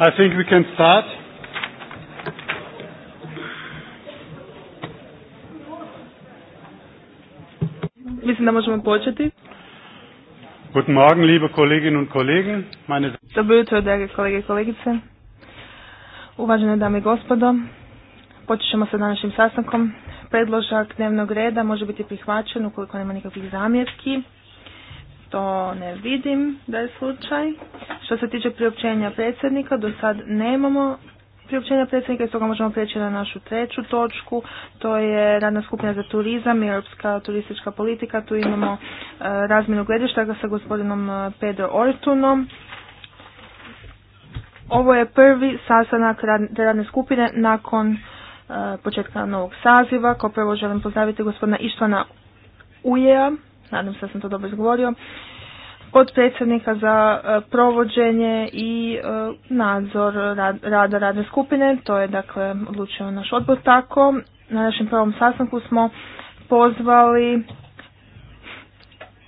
I think we can start. Mislim da možemo početi. Guten Morgen, liebe Kolleginnen und Kollegen. Meine Dobro jutro, drage kolege i kolegice. Uvažene dame i gospodo, počet ćemo sa današnjim sastankom. Predložak dnevnog reda može biti prihvaćen ukoliko nema nikakvih zamjerki. To ne vidim da je slučaj. Što se tiče priopćenja predsjednika, do sad nemamo priopćenja predsjednika i stoga možemo preći na našu treću točku. To je radna skupina za turizam i europska turistička politika. Tu imamo razminu e, razmjenu gledišta sa gospodinom e, Pedro Ortunom. Ovo je prvi sastanak radne skupine nakon e, početka novog saziva. Kao prvo želim pozdraviti gospodina Ištvana Ujeja, nadam se da sam to dobro izgovorio, od predsjednika za e, provođenje i e, nadzor rada radne skupine, to je dakle odlučio naš odbor tako. Na našem prvom sastanku smo pozvali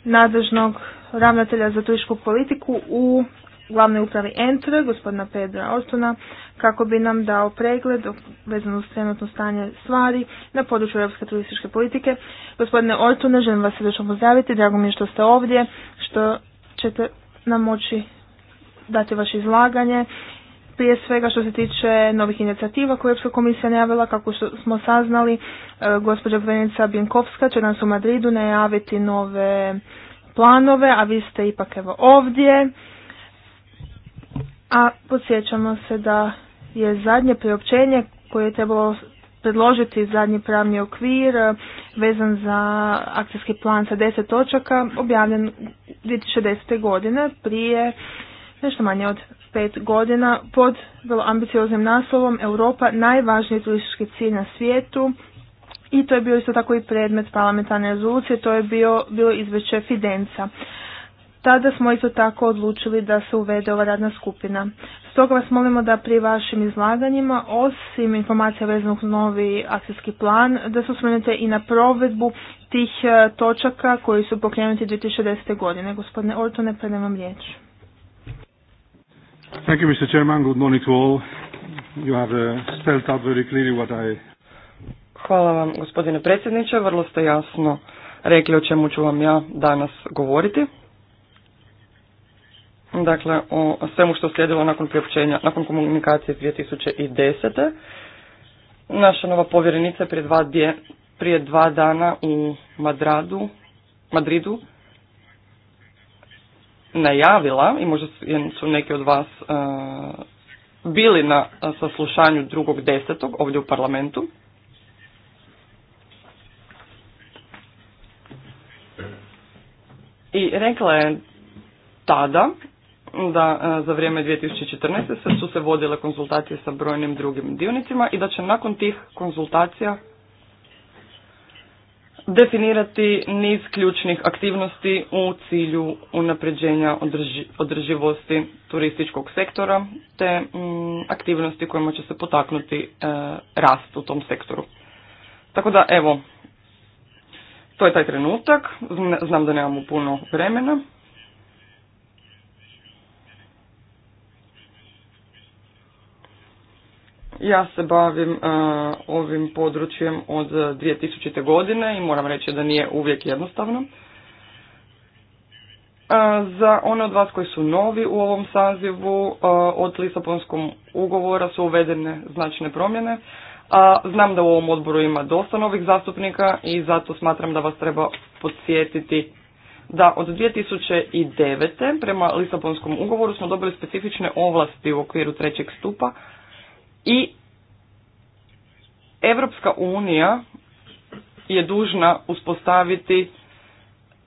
nadležnog ravnatelja za turističku politiku u glavnoj upravi enter gospodina Pedra ostona kako bi nam dao pregled vezano uz trenutno stanje stvari na području europske turističke politike. Gospodine Ortuna, želim vas srdečno pozdraviti, drago mi je što ste ovdje, što ćete nam moći dati vaše izlaganje. Prije svega što se tiče novih inicijativa koje je komisija najavila, kako smo saznali, e, gospođa Prenica Bjenkovska će nas u Madridu najaviti nove planove, a vi ste ipak evo ovdje. A podsjećamo se da je zadnje priopćenje koje je trebalo predložiti zadnji pravni okvir e, vezan za akcijski plan sa deset točaka objavljen 2010. godine prije nešto manje od pet godina pod vrlo ambicioznim naslovom Europa najvažniji turistički cilj na svijetu i to je bio isto tako i predmet parlamentarne rezolucije, to je bio, bilo izveće Fidenca tada smo isto tako odlučili da se uvede ova radna skupina. Stoga vas molimo da pri vašim izlaganjima, osim informacija vezanog novi akcijski plan, da se osvrnete i na provedbu tih e, točaka koji su pokrenuti 2010. godine. Gospodine Ortone, predajem vam riječ. Thank you, Mr. Chairman. Good morning to all. You have uh, spelled out very clearly what I... Hvala vam, gospodine predsjedniče. Vrlo ste jasno rekli o čemu ću vam ja danas govoriti dakle o svemu što slijedilo nakon priopćenja, nakon komunikacije 2010. Naša nova povjerenica je prije dva, dje, prije dva dana u Madradu, Madridu najavila i možda su neki od vas e, bili na e, saslušanju drugog desetog ovdje u parlamentu. I rekla je tada da e, za vrijeme 2014. su se vodile konzultacije sa brojnim drugim dionicima i da će nakon tih konzultacija definirati niz ključnih aktivnosti u cilju unapređenja održivosti turističkog sektora te mm, aktivnosti kojima će se potaknuti e, rast u tom sektoru. Tako da evo, to je taj trenutak, znam da nemamo puno vremena. Ja se bavim e, ovim područjem od 2000. godine i moram reći da nije uvijek jednostavno. E, za one od vas koji su novi u ovom sazivu, e, od Lisabonskog ugovora su uvedene značne promjene. A znam da u ovom odboru ima dosta novih zastupnika i zato smatram da vas treba podsjetiti da od 2009. prema Lisabonskom ugovoru smo dobili specifične ovlasti u okviru trećeg stupa i Europska unija je dužna uspostaviti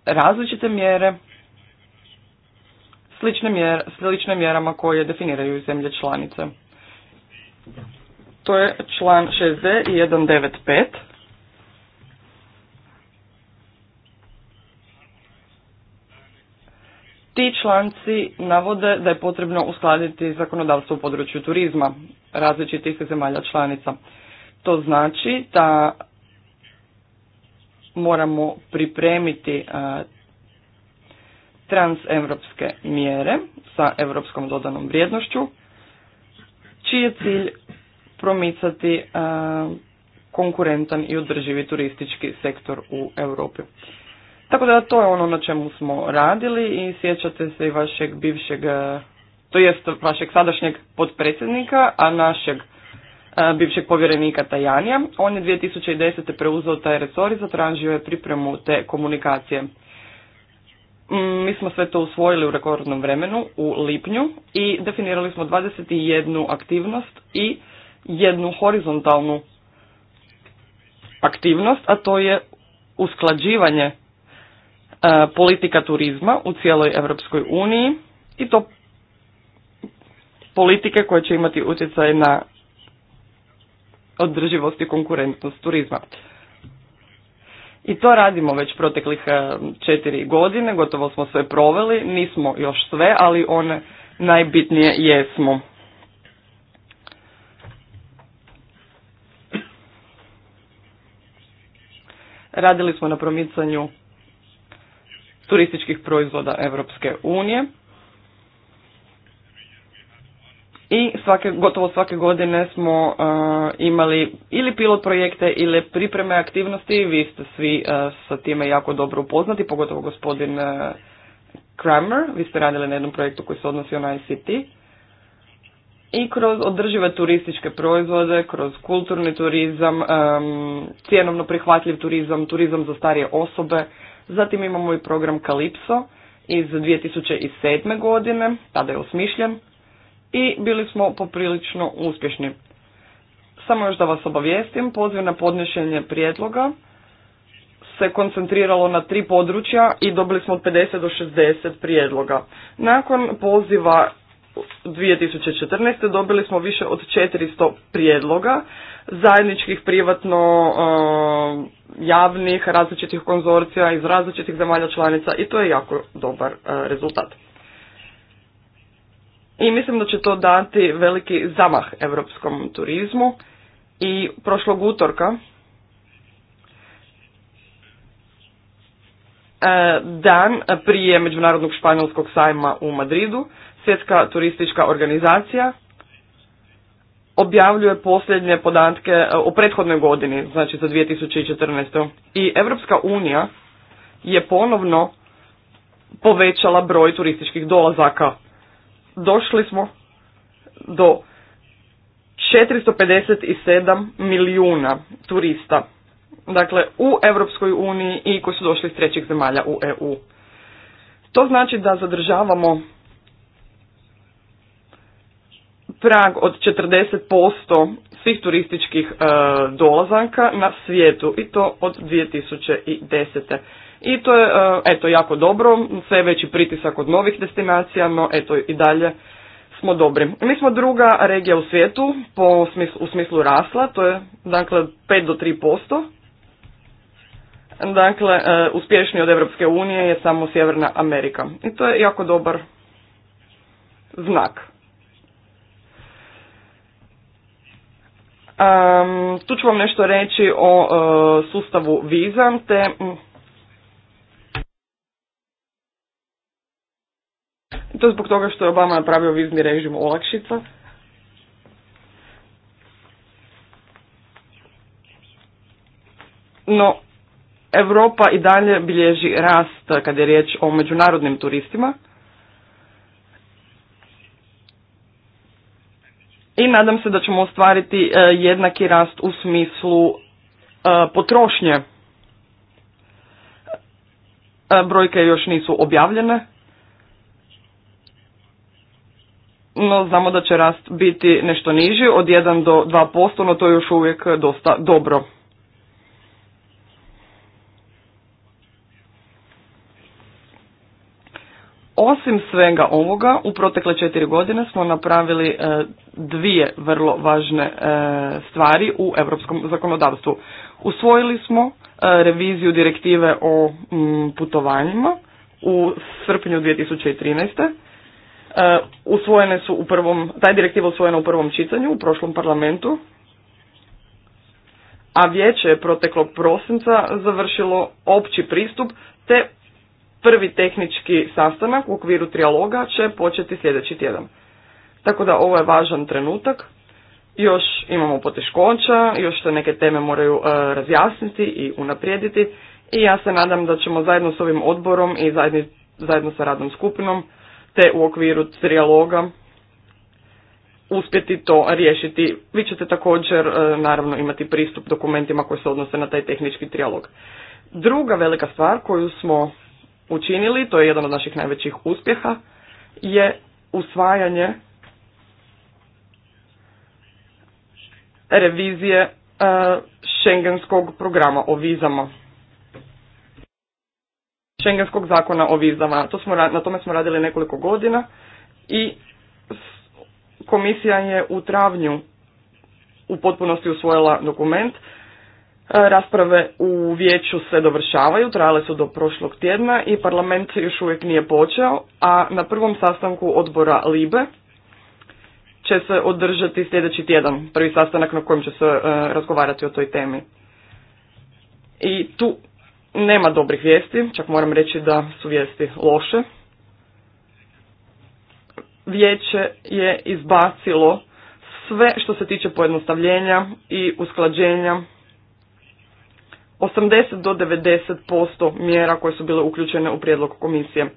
različite mjere slične, slične mjerama koje definiraju zemlje članice. To je član 6D i Ti članci navode da je potrebno uskladiti zakonodavstvo u području turizma različitih zemalja članica. To znači da moramo pripremiti e, transeuropske mjere sa europskom dodanom vrijednošću, čiji je cilj promicati e, konkurentan i održivi turistički sektor u Europi. Tako da to je ono na čemu smo radili i sjećate se i vašeg bivšeg, e, to jest vašeg sadašnjeg potpredsjednika, a našeg e, bivšeg povjerenika Tajanija. On je 2010. preuzeo taj resor i zatražio je pripremu te komunikacije. Mm, mi smo sve to usvojili u rekordnom vremenu, u lipnju, i definirali smo 21 aktivnost i jednu horizontalnu aktivnost, a to je usklađivanje E, politika turizma u cijeloj Europskoj uniji i to politike koje će imati utjecaj na održivost i konkurentnost turizma. I to radimo već proteklih e, četiri godine, gotovo smo sve proveli, nismo još sve, ali one najbitnije jesmo. Radili smo na promicanju turističkih proizvoda Europske unije. I svake, gotovo svake godine smo uh, imali ili pilot projekte ili pripreme aktivnosti. Vi ste svi uh, sa time jako dobro upoznati, pogotovo gospodin uh, Kramer. Vi ste radili na jednom projektu koji se odnosi na ICT. I kroz održive turističke proizvode, kroz kulturni turizam, um, cjenovno prihvatljiv turizam, turizam za starije osobe. Zatim imamo i program Kalipso iz 2007. godine, tada je osmišljen i bili smo poprilično uspješni. Samo još da vas obavijestim, poziv na podnešenje prijedloga se koncentriralo na tri područja i dobili smo od 50 do 60 prijedloga. Nakon poziva 2014. dobili smo više od 400 prijedloga zajedničkih, privatno, e, javnih, različitih konzorcija iz različitih zemalja članica i to je jako dobar e, rezultat. I mislim da će to dati veliki zamah europskom turizmu i prošlog utorka e, dan prije Međunarodnog španjolskog sajma u Madridu Svjetska turistička organizacija objavljuje posljednje podatke o e, prethodnoj godini, znači za 2014. I Europska unija je ponovno povećala broj turističkih dolazaka. Došli smo do 457 milijuna turista. Dakle, u Europskoj uniji i koji su došli iz trećih zemalja u EU. To znači da zadržavamo prag od 40% svih turističkih e, dolazanka na svijetu i to od 2010. I to je e, eto jako dobro, sve veći pritisak od novih destinacija, no eto i dalje smo dobri. Mi smo druga regija u svijetu po u smislu rasla, to je dakle 5 do 3%. Dakle, e, uspješniji od Europske unije je samo Sjeverna Amerika. I to je jako dobar znak. Um, tu ću vam nešto reći o e, sustavu viza, te mm. to zbog toga što je Obama napravio vizni režim olakšica. No, Europa i dalje bilježi rast kada je riječ o međunarodnim turistima. i nadam se da ćemo ostvariti e, jednaki rast u smislu e, potrošnje. E, brojke još nisu objavljene, no znamo da će rast biti nešto niži od 1 do 2%, no to je još uvijek dosta dobro. Osim svega ovoga, u protekle četiri godine smo napravili e, dvije vrlo važne e, stvari u europskom zakonodavstvu. Usvojili smo e, reviziju direktive o putovanjima u srpnju 2013. Usvojene su u prvom, ta je direktiva usvojena u prvom čitanju u prošlom parlamentu, a vijeće je proteklog prosinca završilo opći pristup te prvi tehnički sastanak u okviru trijaloga će početi sljedeći tjedan. Tako da ovo je važan trenutak. Još imamo poteškoća, još se neke teme moraju e, razjasniti i unaprijediti i ja se nadam da ćemo zajedno s ovim odborom i zajedni, zajedno sa radnom skupinom te u okviru trijaloga uspjeti to riješiti. Vi ćete također e, naravno imati pristup dokumentima koji se odnose na taj tehnički trijalog. Druga velika stvar koju smo učinili, to je jedan od naših najvećih uspjeha, je usvajanje revizije e, šengenskog programa o vizama. Šengenskog zakona o vizama. na tome smo radili nekoliko godina i komisija je u travnju u potpunosti usvojila dokument Rasprave u vijeću se dovršavaju, trajale su do prošlog tjedna i parlament još uvijek nije počeo, a na prvom sastanku odbora LIBE će se održati sljedeći tjedan, prvi sastanak na kojem će se e, razgovarati o toj temi. I tu nema dobrih vijesti, čak moram reći da su vijesti loše. Vijeće je izbacilo sve što se tiče pojednostavljenja i usklađenja 80 do 90% mjera koje su bile uključene u prijedlog komisije.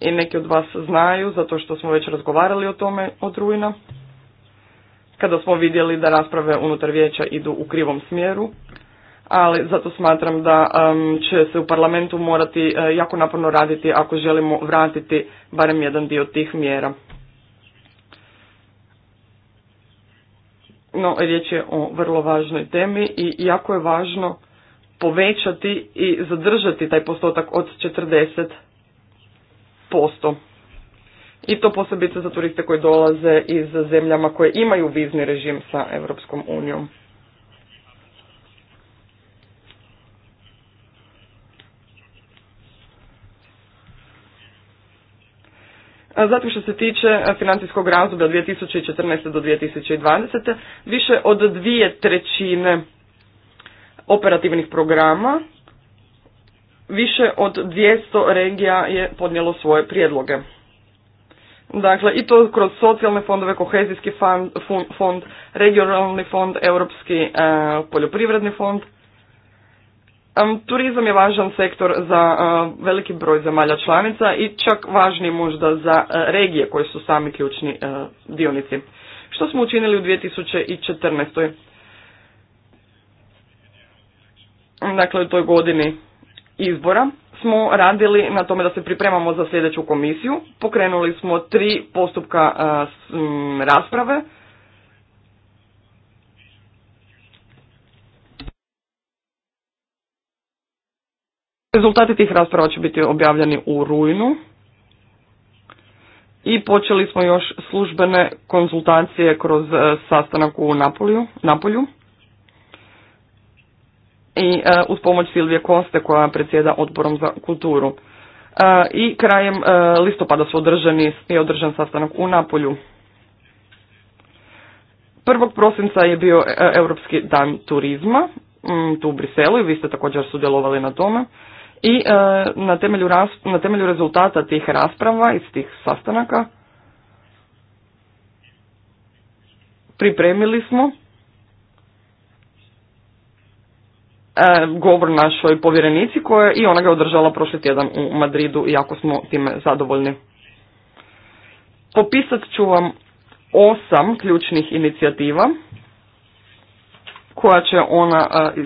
I neki od vas znaju, zato što smo već razgovarali o tome od rujna, kada smo vidjeli da rasprave unutar vijeća idu u krivom smjeru, ali zato smatram da će se u parlamentu morati e, jako naporno raditi ako želimo vratiti barem jedan dio tih mjera. no riječ je o vrlo važnoj temi i jako je važno povećati i zadržati taj postotak od 40%. I to posebice za turiste koji dolaze iz zemljama koje imaju vizni režim sa Europskom unijom. E, zatim što se tiče e, financijskog razdoblja 2014. do 2020. više od dvije trećine operativnih programa, više od 200 regija je podnijelo svoje prijedloge. Dakle, i to kroz socijalne fondove, kohezijski fond, regionalni fond, europski e, poljoprivredni fond, Turizam je važan sektor za e, veliki broj zemalja članica i čak važniji možda za e, regije koje su sami ključni e, dionici. Što smo učinili u 2014. Dakle, u toj godini izbora smo radili na tome da se pripremamo za sljedeću komisiju. Pokrenuli smo tri postupka rasprave Rezultati tih rasprava će biti objavljeni u rujnu i počeli smo još službene konzultacije kroz e, sastanak u Napolju, Napolju. i e, uz pomoć Silvije Koste koja predsjeda odborom za kulturu. E, I krajem listopada su održani i održan sastanak u Napolju. Prvog prosinca je bio Europski dan turizma tu u Briselu i vi ste također sudjelovali na tome i e, na temelju, ras, na temelju rezultata tih rasprava iz tih sastanaka pripremili smo e, govor našoj povjerenici koje i ona ga održala prošli tjedan u Madridu i jako smo time zadovoljni. Popisat ću vam osam ključnih inicijativa koja će ona e,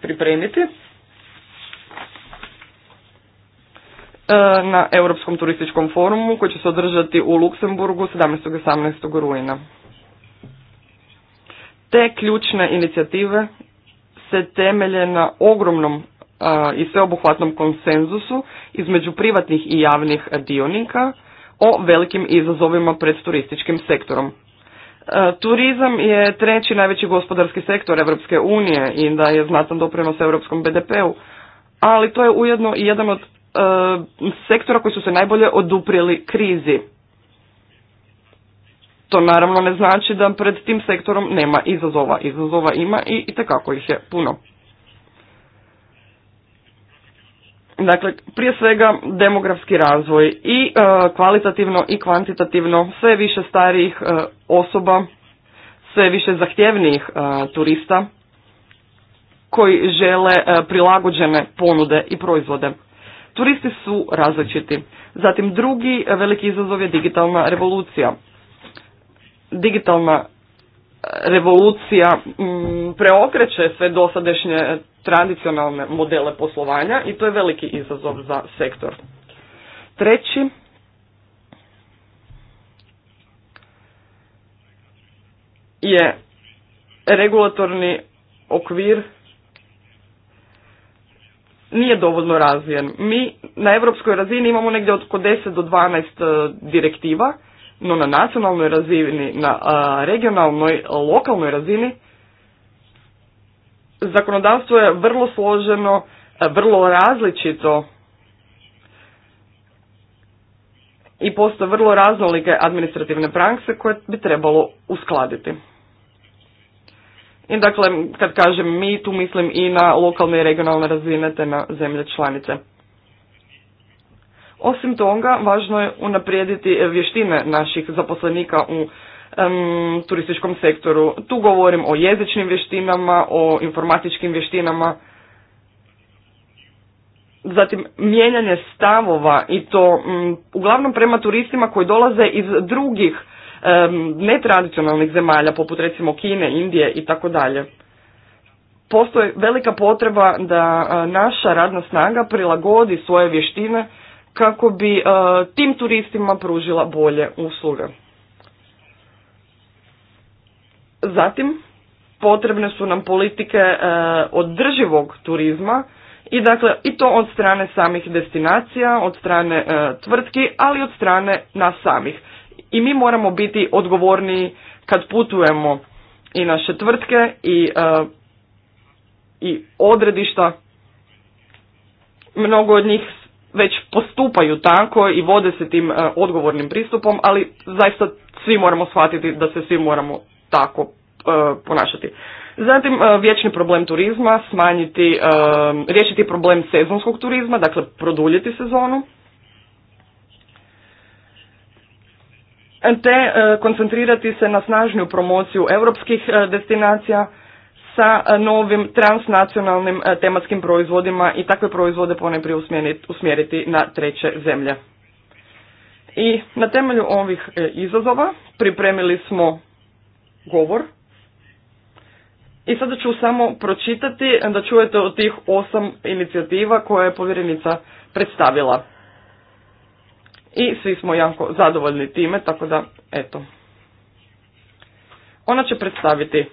pripremiti. E, na Europskom turističkom forumu koji će se održati u Luksemburgu 17. i 18. rujna. Te ključne inicijative se temelje na ogromnom e, i sveobuhvatnom konsenzusu između privatnih i javnih dionika o velikim izazovima pred turističkim sektorom. E, turizam je treći najveći gospodarski sektor Europske unije i da je znatan doprinos europskom BDP-u, ali to je ujedno i jedan od E, sektora koji su se najbolje oduprijeli krizi. To naravno ne znači da pred tim sektorom nema izazova. Izazova ima i itekako ih je puno. Dakle, prije svega demografski razvoj i e, kvalitativno i kvantitativno sve više starijih e, osoba, sve više zahtjevnijih turista koji žele prilagođene ponude i proizvode. Turisti su različiti. Zatim drugi veliki izazov je digitalna revolucija. Digitalna e, revolucija mm, preokreće sve dosadašnje tradicionalne modele poslovanja i to je veliki izazov za sektor. Treći je regulatorni okvir nije dovoljno razvijen. Mi na europskoj razini imamo negdje od oko 10 do 12 e, direktiva, no na nacionalnoj razini, na e, regionalnoj, lokalnoj razini zakonodavstvo je vrlo složeno, e, vrlo različito i postoje vrlo raznolike administrativne prakse koje bi trebalo uskladiti. I dakle, kad kažem mi, tu mislim i na lokalne i regionalne razine te na zemlje članice. Osim toga, važno je unaprijediti vještine naših zaposlenika u turističkom sektoru. Tu govorim o jezičnim vještinama, o informatičkim vještinama, zatim mijenjanje stavova i to mm, uglavnom prema turistima koji dolaze iz drugih netradicionalnih zemalja poput recimo Kine, Indije i tako dalje. Postoji velika potreba da e, naša radna snaga prilagodi svoje vještine kako bi e, tim turistima pružila bolje usluge. Zatim, potrebne su nam politike e, održivog turizma i dakle i to od strane samih destinacija, od strane tvrtki, ali od strane nas samih i mi moramo biti odgovorniji kad putujemo i naše tvrtke i, e, i odredišta. Mnogo od njih već postupaju tako i vode se tim e, odgovornim pristupom, ali zaista svi moramo shvatiti da se svi moramo tako e, ponašati. Zatim vječni problem turizma, smanjiti, riješiti problem sezonskog turizma, dakle produljiti sezonu. te e, koncentrirati se na snažnju promociju europskih e, destinacija sa e, novim transnacionalnim tematskim proizvodima i takve proizvode ponajprije usmjeriti na treće zemlje. I na temelju ovih izazova pripremili smo govor i sada ću samo pročitati da čujete od tih osam inicijativa koje je povjerenica predstavila i svi smo jako zadovoljni time, tako da, eto. Ona će predstaviti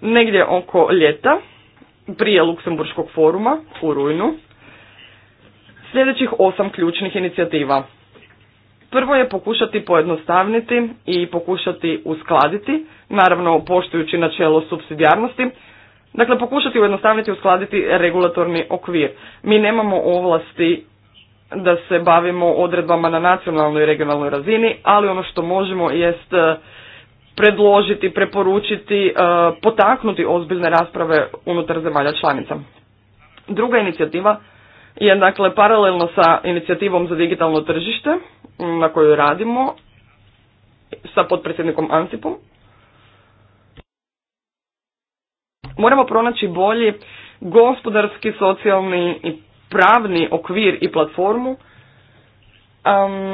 negdje oko ljeta, prije Luksemburškog foruma u rujnu, sljedećih osam ključnih inicijativa. Prvo je pokušati pojednostavniti i pokušati uskladiti, naravno poštujući načelo subsidijarnosti, dakle pokušati ujednostavniti i uskladiti regulatorni okvir. Mi nemamo ovlasti da se bavimo odredbama na nacionalnoj i regionalnoj razini, ali ono što možemo jest e, predložiti, preporučiti, e, potaknuti ozbiljne rasprave unutar zemalja članica. Druga inicijativa je dakle paralelno sa inicijativom za digitalno tržište na kojoj radimo sa potpredsjednikom Ansipom. Moramo pronaći bolji gospodarski, socijalni i pravni okvir i platformu um,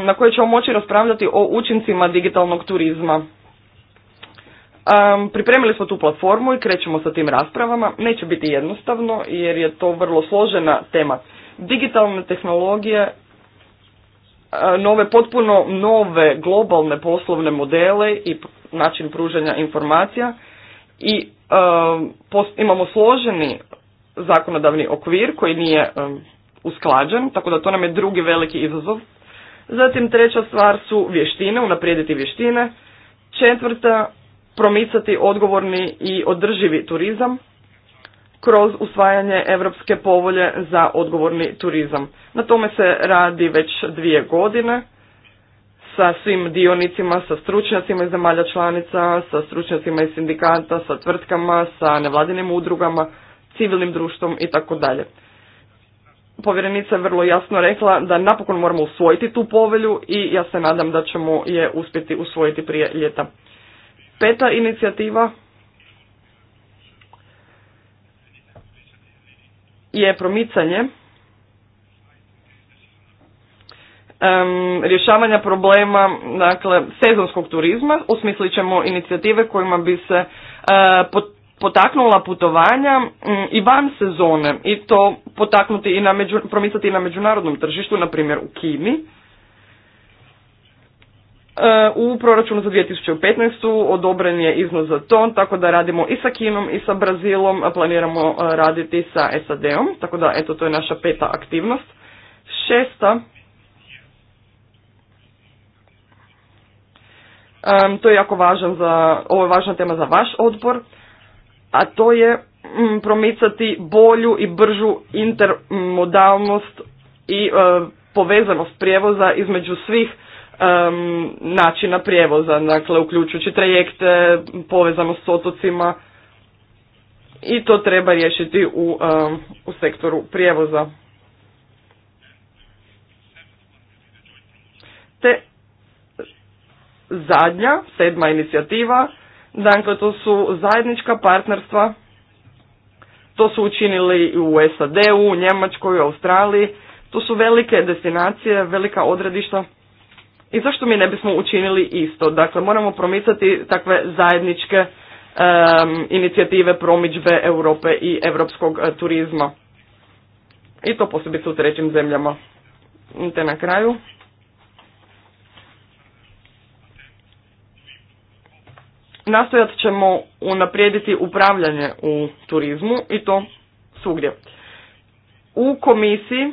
na kojoj ćemo moći raspravljati o učincima digitalnog turizma. Um, pripremili smo tu platformu i krećemo sa tim raspravama. Neće biti jednostavno jer je to vrlo složena tema. Digitalne tehnologije, uh, nove potpuno nove globalne poslovne modele i način pružanja informacija i um, imamo složeni zakonodavni okvir koji nije usklađen, tako da to nam je drugi veliki izazov. Zatim treća stvar su vještine, unaprijediti vještine. Četvrta, promicati odgovorni i održivi turizam kroz usvajanje Europske povolje za odgovorni turizam. Na tome se radi već dvije godine sa svim dionicima, sa stručnjacima iz zemalja članica, sa stručnjacima iz sindikata, sa tvrtkama, sa nevladinim udrugama, civilnim društvom i tako dalje. Povjerenica je vrlo jasno rekla da napokon moramo usvojiti tu povelju i ja se nadam da ćemo je uspjeti usvojiti prije ljeta. Peta inicijativa je promicanje rješavanja problema dakle, sezonskog turizma. Osmislit ćemo inicijative kojima bi se uh, potaknula putovanja mm, i van sezone i to potaknuti i na među, promicati i na međunarodnom tržištu, na primjer u Kini. E, u proračunu za 2015. odobren je iznos za to, tako da radimo i sa Kinom i sa Brazilom, a planiramo e, raditi sa SAD-om, tako da eto to je naša peta aktivnost. Šesta, um, to je jako važan za, ovo je važna tema za vaš odbor, a to je mm, promicati bolju i bržu intermodalnost i e, povezanost prijevoza između svih načina prijevoza, dakle uključujući trajekte, povezanost s otocima i to treba riješiti u, u sektoru prijevoza. Te zadnja, sedma inicijativa Dakle, to su zajednička partnerstva. To su učinili i u SAD-u, u Njemačkoj, u Australiji. To su velike destinacije, velika odredišta. I zašto mi ne bismo učinili isto? Dakle, moramo promicati takve zajedničke inicijative promičbe Europe i europskog e, turizma. I to posebice u trećim zemljama. Te na kraju. nastojat ćemo unaprijediti upravljanje u turizmu i to svugdje. U komisiji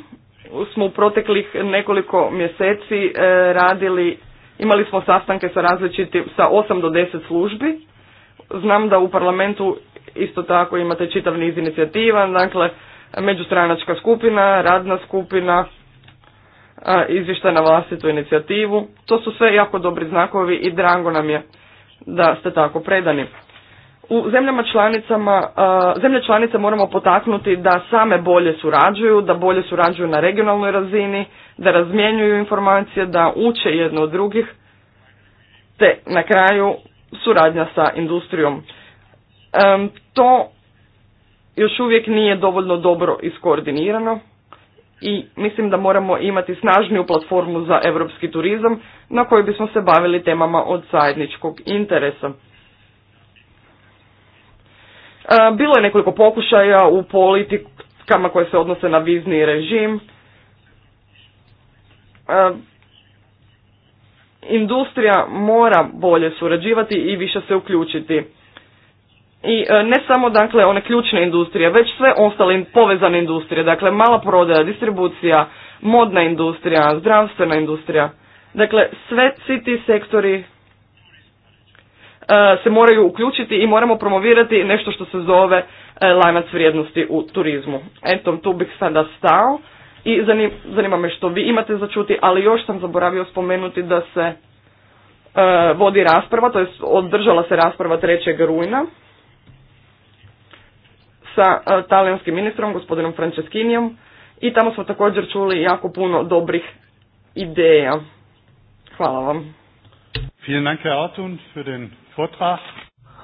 smo u proteklih nekoliko mjeseci e, radili, imali smo sastanke sa različitim, sa 8 do 10 službi. Znam da u parlamentu isto tako imate čitav niz inicijativa, dakle međustranačka skupina, radna skupina, e, izvještaj na vlastitu inicijativu. To su sve jako dobri znakovi i drago nam je da ste tako predani. U zemljama članicama, zemlje članice moramo potaknuti da same bolje surađuju, da bolje surađuju na regionalnoj razini, da razmjenjuju informacije, da uče jedno od drugih, te na kraju suradnja sa industrijom. To još uvijek nije dovoljno dobro iskoordinirano i mislim da moramo imati snažniju platformu za europski turizam na kojoj bismo se bavili temama od zajedničkog interesa. E, bilo je nekoliko pokušaja u politikama koje se odnose na vizni režim. E, industrija mora bolje surađivati i više se uključiti i e, ne samo dakle one ključne industrije, već sve ostale povezane industrije, dakle mala prodaja, distribucija, modna industrija, zdravstvena industrija. Dakle, sve, svi ti sektori e, se moraju uključiti i moramo promovirati nešto što se zove e, lanac vrijednosti u turizmu. Eto, tu bih sada stao i zanima me što vi imate za čuti, ali još sam zaboravio spomenuti da se vodi rasprava, to je održala se rasprava 3. rujna sa e, talijanskim ministrom, gospodinom Franceskinijom i tamo smo također čuli jako puno dobrih ideja. Hvala vam.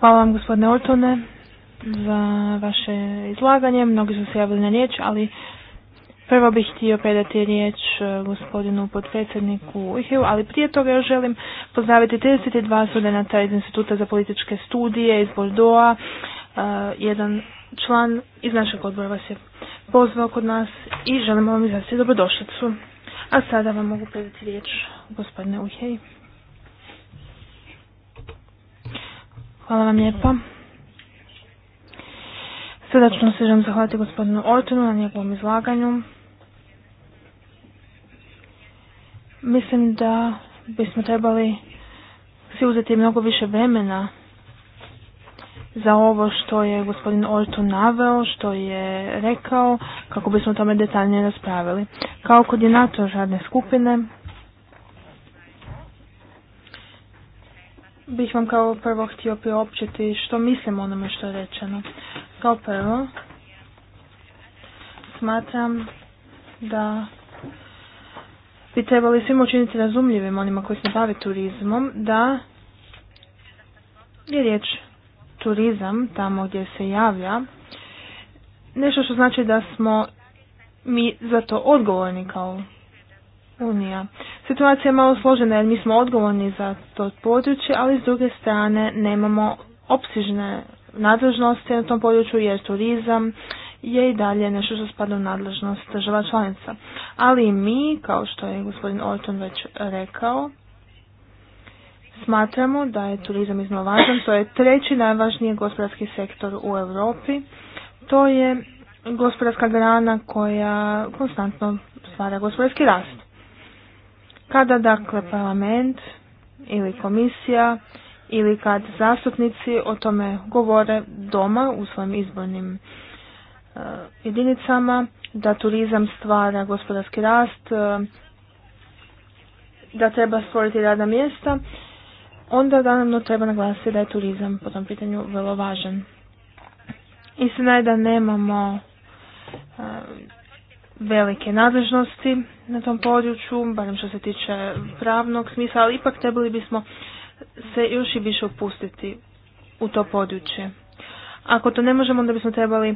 Hvala vam gospodine Ortone za vaše izlaganje. Mnogi su se javili na riječ, ali prvo bih htio predati riječ e, gospodinu potpredsjedniku Uhiju, ali prije toga još želim pozdraviti 32 studenta iz Instituta za političke studije iz Bordeaux, e, jedan član iz našeg odbora vas je pozvao kod nas i želimo vam izraziti dobrodošlicu. A sada vam mogu predati riječ gospodine Uhej. Hvala vam lijepa. Srdačno se želim zahvaliti gospodinu Ortonu na njegovom izlaganju. Mislim da bismo trebali si uzeti mnogo više vremena za ovo što je gospodin Orto naveo, što je rekao, kako bismo o tome detaljnije raspravili. Kao koordinator radne skupine bih vam kao prvo htio priopćiti što mislim o onome što je rečeno. Kao prvo, smatram da bi trebali svima učiniti razumljivim onima koji se bave turizmom da je riječ turizam tamo gdje se javlja nešto što znači da smo mi za to odgovorni kao Unija. Situacija je malo složena jer mi smo odgovorni za to područje, ali s druge strane nemamo opsižne nadležnosti na tom području jer turizam je i dalje nešto što spada u nadležnost država članica. Ali mi, kao što je gospodin Orton već rekao, Smatramo da je turizam iznovažan. to je treći najvažniji gospodarski sektor u Europi. To je gospodarska grana koja konstantno stvara gospodarski rast. Kada dakle parlament ili komisija ili kad zastupnici o tome govore doma u svojim izbornim e, jedinicama, da turizam stvara gospodarski rast, e, da treba stvoriti radna mjesta, onda naravno treba naglasiti da je turizam po tom pitanju vrlo važan. Istina je da nemamo velike nadležnosti na tom području, barem što se tiče pravnog smisla, ali ipak trebali bismo se još i više upustiti u to područje. Ako to ne možemo, onda bismo trebali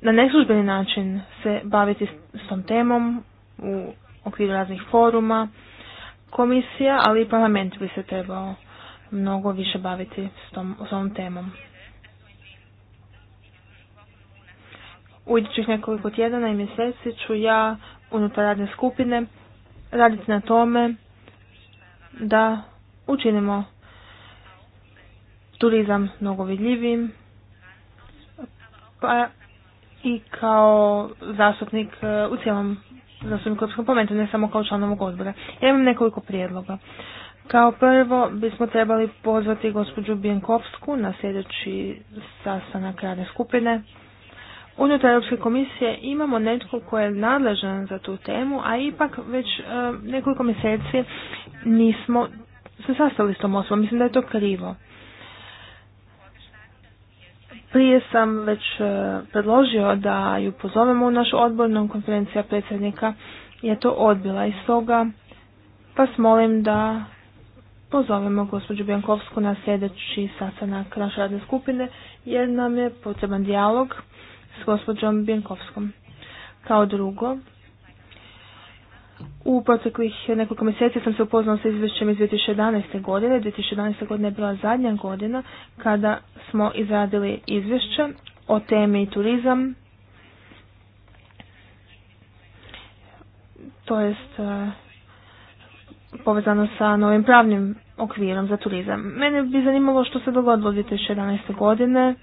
na neslužbeni način se baviti s tom temom u okviru raznih foruma, komisija, ali i parlament bi se trebao mnogo više baviti s, tom, s ovom temom. U idućih nekoliko tjedana i mjeseci ću ja unutar radne skupine raditi na tome da učinimo turizam mnogo vidljivim pa i kao zastupnik eh, u cijelom zastupniku Europskog ne samo kao članovog odbora. Ja imam nekoliko prijedloga. Kao prvo bismo trebali pozvati gospođu Bijenkovsku na sljedeći sastanak radne skupine. Unutar Europske komisije imamo netko tko je nadležan za tu temu, a ipak već e, nekoliko mjeseci nismo se sastali s tom osobom. Mislim da je to krivo. Prije sam već e, predložio da ju pozovemo u naš odbor, nam konferencija predsjednika je to odbila i stoga Pa molim da pozovemo gospođu Bjankovsku na sljedeći sastanak naše radne skupine jer nam je potreban dijalog s gospođom Bjankovskom. Kao drugo, u proteklih nekoliko mjeseci sam se upoznala sa izvješćem iz 2011. godine. 2011. godina je bila zadnja godina kada smo izradili izvješće o temi turizam. To jest e, povezano sa novim pravnim okvirom za turizam. Mene bi zanimalo što se dogodilo 2011. godine,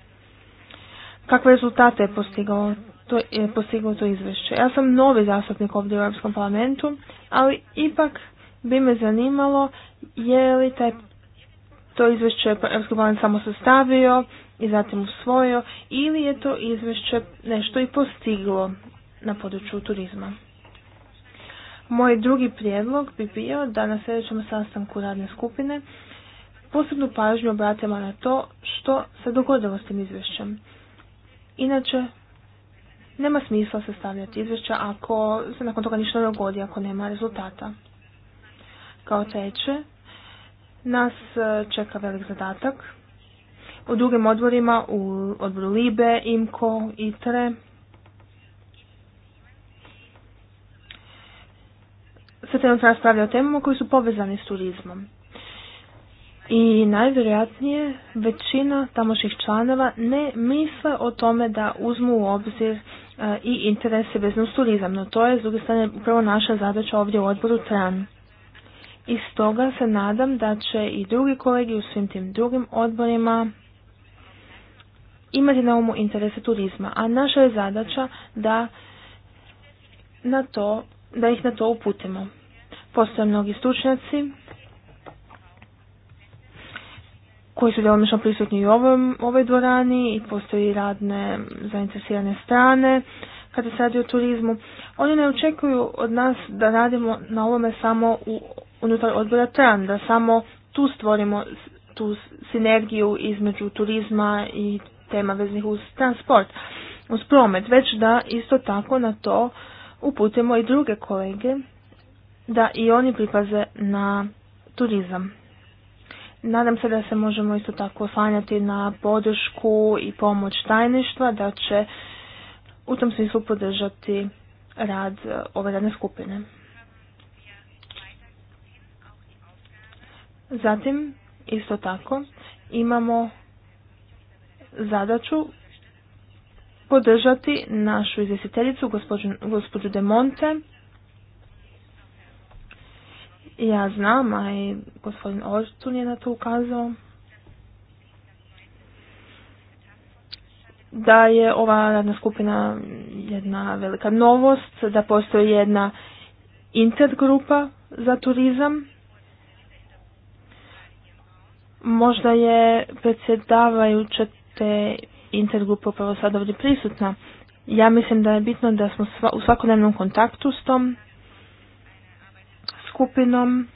kakve rezultate je postigao to je postiglo to izvješće. Ja sam novi zastupnik ovdje u Europskom parlamentu, ali ipak bi me zanimalo je li taj, to izvješće Europski parlament samo sastavio i zatim usvojio ili je to izvješće nešto i postiglo na području turizma. Moj drugi prijedlog bi bio da na sljedećem sastanku radne skupine posebnu pažnju obratimo na to što se dogodilo s tim izvješćem. Inače, nema smisla stavljati izvješća ako se nakon toga ništa ne dogodi, ako nema rezultata. Kao treće, nas e, čeka velik zadatak. U drugim odborima, u odboru Libe, Imko, Itre, se trenutno raspravlja o temama koji su povezani s turizmom. I najvjerojatnije većina tamošnjih članova ne misle o tome da uzmu u obzir E, i interese vezano uz No to je s druge strane upravo naša zadaća ovdje u odboru TRAN. I stoga se nadam da će i drugi kolegi u svim tim drugim odborima imati na umu interese turizma. A naša je zadaća da, na to, da ih na to uputimo. Postoje mnogi stručnjaci koji su djelomično prisutni i u ovom, ovoj dvorani i postoji radne zainteresirane strane kada se radi o turizmu. Oni ne očekuju od nas da radimo na ovome samo unutar odbora TRAN, da samo tu stvorimo tu sinergiju između turizma i tema veznih uz transport, uz promet, već da isto tako na to uputimo i druge kolege da i oni pripaze na turizam. Nadam se da se možemo isto tako oslanjati na podršku i pomoć tajništva, da će u tom smislu podržati rad e, ove radne skupine. Zatim, isto tako, imamo zadaću podržati našu izvjestiteljicu, gospođu, gospođu De Monte, ja znam, a i gospodin Orstun je na to ukazao, da je ova radna skupina jedna velika novost, da postoji jedna intergrupa za turizam. Možda je predsjedavajuća te intergrupa upravo sad ovdje prisutna. Ja mislim da je bitno da smo u svakodnevnom kontaktu s tom skupinom,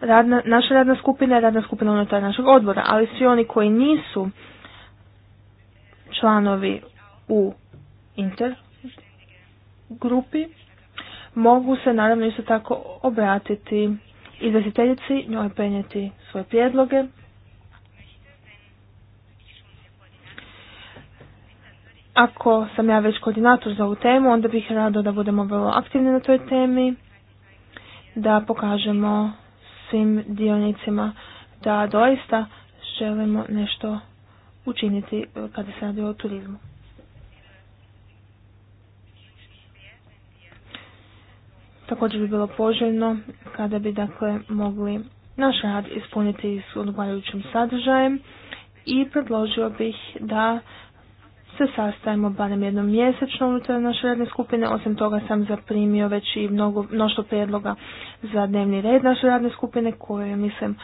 radna, naša radna skupina je radna skupina unutar našeg odbora, ali svi oni koji nisu članovi u inter grupi mogu se naravno isto tako obratiti izvjestiteljici, njoj prenijeti svoje prijedloge. Ako sam ja već koordinator za ovu temu, onda bih rado da budemo vrlo aktivni na toj temi da pokažemo svim dionicima da doista želimo nešto učiniti e, kada se radi o turizmu. Također bi bilo poželjno kada bi dakle mogli naš rad ispuniti s odgovarajućim sadržajem i predložio bih da se sastajemo barem jednom mjesečno unutar naše radne skupine. Osim toga sam zaprimio već i mnogo, mnošto prijedloga za dnevni red naše radne skupine koje mislim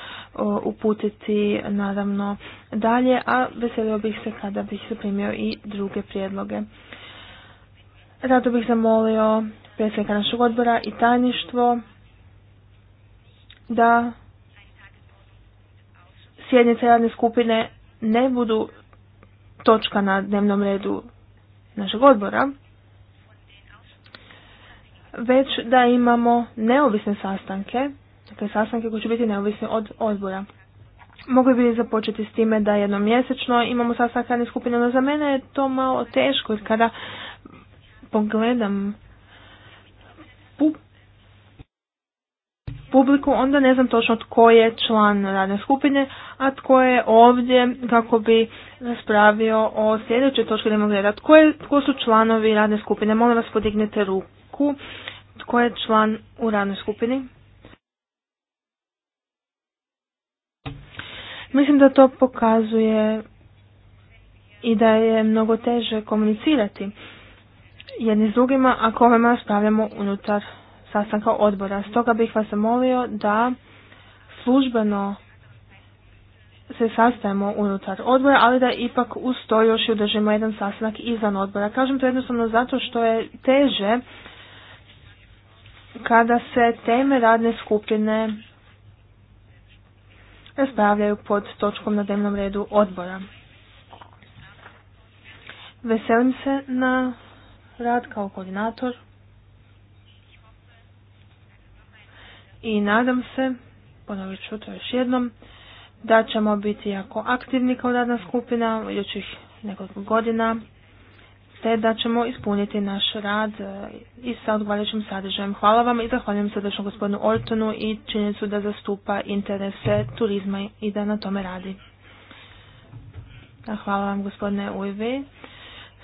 uputiti naravno dalje, a veselio bih se kada bih zaprimio i druge prijedloge. Rado bih zamolio predsjednika našeg odbora i tajništvo da sjednice radne skupine ne budu točka na dnevnom redu našeg odbora, već da imamo neovisne sastanke, dakle sastanke koji će biti neovisni od odbora. Mogli bi započeti s time da jednom imamo sastanak radne skupine, no za mene je to malo teško jer kada pogledam publiku, onda ne znam točno tko je član radne skupine, a tko je ovdje kako bi raspravio o sljedećoj točki dnevnog reda. Tko, tko su članovi radne skupine? Molim vas podignete ruku. Tko je član u radnoj skupini? Mislim da to pokazuje i da je mnogo teže komunicirati jedni s drugima ako ovima stavljamo unutar sastanka odbora. Stoga bih vas zamolio da službeno se sastajemo unutar odbora, ali da ipak uz to još i održimo jedan sastanak izvan odbora. Kažem to jednostavno zato što je teže kada se teme radne skupine raspravljaju pod točkom na dnevnom redu odbora. Veselim se na rad kao koordinator. i nadam se, ponovit ću to još jednom, da ćemo biti jako aktivni kao radna skupina u idućih nekoliko godina, te da ćemo ispuniti naš rad e, i sa odgovarajućim sadržajem. Hvala vam i zahvaljujem srdečno gospodinu Ortonu i činjenicu da zastupa interese turizma i da na tome radi. Hvala vam gospodine Ujvi.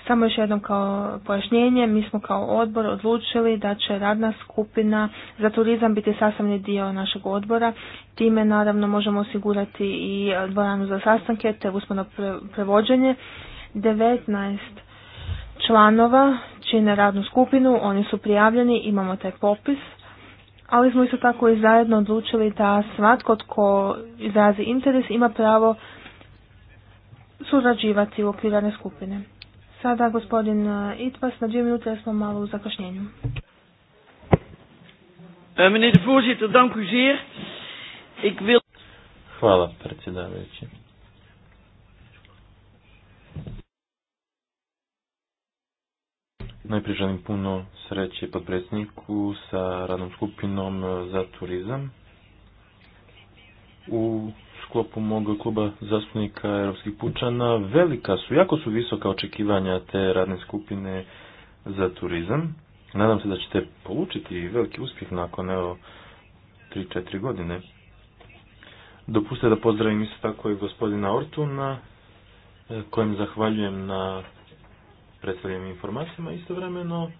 Samo još jednom kao pojašnjenje, mi smo kao odbor odlučili da će radna skupina za turizam biti sastavni dio našeg odbora. Time naravno možemo osigurati i dvoranu za sastanke te uspuno prevođenje. 19 članova čine radnu skupinu, oni su prijavljeni, imamo taj popis. Ali smo isto tako i zajedno odlučili da svatko tko izrazi interes ima pravo surađivati u okvirane skupine. Sada gospodin e, Itvas, na dvije minute smo malo u zakašnjenju. Eh, meneer voorzitter, dank u zeer. Ik wil... Hvala, predsjedavajući. Najprije želim puno sreće podpredsjedniku sa radnom skupinom za turizam. U sklopu mog kluba zastupnika europskih pučana velika su, jako su visoka očekivanja te radne skupine za turizam. Nadam se da ćete polučiti veliki uspjeh nakon evo 3-4 godine. Dopustite da pozdravim isto tako i gospodina Ortuna, e, kojem zahvaljujem na predstavljenim informacijama. Istovremeno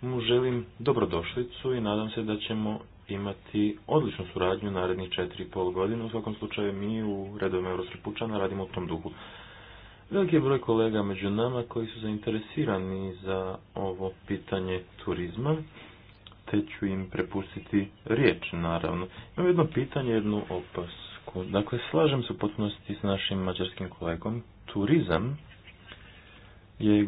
mu želim dobrodošlicu i nadam se da ćemo imati odličnu suradnju narednih četiri i pol godine. U svakom slučaju mi u redovima Europskih pučana radimo u tom duhu. Veliki je broj kolega među nama koji su zainteresirani za ovo pitanje turizma, te ću im prepustiti riječ, naravno. Imam jedno pitanje, jednu opasku. Dakle, slažem se u potpunosti s našim mađarskim kolegom. Turizam je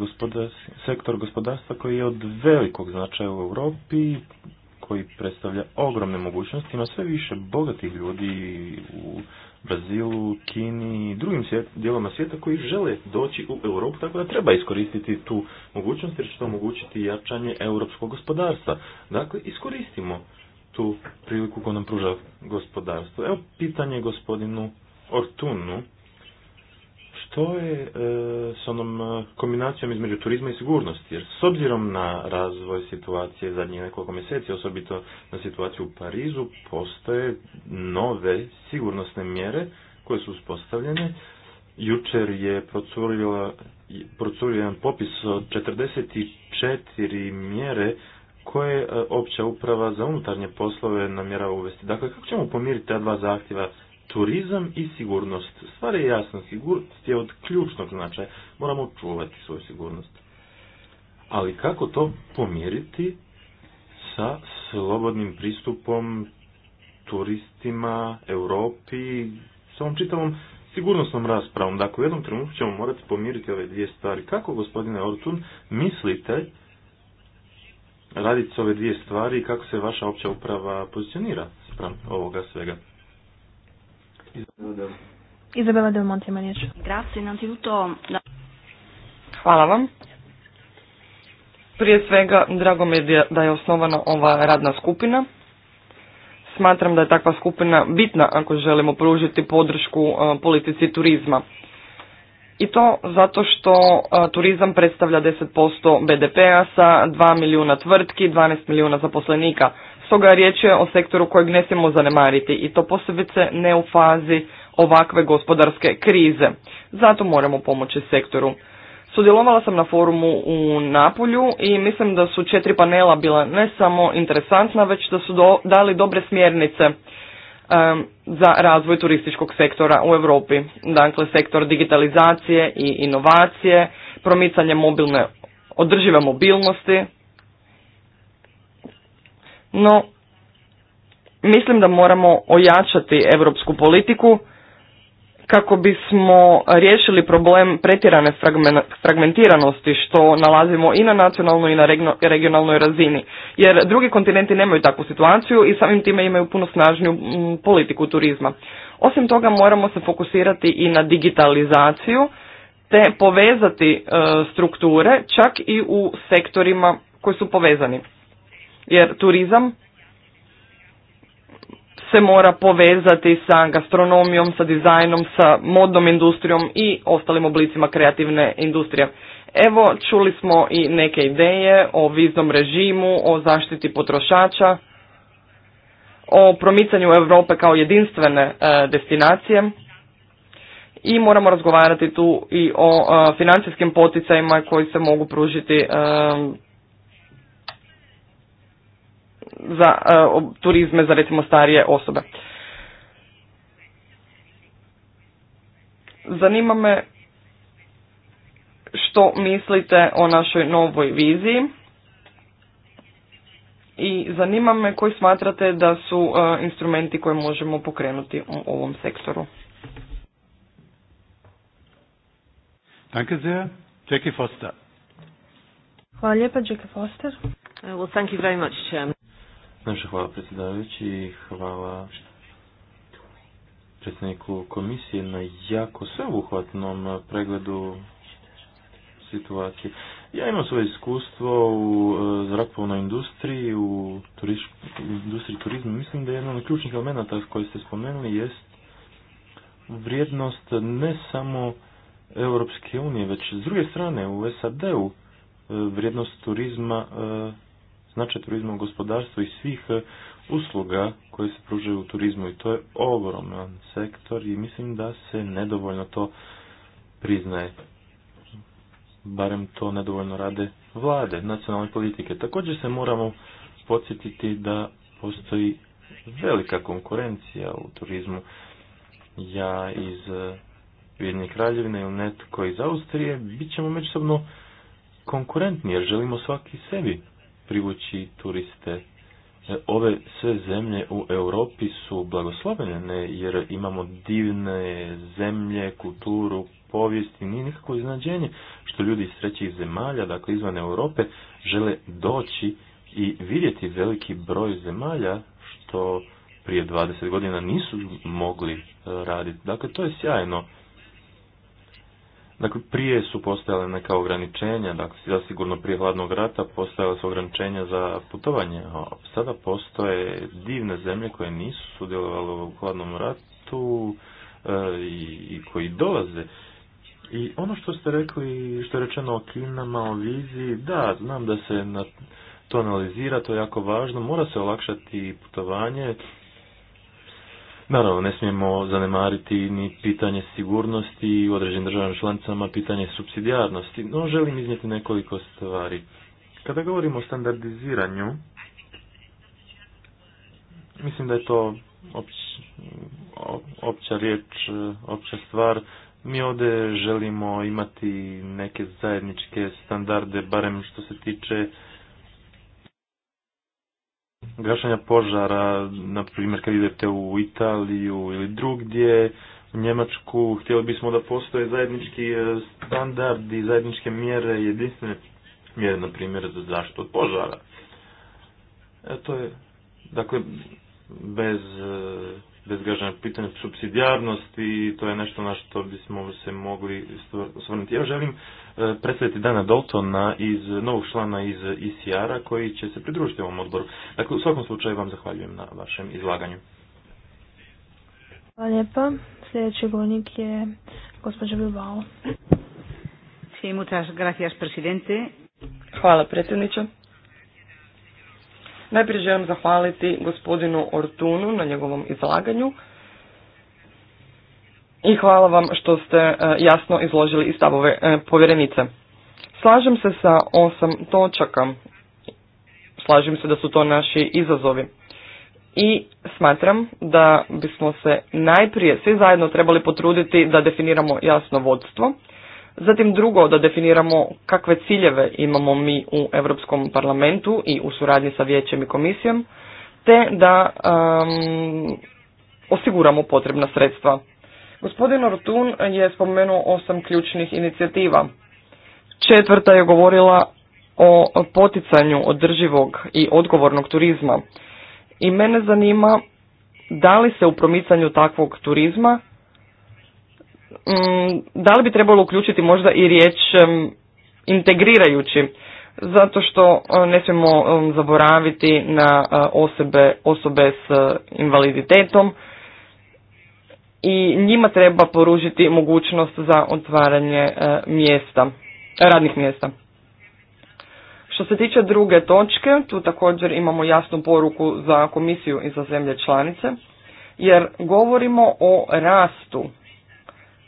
sektor gospodarstva koji je od velikog značaja u Europi koji predstavlja ogromne mogućnosti, ima sve više bogatih ljudi u Brazilu, Kini i drugim svijet, svijeta koji žele doći u Europu, tako da treba iskoristiti tu mogućnost jer će to omogućiti jačanje europskog gospodarstva. Dakle, iskoristimo tu priliku koju nam pruža gospodarstvo. Evo pitanje gospodinu Ortunu to je e, s onom e, kombinacijom između turizma i sigurnosti? Jer s obzirom na razvoj situacije zadnjih nekoliko mjeseci, osobito na situaciju u Parizu, postoje nove sigurnosne mjere koje su uspostavljene. Jučer je procurio jedan popis od 44 mjere koje e, opća uprava za unutarnje poslove namjerava uvesti. Dakle, kako ćemo pomiriti ta dva zahtjeva turizam i sigurnost. Stvar je jasna, sigurnost je od ključnog značaja. Moramo čuvati svoju sigurnost. Ali kako to pomiriti sa slobodnim pristupom turistima, Europi, s ovom čitavom sigurnosnom raspravom. Dakle, u jednom trenutku ćemo morati pomiriti ove dvije stvari. Kako, gospodine Ortun, mislite raditi s ove dvije stvari i kako se vaša opća uprava pozicionira sprem ovoga svega? Izabela Del Monte Grazie, Hvala vam. Prije svega, drago mi je da je osnovana ova radna skupina. Smatram da je takva skupina bitna ako želimo pružiti podršku e, politici turizma. I to zato što e, turizam predstavlja 10% BDP-a sa 2 milijuna tvrtki, 12 milijuna zaposlenika. Stoga riječ je o sektoru kojeg ne smijemo zanemariti i to posebice ne u fazi ovakve gospodarske krize. Zato moramo pomoći sektoru. Sudjelovala sam na forumu u Napolju i mislim da su četiri panela bila ne samo interesantna, već da su dali dobre smjernice za razvoj turističkog sektora u Europi. Dakle, sektor digitalizacije i inovacije, promicanje mobilne održive mobilnosti, no, mislim da moramo ojačati europsku politiku kako bismo riješili problem pretjerane fragmentiranosti što nalazimo i na nacionalnoj i na regionalnoj razini. Jer drugi kontinenti nemaju takvu situaciju i samim time imaju puno snažniju mm, politiku turizma. Osim toga moramo se fokusirati i na digitalizaciju te povezati e, strukture čak i u sektorima koji su povezani jer turizam se mora povezati sa gastronomijom, sa dizajnom, sa modnom industrijom i ostalim oblicima kreativne industrije. Evo, čuli smo i neke ideje o viznom režimu, o zaštiti potrošača, o promicanju Europe kao jedinstvene e, destinacije i moramo razgovarati tu i o e, financijskim poticajima koji se mogu pružiti e, za e, turizme za recimo starije osobe. Zanima me što mislite o našoj novoj viziji i zanima me koji smatrate da su e, instrumenti koje možemo pokrenuti u ovom sektoru. Danke sehr. Jackie Foster. Hvala lijepa, Jackie Foster. Uh, well, thank you very much, Najviše hvala predsjedavajući i hvala predsjedniku komisije na jako sveobuhvatnom pregledu situacije. Ja imam svoje iskustvo u e, zrakoplovnoj industriji, u industriji turizma. Mislim da je jedan od ključnih elemenata koji ste spomenuli jest vrijednost ne samo Europske unije, već s druge strane u SAD-u e, vrijednost turizma e, znači turizma u i svih e, usluga koje se pružaju u turizmu i to je ogroman sektor i mislim da se nedovoljno to priznaje. Barem to nedovoljno rade vlade, nacionalne politike. Također se moramo podsjetiti da postoji velika konkurencija u turizmu. Ja iz Vjedinje e, kraljevine ili netko iz Austrije, bit ćemo međusobno konkurentni jer želimo svaki sebi privući turiste. E, ove sve zemlje u Europi su blagoslovene jer imamo divne zemlje, kulturu, povijest i nije nikakvo iznadženje što ljudi iz trećih zemalja, dakle izvan Europe, žele doći i vidjeti veliki broj zemalja što prije 20 godina nisu mogli e, raditi. Dakle, to je sjajno Dakle, prije su postojale neka ograničenja, dakle, zasigurno prije hladnog rata postojala su ograničenja za putovanje. sada postoje divne zemlje koje nisu sudjelovale u hladnom ratu e, i koji dolaze. I ono što ste rekli, što je rečeno o kinama, o viziji, da, znam da se na, to analizira, to je jako važno, mora se olakšati putovanje, Naravno, ne smijemo zanemariti ni pitanje sigurnosti u određenim državnim članicama, pitanje subsidijarnosti, no želim iznijeti nekoliko stvari. Kada govorimo o standardiziranju, mislim da je to opć, opća riječ, opća stvar. Mi ovdje želimo imati neke zajedničke standarde, barem što se tiče gašanja požara, na primjer kad idete u Italiju ili drugdje, u Njemačku, htjeli bismo da postoje zajednički e, standardi, zajedničke mjere, jedinstvene mjere, na primjer, za zaštitu od požara. E, to je, dakle, bez e, bezgražena pitanja subsidijarnosti, to je nešto na što bismo se mogli osvrnuti. Ja želim e, predstaviti Dana Daltona iz novog člana iz ICR-a e koji će se pridružiti ovom odboru. Dakle, u svakom slučaju vam zahvaljujem na vašem izlaganju. Hvala lijepa. Sljedeći govornik je gospođa Bilbao. Sí, muchas gracias, presidente. Hvala predsjedniče. Najprije želim zahvaliti gospodinu Ortunu na njegovom izlaganju i hvala vam što ste e, jasno izložili i stavove e, povjerenice. Slažem se sa osam točaka. Slažem se da su to naši izazovi. I smatram da bismo se najprije svi zajedno trebali potruditi da definiramo jasno vodstvo Zatim drugo, da definiramo kakve ciljeve imamo mi u Europskom parlamentu i u suradnji sa vijećem i komisijom, te da osiguramo potrebna sredstva. Gospodin Ortun je spomenuo osam ključnih inicijativa. Četvrta je govorila o poticanju održivog i odgovornog turizma. I mene zanima da li se u promicanju takvog turizma Mm, da li bi trebalo uključiti možda i riječ integrirajući zato što e, ne smijemo zaboraviti na e, osobe, osobe s e, invaliditetom i njima treba poružiti mogućnost za otvaranje mjesta, radnih mjesta. Što se tiče druge točke, tu također imamo jasnu poruku za komisiju i za zemlje članice, jer govorimo o rastu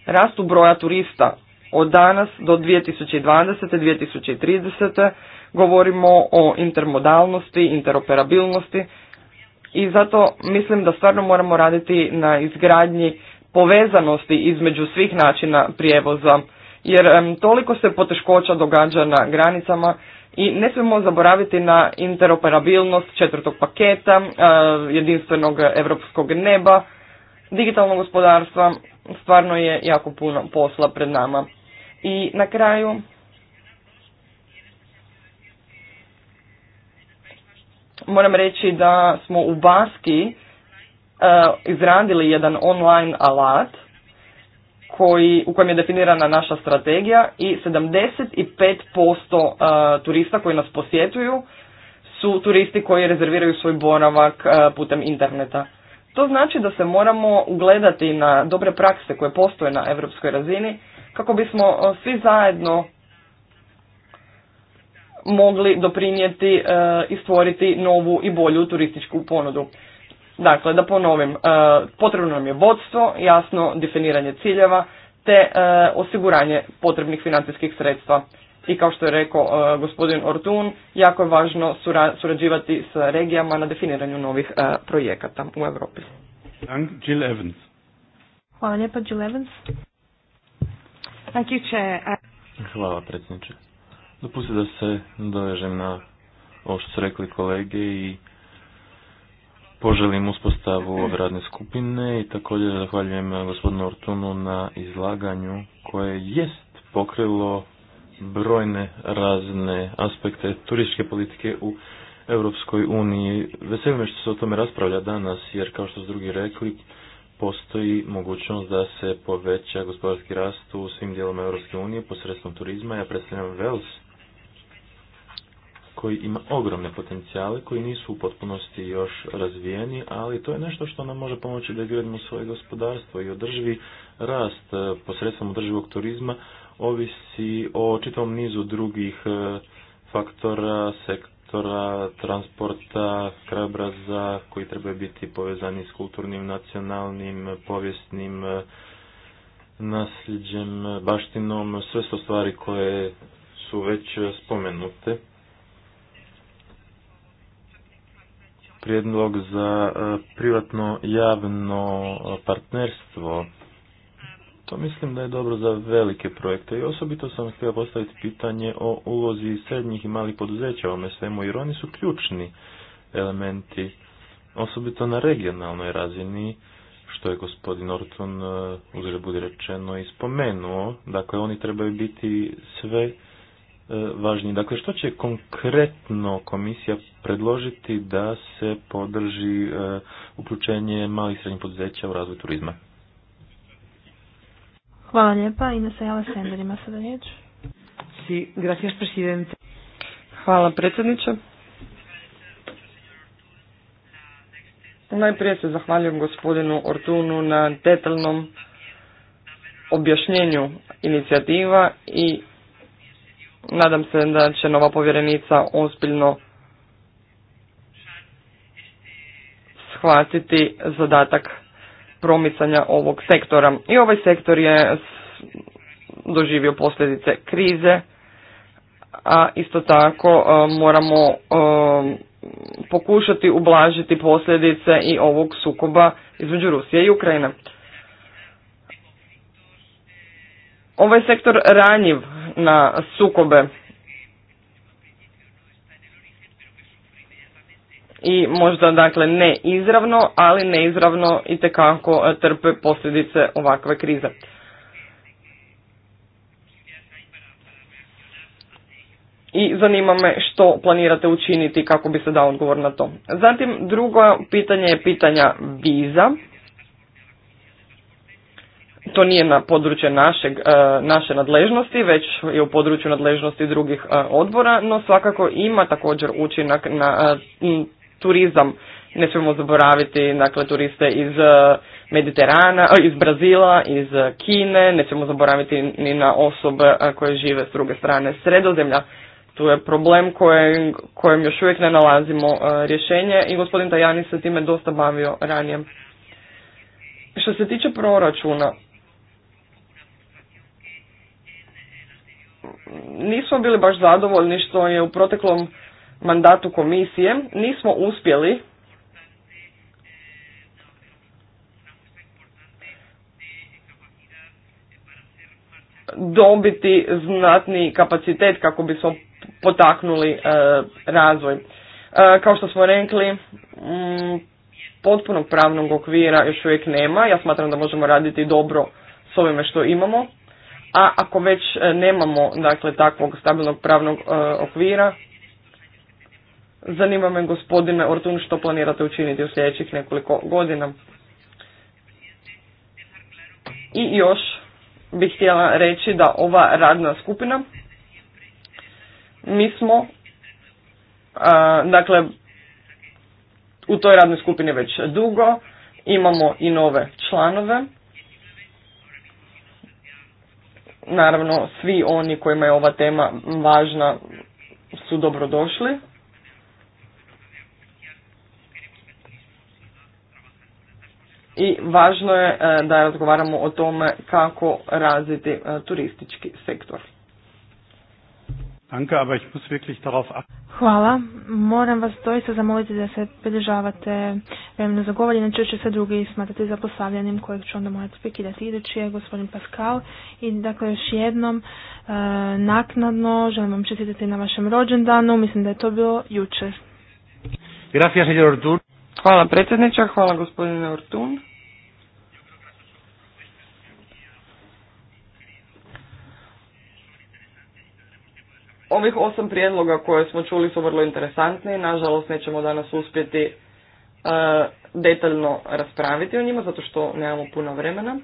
rastu broja turista od danas do 2020. 2030. govorimo o intermodalnosti, interoperabilnosti i zato mislim da stvarno moramo raditi na izgradnji povezanosti između svih načina prijevoza jer toliko se poteškoća događa na granicama i ne smijemo zaboraviti na interoperabilnost četvrtog paketa, eh, jedinstvenog europskog neba, digitalnog gospodarstva Stvarno je jako puno posla pred nama. I na kraju moram reći da smo u Baski e, izradili jedan online alat koji, u kojem je definirana naša strategija i 75% e, turista koji nas posjetuju su turisti koji rezerviraju svoj boravak e, putem interneta. To znači da se moramo ugledati na dobre prakse koje postoje na europskoj razini kako bismo e, svi zajedno mogli doprinijeti e, i stvoriti novu i bolju turističku ponudu. Dakle, da ponovim, e, potrebno nam je vodstvo, jasno definiranje ciljeva te osiguranje potrebnih financijskih sredstva i kao što je rekao e, gospodin Ortun, jako je važno surađivati s regijama na definiranju novih e, projekata u Europi. Jill Evans. Hvala lijepa, Jill Evans. Hvala predsjedniče. Dopustite da se dovežem na ovo što su rekli kolege i poželim uspostavu ove radne skupine i također zahvaljujem gospodinu Ortunu na izlaganju koje jest pokrilo brojne razne aspekte turističke politike u Europskoj uniji. Veseli me što se o tome raspravlja danas, jer kao što su drugi rekli, postoji mogućnost da se poveća gospodarski rast u svim dijelom Europske unije posredstvom turizma. Ja predstavljam Vels, koji ima ogromne potencijale, koji nisu u potpunosti još razvijeni, ali to je nešto što nam može pomoći da gradimo svoje gospodarstvo i održivi rast eh, posredstvom održivog turizma ovisi o čitom nizu drugih e, faktora, sektora, transporta, krajobraza koji trebaju biti povezani s kulturnim, nacionalnim, povijesnim e, nasljeđem, baštinom, sve su stvari koje su već spomenute. Prijedlog za e, privatno javno partnerstvo to mislim da je dobro za velike projekte i osobito sam htio postaviti pitanje o ulozi srednjih i malih poduzeća ovome svemu, jer oni su ključni elementi, osobito na regionalnoj razini, što je gospodin Orton e, uzre budi rečeno i spomenuo, dakle oni trebaju biti sve važni. E, važniji. Dakle, što će konkretno komisija predložiti da se podrži e, uključenje malih i srednjih poduzeća u razvoj turizma? Hvala lijepa. Ines Ajala Sender ima sada riječ. gracias presidente. Hvala predsjedniče. Najprije se zahvaljujem gospodinu Ortunu na detaljnom objašnjenju inicijativa i nadam se da će nova povjerenica ozbiljno shvatiti zadatak promicanja ovog sektora. I ovaj sektor je doživio posljedice krize, a isto tako e, moramo e, pokušati ublažiti posljedice i ovog sukoba između Rusije i Ukrajine. Ovaj sektor ranjiv na sukobe i možda dakle ne izravno, ali neizravno i tekako e, trpe posljedice ovakve krize. I zanima me što planirate učiniti kako bi se dao odgovor na to. Zatim drugo pitanje je pitanja viza. To nije na područje našeg, e, naše nadležnosti, već je u području nadležnosti drugih e, odbora, no svakako ima također učinak na turizam. nećemo zaboraviti dakle, turiste iz eh, Mediterana, eh, iz Brazila, iz eh, Kine, nećemo zaboraviti ni na osobe koje žive s druge strane sredozemlja. Tu je problem kojem, kojem još uvijek ne nalazimo rješenje i gospodin Tajani se time dosta bavio ranije. Što se tiče proračuna, nismo bili baš zadovoljni što je u proteklom mandatu komisije nismo uspjeli dobiti znatni kapacitet kako bismo potaknuli e, razvoj. E, kao što smo rekli, m, mm, potpunog pravnog okvira još uvijek nema. Ja smatram da možemo raditi dobro s ovime što imamo. A ako već e, nemamo dakle, takvog stabilnog pravnog okvira, Zanima me gospodine Ortun što planirate učiniti u sljedećih nekoliko godina. I još bih htjela reći da ova radna skupina, mi smo, dakle, u toj radnoj skupini već dugo, imamo i nove članove. Naravno, svi oni kojima je ova tema važna su dobrodošli. i važno je e, da razgovaramo o tome kako razviti e, turistički sektor. Hvala. Moram vas doista zamoliti da se pridržavate vremenu za govor, inače će se drugi smatrati za kojeg ću onda morati prekidati. Idući je gospodin Pascal i dakle još jednom e, naknadno želim vam čestitati na vašem rođendanu, mislim da je to bilo jučer. Gracias, Hvala predsjedniče, hvala gospodine Ortun. Ovih osam prijedloga koje smo čuli su vrlo interesantni. Nažalost, nećemo danas uspjeti e, detaljno raspraviti o njima, zato što nemamo puno vremena.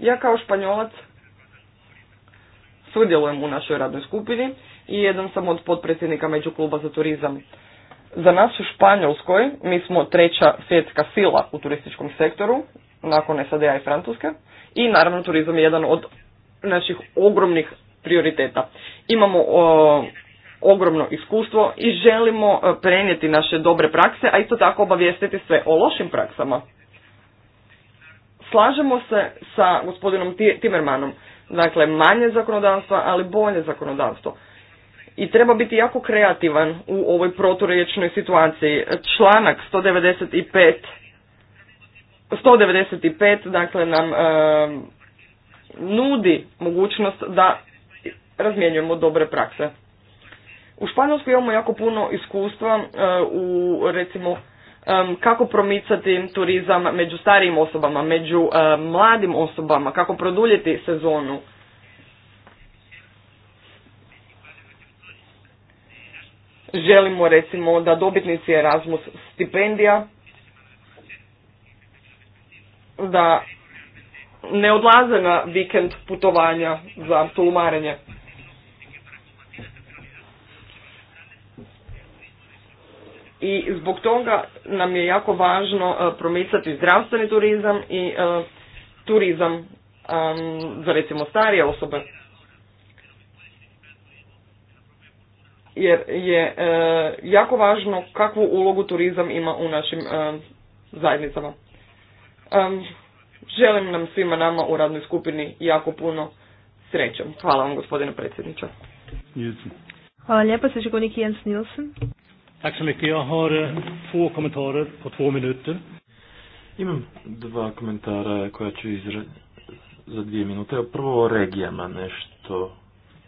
Ja kao španjolac sudjelujem u našoj radnoj skupini i jedan sam od potpredsjednika kluba za turizam. Za nas u Španjolskoj, mi smo treća svjetska sila u turističkom sektoru, nakon SAD-a i Francuske, i naravno turizam je jedan od naših ogromnih prioriteta. Imamo ogromno iskustvo i želimo e, prenijeti naše dobre prakse, a isto tako obavijestiti sve o lošim praksama. Slažemo se sa gospodinom Timermanom, dakle manje zakonodavstva, ali bolje zakonodavstvo i treba biti jako kreativan u ovoj proturječnoj situaciji. Članak 195 195 dakle nam e, nudi mogućnost da razmjenjujemo dobre prakse. U Španjolskoj imamo jako puno iskustva e, u recimo e, kako promicati turizam među starijim osobama, među mladim osobama, kako produljiti sezonu. Želimo recimo da dobitnici Erasmus stipendija da ne odlaze na vikend putovanja za tulumarenje. I zbog toga nam je jako važno e, promicati zdravstveni turizam i e, turizam za recimo starije osobe. jer je e, jako važno kakvu ulogu turizam ima u našim e, zajednicama. E, želim nam svima nama u radnoj skupini jako puno sreće. Hvala vam gospodine predsjedniče. Hvala lijepa, svećegonik Jens Nilsen. Tack sam ja har eh, två Imam dva komentara koja ću izra... za dvije minute. Prvo o regijama nešto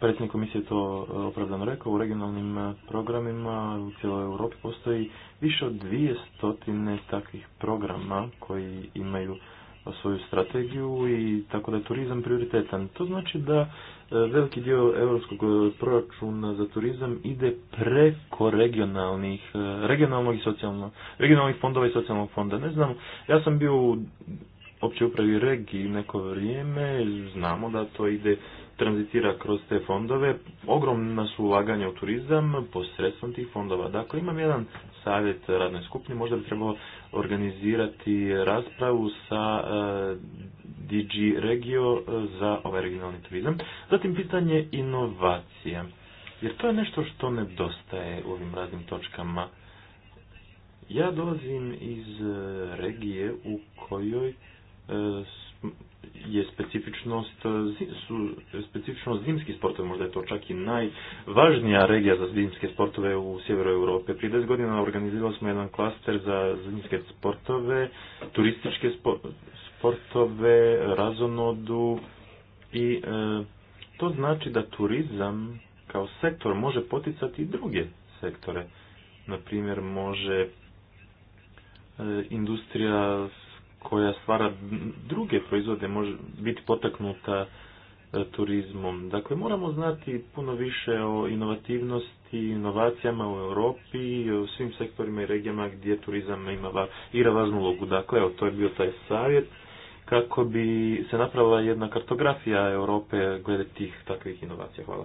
predsjednik komisije to e, opravdano rekao, u regionalnim e, programima u cijeloj Europi postoji više od dvije stotine takvih programa koji imaju e, svoju strategiju i tako da je turizam prioritetan. To znači da veliki dio europskog proračuna za turizam ide preko regionalnih, regionalnog i socijalno, regionalnih fondova i socijalnog fonda. Ne znam, ja sam bio u općoj upravi regiji neko vrijeme, znamo da to ide tranzitira kroz te fondove. Ogromna su ulaganja u turizam posredstvom tih fondova. Dakle, imam jedan savjet radnoj skupini, možda bi trebalo organizirati raspravu sa eh, DG Regio eh, za ovaj regionalni turizam. Zatim pitanje inovacija. Jer to je nešto što nedostaje u ovim raznim točkama. Ja dolazim iz eh, regije u kojoj je specifičnost, su specifičnost zimskih sportova, možda je to čak i najvažnija regija za zimske sportove u sjeveru Europe. Prije 10 godina organizirali smo jedan klaster za zimske sportove, turističke sportove, razonodu i e, to znači da turizam kao sektor može poticati i druge sektore. Naprimjer, može e, industrija koja stvara druge proizvode može biti potaknuta e, turizmom. Dakle, moramo znati puno više o inovativnosti, inovacijama u Europi i u svim sektorima i regijama gdje turizam ima, i važnu ulogu. Dakle, evo, to je bio taj savjet kako bi se napravila jedna kartografija Europe glede tih takvih inovacija. Hvala.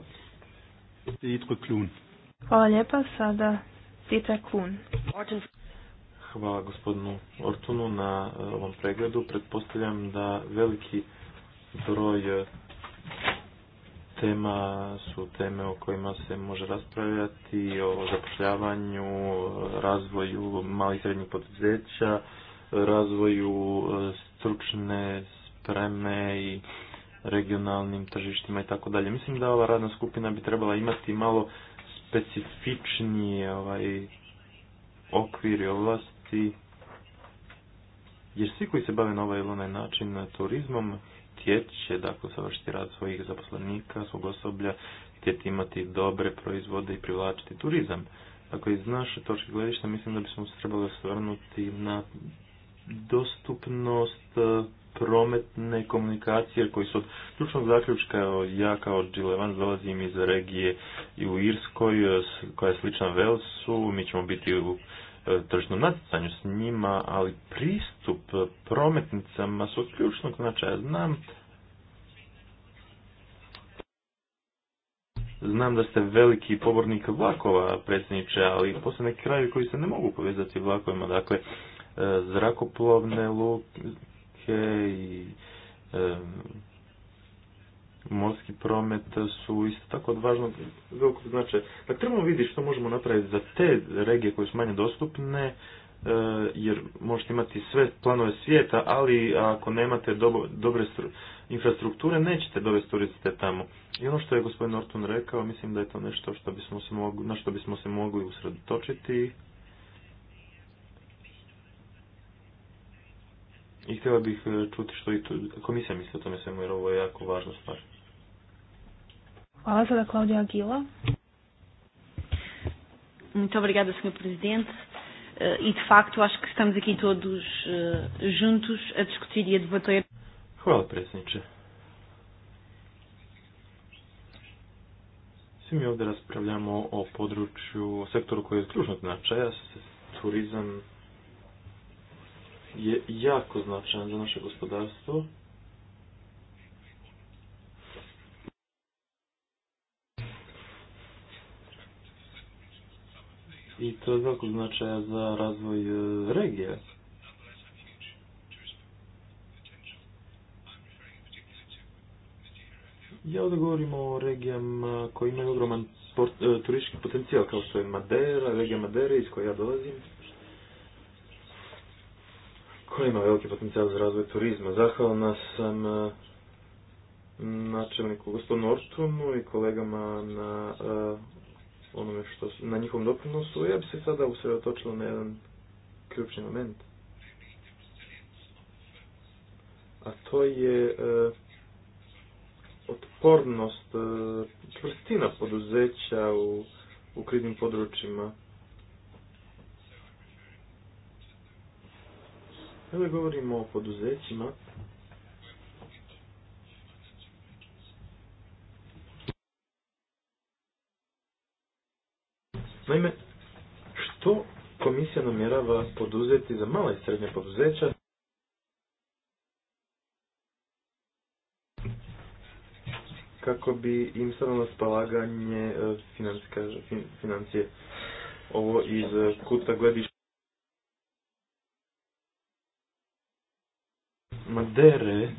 Hvala lijepa. Sada Kuhn. Hvala gospodinu Ortunu na e, ovom pregledu. Pretpostavljam da veliki broj e, tema su teme o kojima se može raspravljati, o zapošljavanju, razvoju malih i srednjih poduzeća, razvoju e, stručne spreme i regionalnim tržištima i tako dalje. Mislim da ova radna skupina bi trebala imati malo specifičniji ovaj okvir i ovlasti jer svi koji se bave na ovaj ili onaj način turizmom, htjet će dakle savršiti rad svojih zaposlenika, svog osoblja, htjeti imati dobre proizvode i privlačiti turizam. Ako dakle, iz naše točke gledišta mislim da bismo se trebali osvrnuti na dostupnost e, prometne komunikacije koji su od ključnog zaključka, ja kao Džilevan dolazim iz regije i u Irskoj e, koja je slična Velsu, mi ćemo biti u tržnom natjecanju s njima, ali pristup prometnicama su od ključnog značaja. Znam Znam da ste veliki pobornik vlakova, predsjedniče, ali postoje neki krajevi koji se ne mogu povezati vlakovima, dakle, e, zrakoplovne luke i e, morski promet su isto tako od važnog Dakle, trebamo vidjeti što možemo napraviti za te regije koje su manje dostupne, e, jer možete imati sve planove svijeta, ali ako nemate dobre infrastrukture, nećete dovesti turiste tamo. I ono što je gospodin Norton rekao, mislim da je to nešto što bismo se mogli, na što bismo se mogli usredotočiti I htjela bih e, čuti što i tu, komisija misli o tome svemu jer ovo je jako važna stvar. Hvala sada Klaudija Agila. Muito obrigada, Sr. Presidente. E, e, de facto, acho que estamos aqui todos e, juntos a discutir e a debater. Hvala, Presidente. Svi mi ovdje raspravljamo o području, o sektoru koji je od značaja, turizam, je jako značajan za naše gospodarstvo. I to je veliko značaja za razvoj e, regije. Ja ovdje govorim o regijama koji imaju ogroman e, turistički potencijal, kao što je Madera, regija Madere iz koje ja dolazim koji ima veliki potencijal za razvoj turizma. Zahvalna sam e, načelniku gospodinu Ortunu i kolegama na e, onome što su, na njihovom doprinosu. Ja bi se sada usredotočila na jedan ključni moment. A to je e, otpornost čvrstina poduzeća u, u kriznim područjima Kada govorimo o poduzećima, Naime, što komisija namjerava poduzeti za mala i srednja poduzeća? kako bi im stavljeno na spalaganje e, financije, ovo iz e, kuta gledišta. Madere,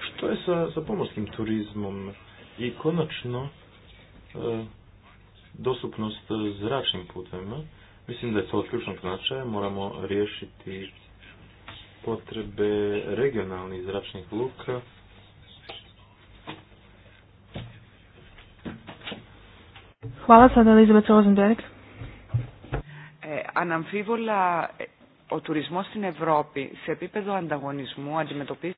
što je sa, sa pomorskim turizmom i konačno e, dostupnost zračnim putem. Mislim da je to od ključnog značaja, moramo riješiti potrebe regionalnih zračnih luka. Hvala sada Elizabeth Rosenberg. E, ο τουρισμός στην Ευρώπη σε επίπεδο ανταγωνισμού αντιμετωπίζει...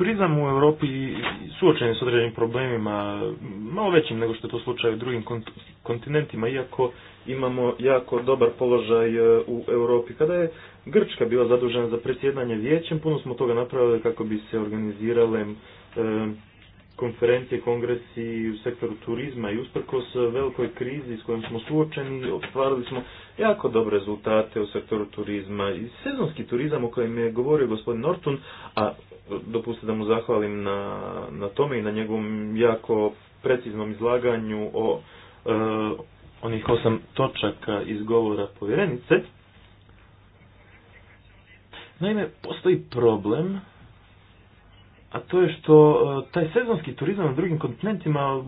turizam u Europi suočen je s određenim problemima, malo većim nego što je to slučaj u drugim kontinentima, iako imamo jako dobar položaj e, u Europi. Kada je Grčka bila zadužena za predsjedanje vijećem, puno smo toga napravili kako bi se organizirale e, konferencije, kongresi u sektoru turizma i usprkos velikoj krizi s kojom smo suočeni, ostvarili smo jako dobre rezultate u sektoru turizma. I sezonski turizam o kojem je govorio gospodin Norton a dopustite da mu zahvalim na, na tome i na njegovom jako preciznom izlaganju o e, onih osam točaka iz govora povjerenice. Naime, postoji problem a to je što e, taj sezonski turizam na drugim kontinentima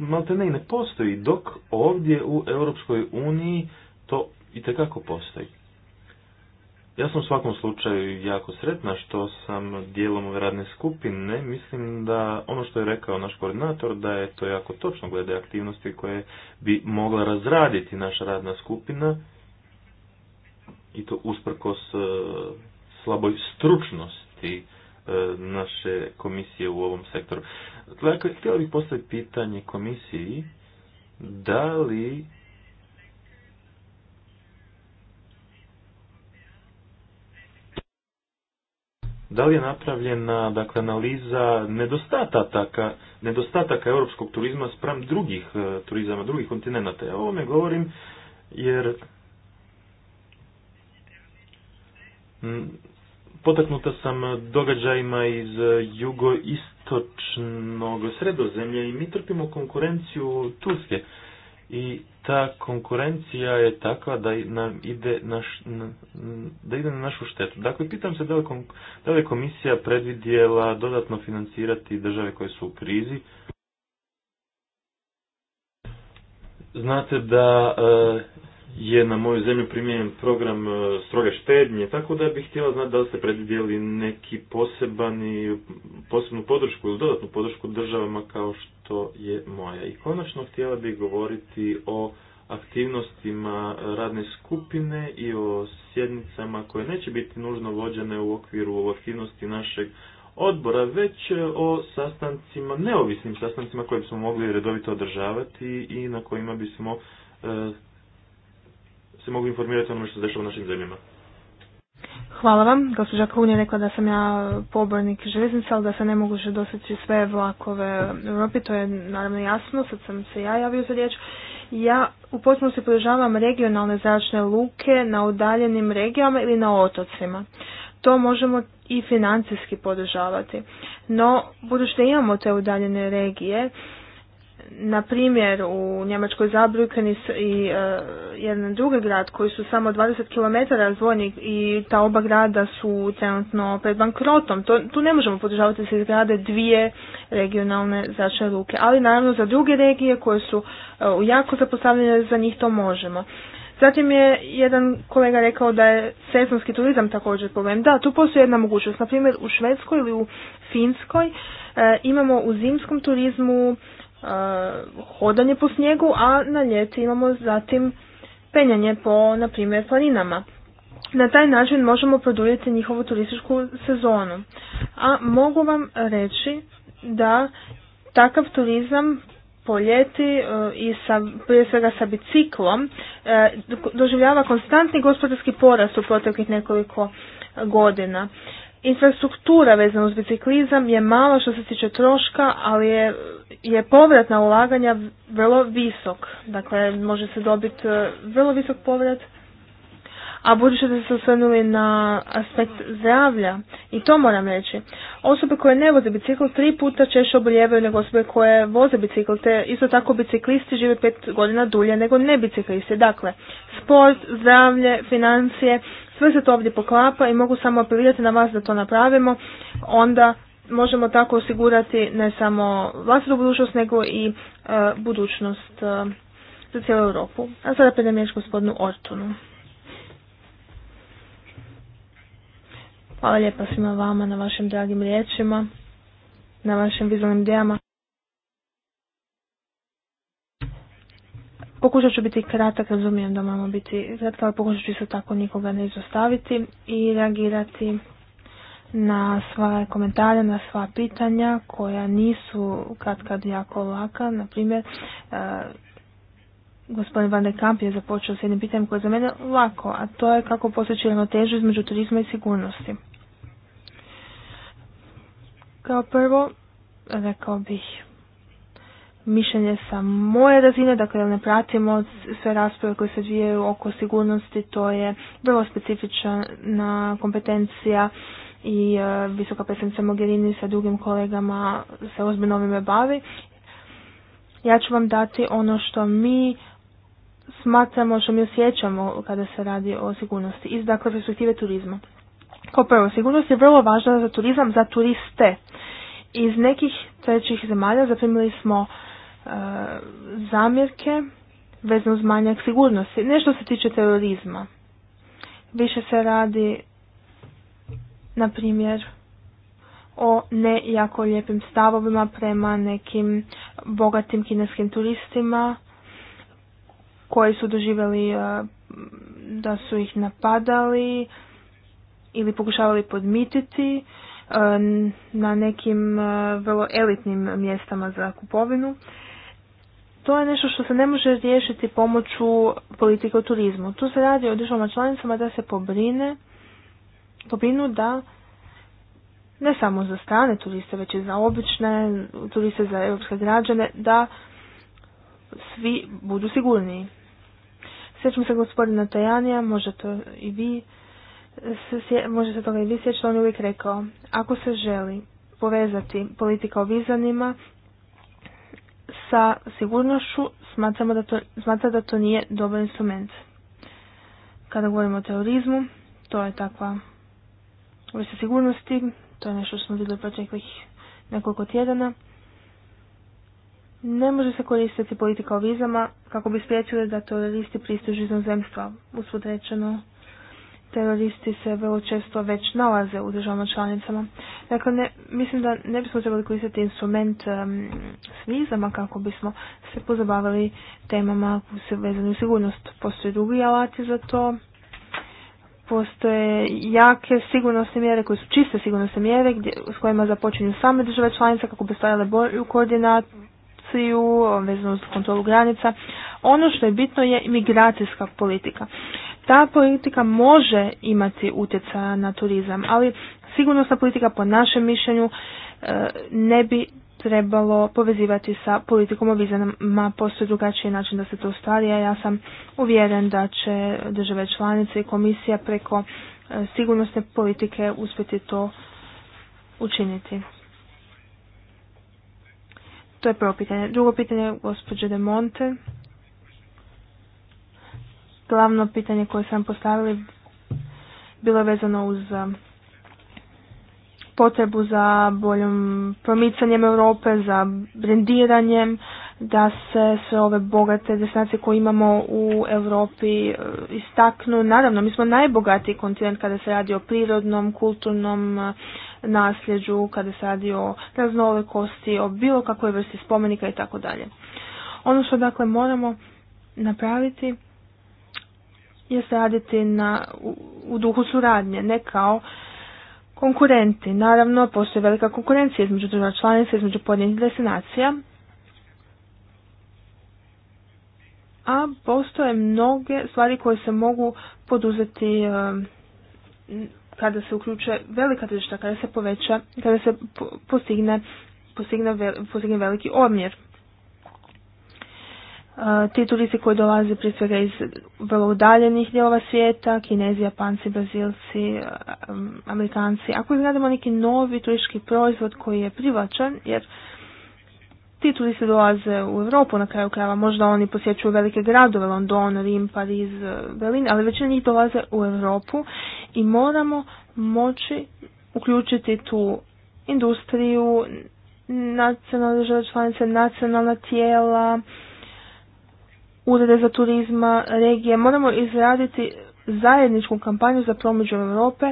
malte ne i ne postoji, dok ovdje u Europskoj uniji to i tekako postoji. Ja sam u svakom slučaju jako sretna što sam dijelom ove radne skupine. Mislim da ono što je rekao naš koordinator, da je to jako točno glede aktivnosti koje bi mogla razraditi naša radna skupina i to usprkos e, slaboj stručnosti E, naše komisije u ovom sektoru. Dakle, htio bih postaviti pitanje komisiji da li da li je napravljena dakle, analiza nedostataka, nedostataka europskog turizma spram drugih e, turizama, drugih kontinenta. Ja o ovome govorim jer Potaknuta sam događajima iz e, jugoistočnog sredozemlja i mi trpimo konkurenciju Turske. I ta konkurencija je takva da nam ide naš, da ide na našu štetu. Dakle, pitam se da li, da komisija predvidjela dodatno financirati države koje su u krizi. Znate da e, je na moju zemlju primijenjen program e, stroge štednje, tako da bih htjela znati da li ste predvidjeli neki poseban posebnu podršku ili dodatnu podršku državama kao što je moja. I konačno htjela bih govoriti o aktivnostima radne skupine i o sjednicama koje neće biti nužno vođene u okviru aktivnosti našeg odbora, već o sastancima, neovisnim sastancima koje bismo mogli redovito održavati i na kojima bismo e, se mogu informirati onome što se dešava u našim zemljama. Hvala vam. Gospođa Kuhn je rekla da sam ja pobornik železnica, ali da se ne mogu dosjeći sve vlakove u Europi, to je naravno jasno, sad sam se ja javio za riječ. Ja u potpunosti podržavam regionalne zračne luke na udaljenim regijama ili na otocima. To možemo i financijski podržavati. No, budući da imamo te udaljene regije, na primjer u Njemačkoj Zabrukeni i e, jedan drugi grad koji su samo 20 km razvojni i ta oba grada su trenutno pred bankrotom. To, tu ne možemo podržavati se izgrade dvije regionalne zračne ruke. ali naravno za druge regije koje su e, jako zapostavljene za njih to možemo. Zatim je jedan kolega rekao da je sezonski turizam također problem. Da, tu postoji jedna mogućnost. Na primjer u Švedskoj ili u Finskoj e, imamo u zimskom turizmu Eh, hodanje po snijegu, a na ljeti imamo zatim penjanje po, na primjer, planinama. Na taj način možemo produljiti njihovu turističku sezonu. A mogu vam reći da takav turizam po ljeti eh, i sa, prije svega sa biciklom eh, doživljava konstantni gospodarski porast u proteklih nekoliko godina infrastruktura vezana uz biciklizam je malo što se tiče troška, ali je, je povrat na ulaganja vrlo visok. Dakle, može se dobiti e, vrlo visok povrat. A budući da se osvrnuli na aspekt zdravlja, i to moram reći, osobe koje ne voze bicikl tri puta češće oboljevaju nego osobe koje voze bicikl, te isto tako biciklisti žive pet godina dulje nego ne biciklisti. Dakle, sport, zdravlje, financije, sve se to ovdje poklapa i mogu samo apelirati na vas da to napravimo. Onda možemo tako osigurati ne samo vlastitu budućnost, nego i e, budućnost e, za cijelu Europu. A sada predam riječ gospodinu Ortonu. Hvala lijepa svima vama na vašim dragim riječima, na vašim vizualnim idejama. Pokušat ću biti kratak, razumijem da moramo biti kratka, ali pokušat ću isto tako nikoga ne izostaviti i reagirati na sva komentare, na sva pitanja koja nisu kad jako laka. Na primjer, e, gospodin Van de Kamp je započeo s jednim pitanjem koje je za mene lako, a to je kako postići ravnotežu između turizma i sigurnosti. Kao prvo, rekao bih mišljenje sa moje razine, dakle ne pratimo sve rasprave koje se dvijaju oko sigurnosti, to je vrlo specifična kompetencija i e, visoka predstavnica Mogherini sa drugim kolegama se ozbiljno ovime bavi. Ja ću vam dati ono što mi smatramo, što mi osjećamo kada se radi o sigurnosti iz dakle perspektive turizma. Kao prvo, sigurnost je vrlo važna za turizam, za turiste. Iz nekih trećih zemalja zaprimili smo E, zamjerke vezano uz manjak sigurnosti. Nešto se tiče terorizma. Više se radi, na primjer, o ne jako lijepim stavovima prema nekim bogatim kineskim turistima koji su doživjeli e, da su ih napadali ili pokušavali podmititi e, na nekim vrlo elitnim mjestama za kupovinu to je nešto što se ne može riješiti pomoću politike o turizmu. Tu se radi o državama članicama da se pobrine, pobrinu da ne samo za strane turiste, već i za obične turiste, za europske građane, da svi budu sigurniji. Sjećam se gospodina Tajanija, možda to i vi, možete toga i vi sjećati, on je uvijek rekao, ako se želi povezati politika o vizanima sa sigurnošću smatramo da to, smatra da to nije dobar instrument. Kada govorimo o terorizmu, to je takva vrsta sigurnosti, to je nešto što smo vidjeli proteklih nekoliko tjedana. Ne može se koristiti politika o vizama kako bi spriječili da teroristi pristižu iz zemstva, usput rečeno teroristi se vrlo često već nalaze u državama članicama. Dakle, mislim da ne bismo trebali koristiti instrument um, s vizama kako bismo se pozabavili temama vezane u sigurnost. Postoje drugi alati za to. Postoje jake sigurnosne mjere koje su čiste sigurnosne mjere gdje, s kojima započinju same države članice kako bi stajale bolju koordinaciju vezano uz kontrolu granica. Ono što je bitno je imigracijska politika. Ta politika može imati utjecaja na turizam, ali sigurnosna politika po našem mišljenju e, ne bi trebalo povezivati sa politikom o vizama. Postoji drugačiji način da se to ustvari, a ja sam uvjeren da će države članice i komisija preko e, sigurnosne politike uspjeti to učiniti. To je prvo pitanje. Drugo pitanje, gospođe De Monte glavno pitanje koje sam postavila bilo vezano uz um, potrebu za boljom promicanjem Europe, za brendiranjem, da se sve ove bogate destinacije koje imamo u Europi uh, istaknu. Naravno, mi smo najbogatiji kontinent kada se radi o prirodnom, kulturnom uh, nasljeđu, kada se radi o raznolikosti, o bilo kakvoj vrsti spomenika i tako dalje. Ono što dakle moramo napraviti se raditi na, u, duhu suradnje, ne kao konkurenti. Naravno, postoji velika konkurencija između država članica, između pojedinih destinacija, a postoje mnoge stvari koje se mogu poduzeti um, kada se uključe velika tržišta, kada se poveća, kada se postigne, postigne, postigne veliki omjer ti turisti koji dolaze prije svega iz vrlo udaljenih dijelova svijeta, Kinezi, Japanci, Brazilci, um, Amerikanci, ako izgradimo neki novi turistički proizvod koji je privlačan, jer ti turisti dolaze u Europu na kraju krajeva, možda oni posjećuju velike gradove, London, Rim, Pariz, e, Berlin, ali većina njih dolaze u Europu i moramo moći uključiti tu industriju, nacionalne države članice, nacionalna tijela, urede za turizma, regije. Moramo izraditi zajedničku kampanju za promođu Europe.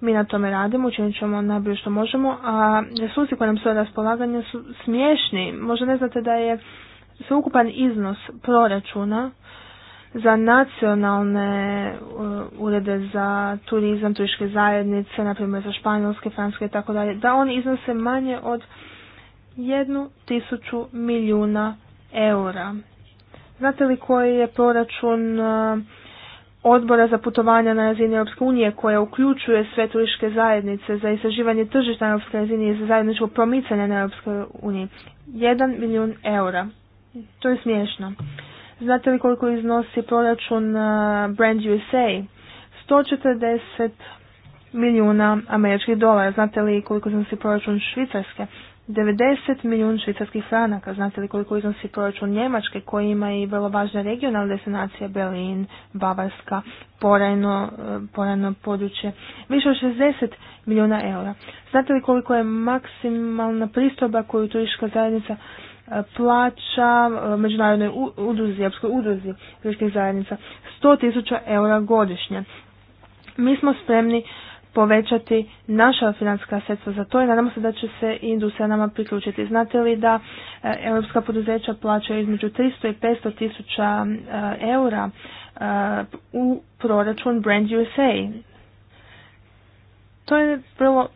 Mi na tome radimo, učinit ćemo najbolje što možemo, a resursi koje nam su na raspolaganju su smiješni. Možda ne znate da je sveukupan iznos proračuna za nacionalne uh, urede za turizam, turističke zajednice, na primjer za Španjolske, Francuske i tako dalje, da oni iznose manje od jednu tisuću milijuna eura. Znate li koji je proračun e, odbora za putovanja na razini Europske unije koja uključuje sve turističke zajednice za istraživanje tržišta na Europske razini i za zajedničko promicanje na Europskoj uniji? 1 milijun eura. To je smiješno. Znate li koliko iznosi proračun e, Brand USA? 140 milijuna američkih dolara. Znate li koliko iznosi proračun Švicarske? 90 milijun švicarskih franaka. Znate li koliko iznosi proračun Njemačke koji ima i vrlo važne regionalna destinacija, Berlin, Bavarska, porajno, eh, porajno područje. Više od 60 milijuna eura. Znate li koliko je maksimalna pristoba koju turistička zajednica eh, plaća eh, međunarodnoj udruzi, Europskoj udruzi turističkih zajednica? 100 tisuća eura godišnje. Mi smo spremni povećati naša financijska sredstva za to i nadamo se da će se industrija nama priključiti. Znate li da e, europska poduzeća plaćaju između 300 i 500 tisuća e, eura e, u proračun Brand USA? To je vrlo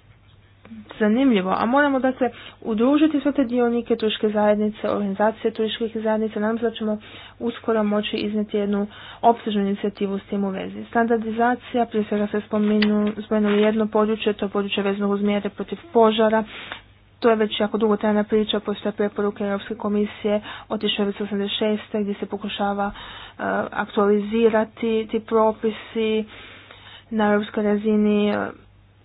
zanimljivo, a moramo da se udružiti sve te dionike turiške zajednice, organizacije turiških zajednica, nadam se da ćemo uskoro moći iznijeti jednu opsežnu inicijativu s tim u vezi. Standardizacija, prije svega se spominu, spomenuli jedno područje, to je područje vezano uz mjere protiv požara, to je već jako dugo trajna priča, postoje preporuke Europske komisije od 1986. gdje se pokušava e, aktualizirati ti propisi na europskoj razini, e,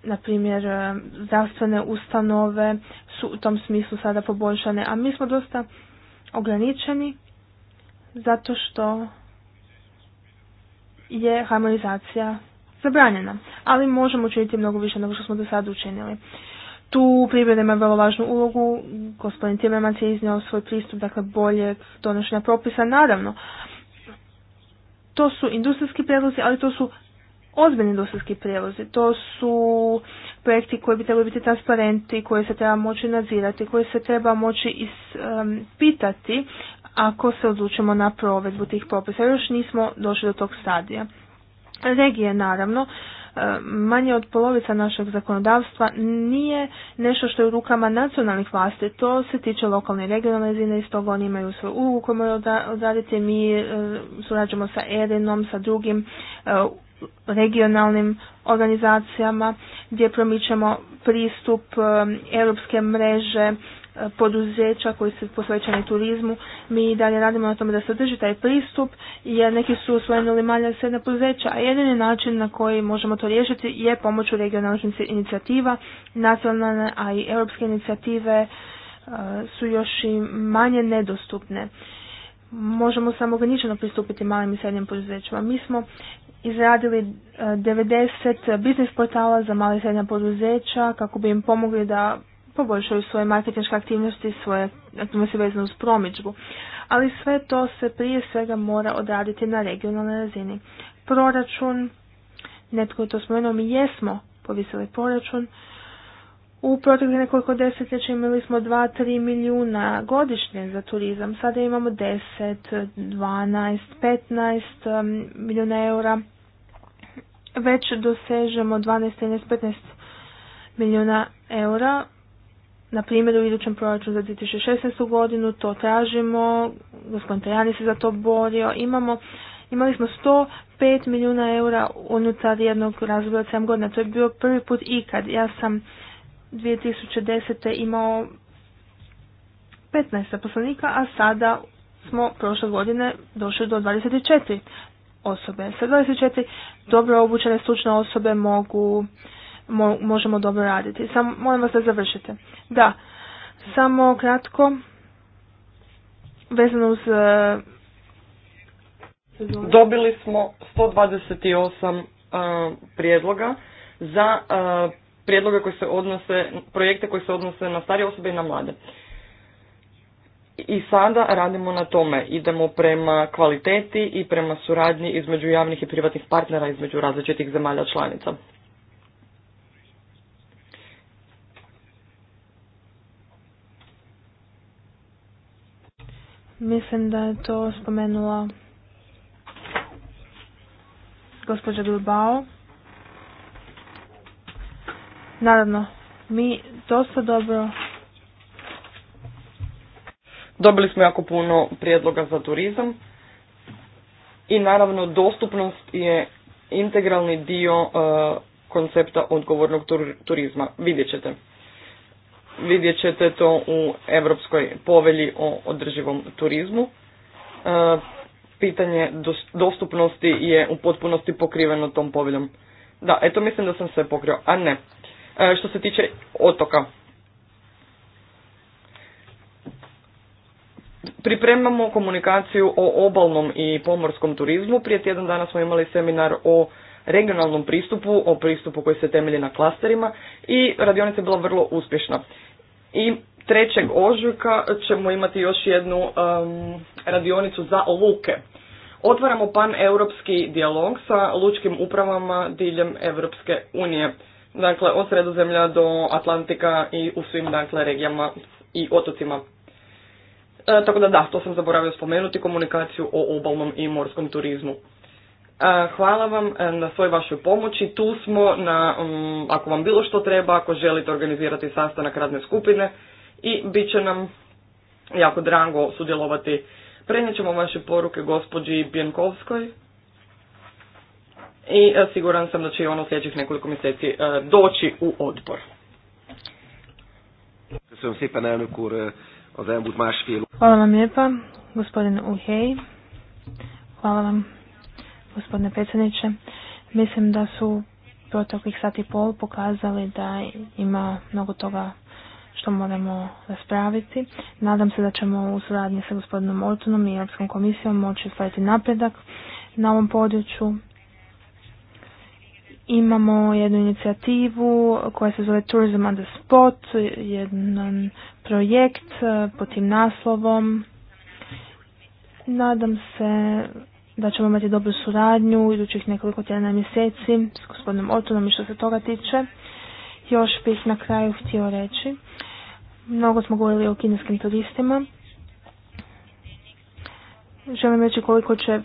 na primjer, e, zdravstvene ustanove su u tom smislu sada poboljšane, a mi smo dosta ograničeni zato što je harmonizacija zabranjena. Ali možemo učiniti mnogo više nego što smo do sada učinili. Tu privreda ima vrlo važnu ulogu, gospodin Timmermans je iznio svoj pristup, dakle bolje donošenja propisa, naravno. To su industrijski prijedlozi, ali to su ozbiljni industrijski prijevozi. To su projekti koji bi trebali biti transparenti, koje se treba moći nadzirati, koje se treba moći ispitati ako se odlučimo na provedbu tih popisa. Još nismo došli do tog stadija. Regije, naravno, manje od polovica našeg zakonodavstva nije nešto što je u rukama nacionalnih vlasti. To se tiče lokalne i regionalne razine i stoga oni imaju svoju ulogu koju moraju odraditi. Mi surađujemo sa Erinom, sa drugim regionalnim organizacijama gdje promičemo pristup um, europske mreže uh, poduzeća koji su posvećeni turizmu. Mi i dalje radimo na tome da se taj pristup jer neki su usvojenili manje sredna poduzeća, a jedini način na koji možemo to riješiti je pomoću regionalnih inicijativa, nacionalne, a i europske inicijative uh, su još i manje nedostupne možemo samo ograničeno pristupiti malim i srednjim poduzećima. Mi smo izradili 90 e, biznis portala za male i srednja poduzeća kako bi im pomogli da poboljšaju svoje marketinške aktivnosti, svoje aktivnosti vezano uz promičbu. Ali sve to se prije svega mora odraditi na regionalnoj razini. Proračun, netko je to spomenuo, mi jesmo povisili proračun. U proteklih nekoliko desetljeća imali smo 2-3 milijuna godišnje za turizam, sada imamo 10, 12, 15 milijuna eura već dosežemo 12, 15 milijuna eura. Na primjer, u idućem proračunu za 2016. godinu to tražimo, gospodin Tajani se za to borio, imamo Imali smo 105 milijuna eura unutar jednog razloga od 7 godina. To je bio prvi put ikad. Ja sam 2010. imao 15 zaposlenika, a sada smo prošle godine došli do 24 osobe. Sa 24 dobro obučene stručne osobe mogu, možemo dobro raditi. Samo, molim vas da završite. Da, samo kratko, vezano uz... E, Dobili smo 128 uh, e, prijedloga za e, prijedloge koji se odnose, projekte koji se odnose na starije osobe i na mlade i sada radimo na tome, idemo prema kvaliteti i prema suradnji između javnih i privatnih partnera između različitih zemalja članica. Mislim da je to spomenula gospođa Bilbao. Naravno, mi dosta dobro Dobili smo jako puno prijedloga za turizam i naravno dostupnost je integralni dio e, koncepta odgovornog turizma. Vidjet ćete. Vidjet ćete to u Europskoj povelji o održivom turizmu. E, pitanje dostupnosti je u potpunosti pokriveno tom poveljom. Da, eto mislim da sam sve pokrio. A ne. E, što se tiče otoka, Pripremamo komunikaciju o obalnom i pomorskom turizmu. Prije tjedan dana smo imali seminar o regionalnom pristupu, o pristupu koji se temelji na klasterima i radionica je bila vrlo uspješna. I trećeg ožujka ćemo imati još jednu radionicu za luke. Otvaramo pan-europski dijalog sa lučkim upravama diljem Europske unije. Dakle, od sredozemlja do Atlantika i u svim dakle, regijama i otocima. E, tako da da, to sam zaboravio spomenuti, komunikaciju o obalnom i morskom turizmu. E, hvala vam e, na svoj vašoj pomoći. Tu smo, na, mm, ako vam bilo što treba, ako želite organizirati sastanak radne skupine i bit će nam jako drago sudjelovati. Prenijet ćemo vaše poruke gospođi Bjenkovskoj i e, siguran sam da će i ono sljedećih nekoliko mjeseci e, doći u odbor. Hvala Hvala vam lijepa, gospodin Uhej. Hvala vam, gospodine predsjedniče. Mislim da su proteklih sati i pol pokazali da ima mnogo toga što moramo raspraviti. Nadam se da ćemo u suradnji sa gospodinom Ortonom i Europskom komisijom moći ostvariti napredak na ovom području Imamo jednu inicijativu koja se zove Tourism on the Spot, jedan projekt e, pod tim naslovom. Nadam se da ćemo imati dobru suradnju idućih nekoliko tjedana mjeseci s gospodinom Otonom i što se toga tiče. Još bih na kraju htio reći. Mnogo smo govorili o kineskim turistima. Želim reći koliko će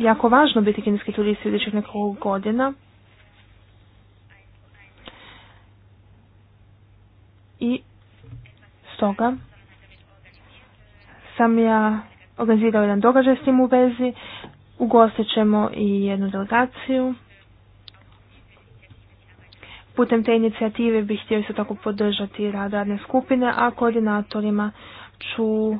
jako važno biti kineski turisti u nekog godina. I stoga sam ja organizirao jedan događaj s tim u vezi. Ugostit ćemo i jednu delegaciju. Putem te inicijative bih htio isto tako podržati rad radne skupine, a koordinatorima ću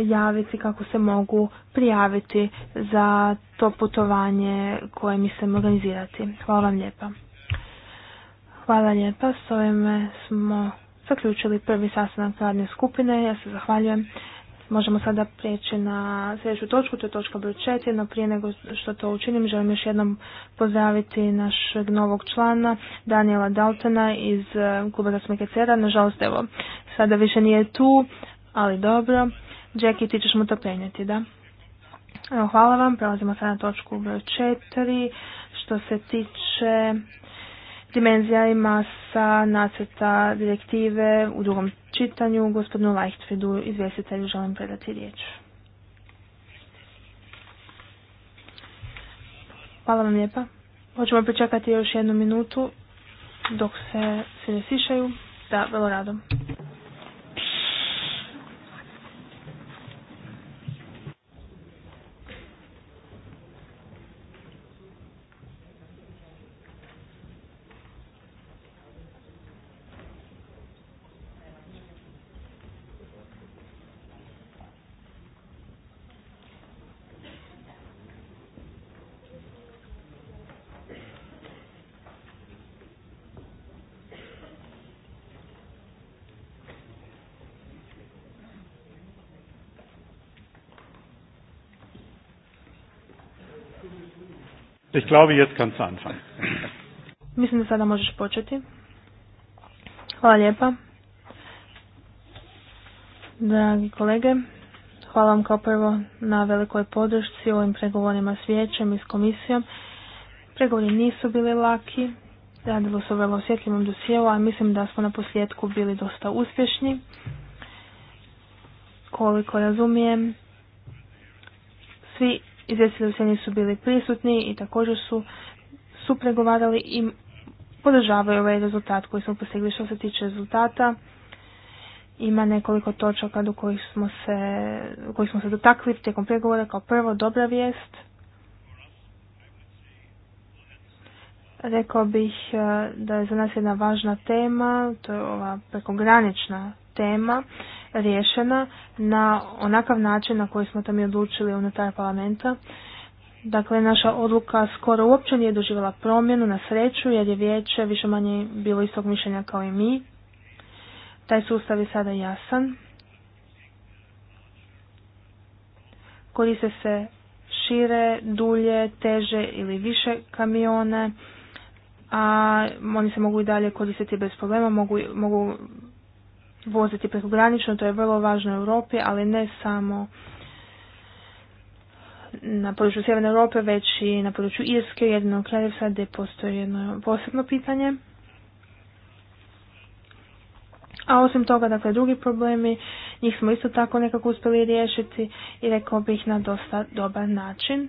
javiti, kako se mogu prijaviti za to putovanje koje mislim organizirati. Hvala vam lijepa. Hvala lijepa, s ovime smo zaključili prvi sastanak radne skupine, ja se zahvaljujem. Možemo sada prijeći na sljedeću točku, to je točka broj četiri, no prije nego što to učinim želim još jednom pozdraviti našeg novog člana Daniela Daltona iz eh, Kluba Gasmike Cera. Nažalost, evo, sada više nije tu, ali dobro. Jackie, ti ćeš mu to prenijeti, da? Evo, hvala vam. Prelazimo sad na točku broj četiri, Što se tiče dimenzija i masa nacrta direktive u drugom čitanju, gospodinu Leichtfriedu, izvjestitelju, želim predati riječ. Hvala vam lijepa. Hoćemo pričekati još jednu minutu dok se svi ne sišaju. Da, vrlo radom. Ich glaube, jetzt Mislim da sada možeš početi. Hvala lijepa. Dragi kolege, hvala vam kao prvo na velikoj podršci ovim pregovorima s vijećem i s komisijom. Pregovori nisu bili laki, radilo se o vrlo osjetljivom a mislim da smo na posljedku bili dosta uspješni. Koliko razumijem, svi izvjestitelji deset nisu su bili prisutni i također su, su pregovarali i podržavaju ovaj rezultat koji smo postigli što se tiče rezultata. Ima nekoliko točaka do kojih smo se, kojih smo se dotakli tijekom pregovora kao prvo dobra vijest. Rekao bih eh, da je za nas jedna važna tema, to je ova prekogranična tema Rješena na onakav način na koji smo to mi odlučili unutar parlamenta. Dakle, naša odluka skoro uopće nije doživjela promjenu na sreću jer je vijeće više manje bilo istog mišljenja kao i mi. Taj sustav je sada jasan. Koriste se šire, dulje, teže ili više kamione, a oni se mogu i dalje koristiti bez problema, mogu, mogu voziti prekogranično, to je vrlo važno u Europi, ali ne samo na području Sjeverne Europe, već i na području Irske, jedinog kraljevstva, gdje postoji jedno posebno pitanje. A osim toga, dakle, drugi problemi, njih smo isto tako nekako uspjeli riješiti i rekao bih na dosta dobar način.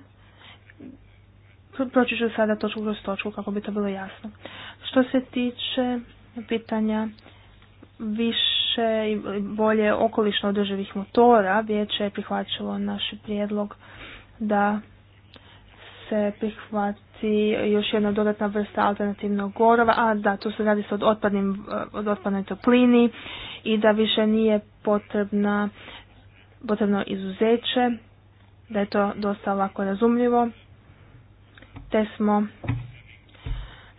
Proći ću sada točku kroz točku kako bi to bilo jasno. Što se tiče pitanja više i bolje okolišno održivih motora, vijeće je prihvaćalo naš prijedlog da se prihvati još jedna dodatna vrsta alternativnog gorova, a da tu se radi se od, od otpadnoj toplini i da više nije potrebna, potrebno izuzeće, da je to dosta lako razumljivo, te smo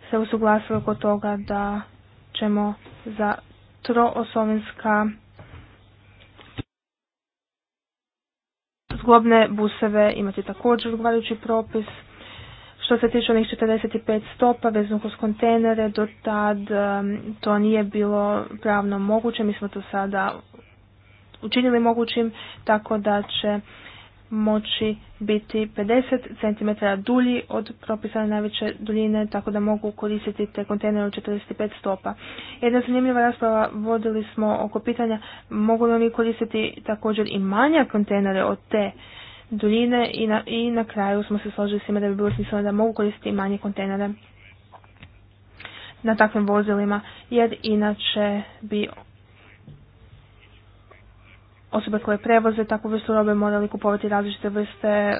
se usuglasili oko toga da ćemo za troosovinska zglobne buseve imati također odgovarajući propis. Što se tiče onih 45 stopa vezano kroz kontejnere, do tad to nije bilo pravno moguće, mi smo to sada učinili mogućim, tako da će moći biti 50 cm dulji od propisane najveće duljine, tako da mogu koristiti te kontejnere u 45 stopa. Jedna zanimljiva rasprava vodili smo oko pitanja mogu li oni koristiti također i manje kontejnere od te duljine i na, i na kraju smo se složili s time da bi bilo smisleno da mogu koristiti i manje kontejnere na takvim vozilima, jer inače bi osobe koje prevoze takvu vrstu robe morali kupovati različite vrste, e,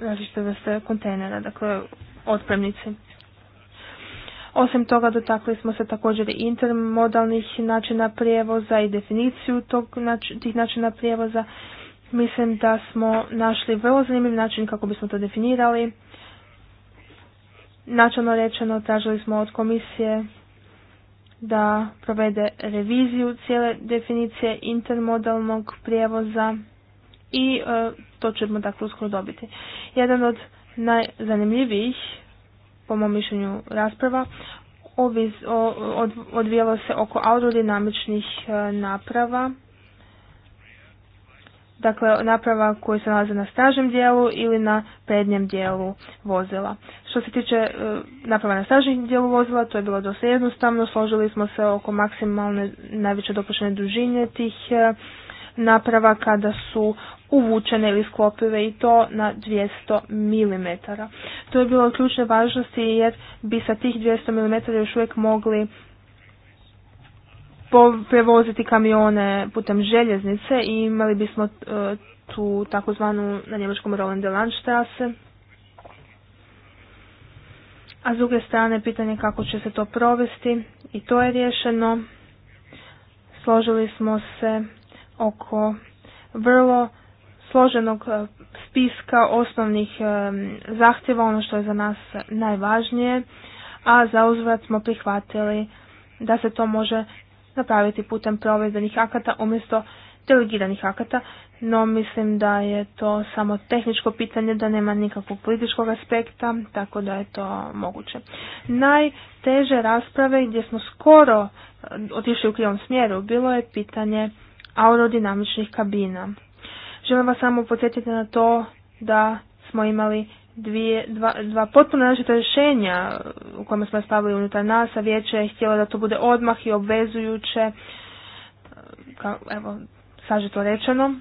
različite vrste kontejnera, dakle otpremnici. Osim toga dotakli smo se također intermodalnih načina prijevoza i definiciju tog, tih načina prijevoza. Mislim da smo našli vrlo zanimljiv način kako bismo to definirali. Načalno rečeno tražili smo od komisije da provede reviziju cijele definicije intermodalnog prijevoza i e, to ćemo dakle uskoro dobiti. Jedan od najzanimljivijih, po mom mišljenju, rasprava odvijelo odvijalo se oko aerodinamičnih e, naprava dakle naprava koje se nalaze na stražnjem dijelu ili na prednjem dijelu vozila. Što se tiče e, naprava na stražnjem dijelu vozila, to je bilo dosta jednostavno, složili smo se oko maksimalne najveće dopuštene dužine tih e, naprava kada su uvučene ili sklopive i to na 200 mm. To je bilo od ključne važnosti jer bi sa tih 200 mm još uvijek mogli prevoziti kamione putem željeznice i imali bismo e, tu takozvanu na njemačkom Roland Landstrasse. A s druge strane pitanje kako će se to provesti i to je rješeno. Složili smo se oko vrlo složenog e, spiska osnovnih e, zahtjeva, ono što je za nas najvažnije, a za uzvrat smo prihvatili da se to može napraviti putem provedbenih akata umjesto delegiranih akata, no mislim da je to samo tehničko pitanje, da nema nikakvog političkog aspekta, tako da je to moguće. Najteže rasprave gdje smo skoro e, otišli u krivom smjeru bilo je pitanje aerodinamičnih kabina. Želim vas samo podsjetiti na to da smo imali dvije, dva, dva potpuno različita rješenja u kojima smo stavili unutar nas, a vijeće je htjelo da to bude odmah i obvezujuće, e, ka evo, to rečeno.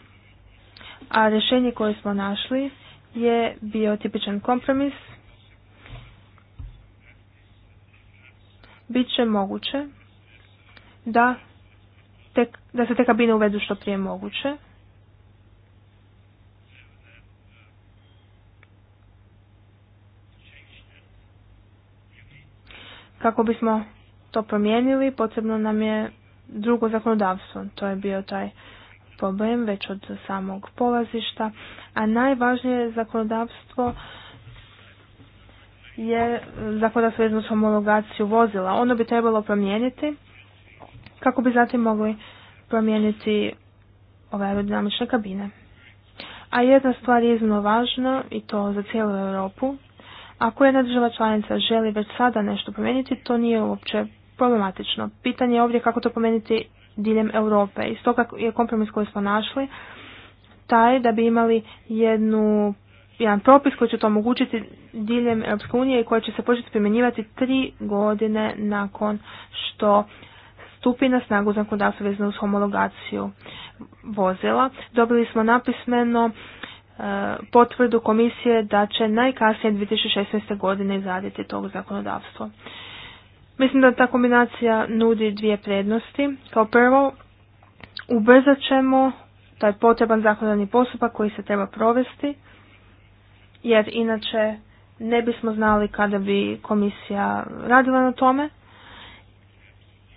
A rješenje koje smo našli je bio tipičan kompromis. Biće moguće da, tek, da se te kabine uvedu što prije moguće, Kako bismo to promijenili, potrebno nam je drugo zakonodavstvo. To je bio taj problem već od samog polazišta. A najvažnije zakonodavstvo je zakonodavstvo s homologaciju vozila. Ono bi trebalo promijeniti kako bi zatim mogli promijeniti ove aerodinamične kabine. A jedna stvar je iznimno važna i to za cijelu Europu ako jedna država članica želi već sada nešto promijeniti, to nije uopće problematično. Pitanje je ovdje kako to promijeniti diljem Europe. I stoga je kompromis koji smo našli taj da bi imali jednu jedan propis koji će to omogućiti diljem Europske unije i koji će se početi primjenjivati tri godine nakon što stupi na snagu zakonodavstvo vezano uz homologaciju vozila. Dobili smo napismeno potvrdu komisije da će najkasnije 2016. godine izraditi tog zakonodavstvo. Mislim da ta kombinacija nudi dvije prednosti. Kao prvo, ubrzat ćemo taj potreban zakonodavni postupak koji se treba provesti, jer inače ne bismo znali kada bi komisija radila na tome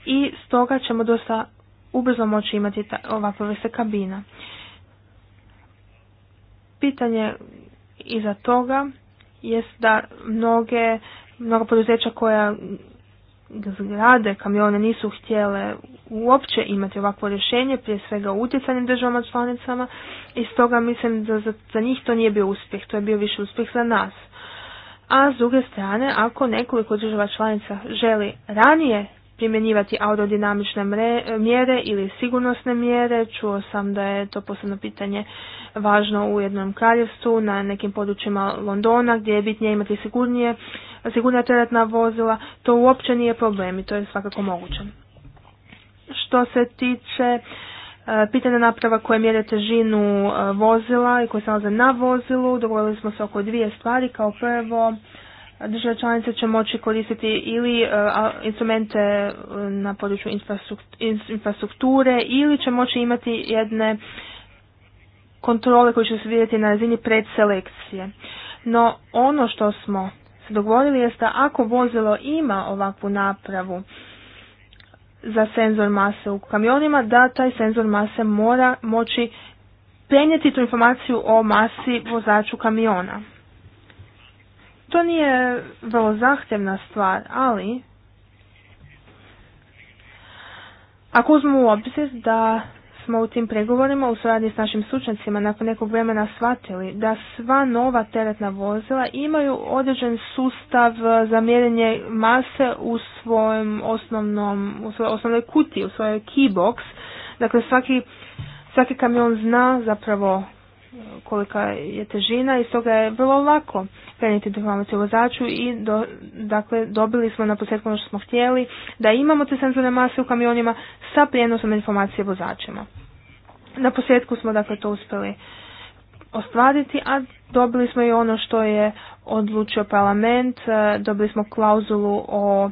i stoga ćemo dosta ubrzo moći imati ovakve vrste kabina. Pitanje iza toga jest da mnoge, mnoga poduzeća koja zgrade, kamione nisu htjele uopće imati ovakvo rješenje, prije svega utjecanim državama članicama i stoga mislim da za, za njih to nije bio uspjeh, to je bio više uspjeh za nas. A s druge strane, ako nekoliko država članica želi ranije primjenjivati aerodinamične mjere ili sigurnosne mjere. Čuo sam da je to posebno pitanje važno u jednom kraljevstvu, na nekim područjima Londona gdje je bitnije imati sigurnije, sigurnija teretna vozila. To uopće nije problem i to je svakako moguće. Što se tiče e, pitanja naprava koje mjere težinu e, vozila i koje se nalaze na vozilu, dogovorili smo se oko dvije stvari. Kao prvo, države članice će moći koristiti ili e, instrumente e, na području infrastrukture ili će moći imati jedne kontrole koje će se vidjeti na razini predselekcije. No ono što smo se dogovorili je da ako vozilo ima ovakvu napravu za senzor mase u kamionima, da taj senzor mase mora moći prenijeti tu informaciju o masi vozaču kamiona. To nije vrlo zahtjevna stvar, ali ako uzmemo u obzir da smo u tim pregovorima u suradnji s našim stručnjacima nakon nekog vremena shvatili da sva nova teretna vozila imaju određen sustav za mjerenje mase u svojem osnovnom, u svojoj osnovnoj kutiji, u svojoj keybox. Dakle, svaki, svaki kamion zna zapravo kolika je težina i stoga je vrlo lako prenijeti informaciju vozaču i do, dakle dobili smo na posljedku ono što smo htjeli da imamo te senzorne mase u kamionima sa prijenosom informacije vozačima. Na posljedku smo dakle to uspjeli ostvariti, a dobili smo i ono što je odlučio parlament, e, dobili smo klauzulu o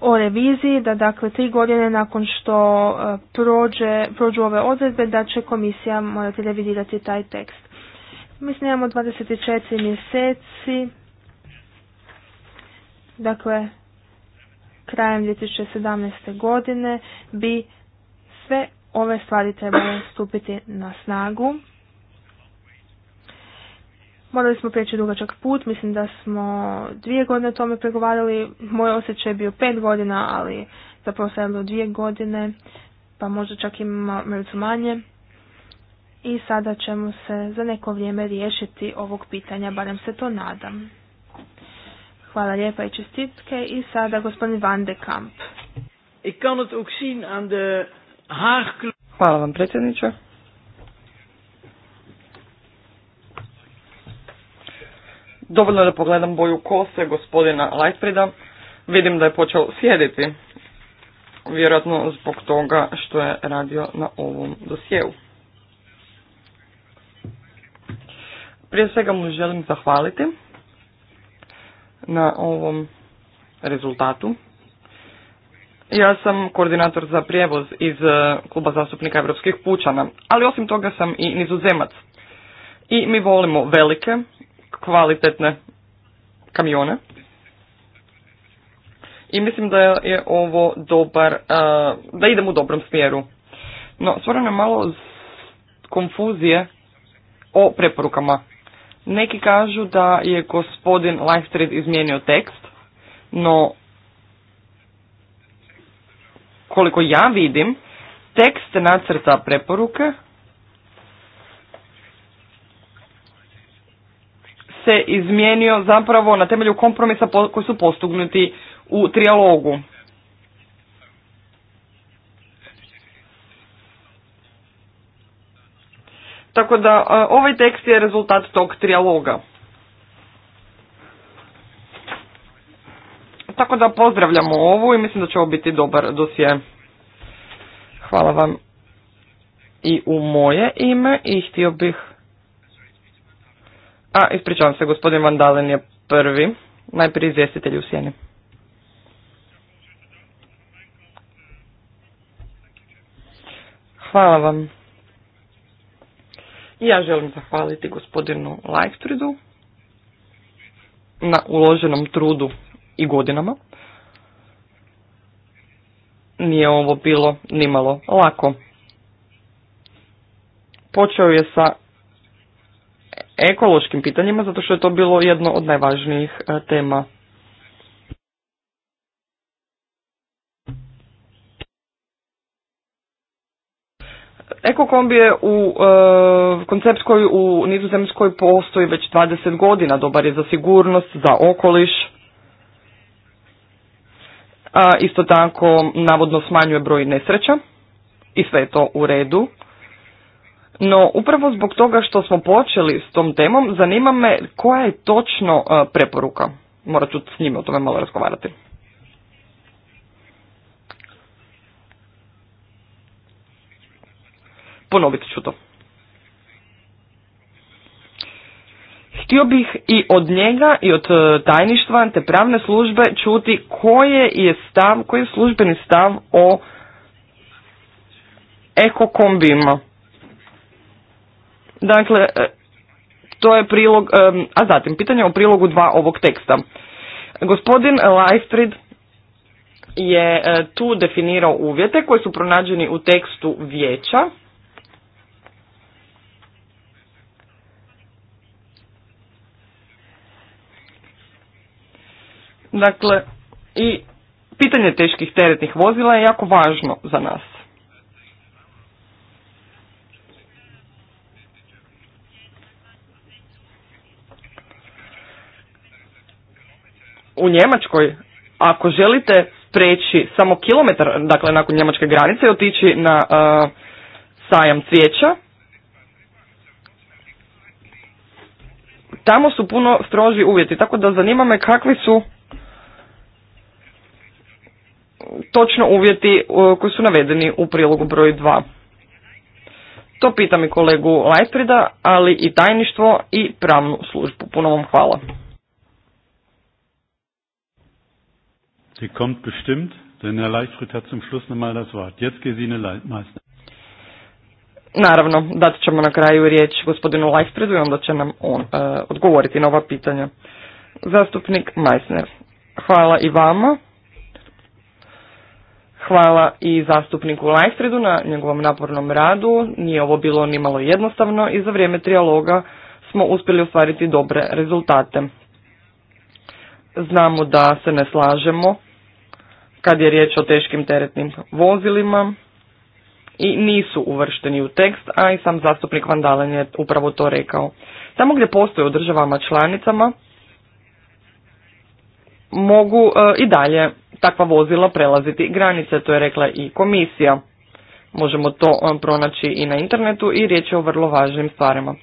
o reviziji, da dakle tri godine nakon što e, prođe, prođu ove odredbe, da će komisija morati revidirati taj tekst. Mislim imamo 24 mjeseci, dakle krajem 2017. godine bi sve ove stvari trebale stupiti na snagu. Morali smo prijeći dugačak put, mislim da smo dvije godine o tome pregovarali, moj osjećaj je bio pet godina, ali zapravo se dvije godine, pa možda čak i mrcu manje. I sada ćemo se za neko vrijeme riješiti ovog pitanja, barem se to nadam. Hvala lijepa i čestitke. I sada gospodin Van de Kamp. Hvala vam predsjedniče. Dovoljno da pogledam boju kose gospodina Lightfrida, vidim da je počeo sjediti. Vjerojatno zbog toga što je radio na ovom dosjeu. Prije svega mu želim zahvaliti na ovom rezultatu. Ja sam koordinator za prijevoz iz e, Kluba zastupnika Europskih pučana, ali osim toga sam i nizozemac. I mi volimo velike kvalitetne kamione. I mislim da je ovo dobar, eh, da idemo u dobrom smjeru. No, stvarno je malo konfuzije o preporukama. Neki kažu da je gospodin Lifestreet izmijenio tekst, no koliko ja vidim, tekst nacrta preporuke se izmijenio zapravo na temelju kompromisa koji su postignuti u trijalogu. Tako da e, ovaj tekst je rezultat tog trijaloga. Tako da pozdravljamo ovu i mislim da će ovo biti dobar dosje. Hvala vam i u moje ime i htio bih a, ispričavam se, gospodin Vandalen je prvi. Najprije izvjestitelj u sjeni. Hvala vam. Ja želim zahvaliti gospodinu Lajstridu na uloženom trudu i godinama. Nije ovo bilo nimalo lako. Počeo je sa ekološkim pitanjima zato što je to bilo jedno od najvažnijih e, tema. Ekokombi je u e, u Nizozemskoj postoji već 20 godina, dobar je za sigurnost, za okoliš. A isto tako navodno smanjuje broj nesreća i sve je to u redu. No, upravo zbog toga što smo počeli s tom temom, zanima me koja je točno e, preporuka. Morat ću s njima o tome malo razgovarati. Ponoviti ću to. Htio bih i od njega i od e, tajništva te pravne službe čuti koje je stav, koji je službeni stav o ekokombijima. Dakle, e, to je prilog, e, a zatim pitanje o prilogu dva ovog teksta. Gospodin Leistrid je e, tu definirao uvjete koji su pronađeni u tekstu vijeća. Dakle, i pitanje teških teretnih vozila je jako važno za nas. u Njemačkoj, ako želite preći samo kilometar, dakle nakon njemačke granice i otići na uh, sajam cvijeća, tamo su puno stroži uvjeti, tako da zanima me kakvi su točno uvjeti uh, koji su navedeni u prilogu broj 2. To pitam i kolegu Lajprida, ali i tajništvo i pravnu službu. Puno vam hvala. Sie kommt bestimmt, denn Herr Leichtfried hat zum Schluss nochmal das Wort. Jetzt Gesine Leitmeister. Naravno, dat ćemo na kraju riječ gospodinu Leichtfriedu i onda će nam on e, odgovoriti na ova pitanja. Zastupnik Meissner, hvala i vama. Hvala i zastupniku Leichtfriedu na njegovom napornom radu. Nije ovo bilo ni malo jednostavno i za vrijeme trijaloga smo uspjeli ostvariti dobre rezultate. Znamo da se ne slažemo kad je riječ o teškim teretnim vozilima i nisu uvršteni u tekst, a i sam zastupnik Vandalen je upravo to rekao. Tamo gdje postoje u državama članicama mogu e, i dalje takva vozila prelaziti granice, to je rekla i komisija. Možemo to e, pronaći i na internetu i riječ je o vrlo važnim stvarima. E,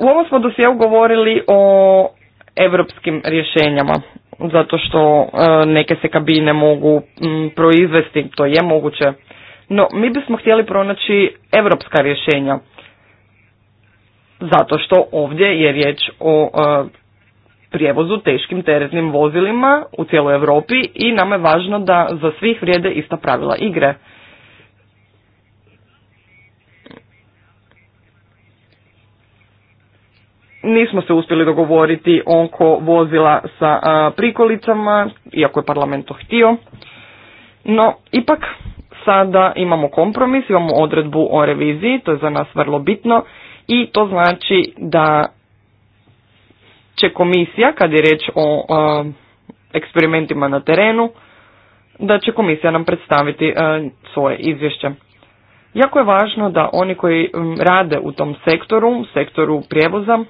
u ovom smo dosjeu govorili o europskim rješenjama zato što e, neke se kabine mogu proizvesti, to je moguće. No, mi bismo htjeli pronaći europska rješenja, zato što ovdje je riječ o e, prijevozu teškim teretnim vozilima u cijeloj Europi i nama je važno da za svih vrijede ista pravila igre. Nismo se uspjeli dogovoriti onko vozila sa prikolicama, iako je parlament to htio. No, ipak sada imamo kompromis, imamo odredbu o reviziji, to je za nas vrlo bitno i to znači da će komisija, kad je riječ o eksperimentima na terenu, da će komisija nam predstaviti svoje izvješće. Jako je važno da oni koji rade u tom sektoru, sektoru prijevoza,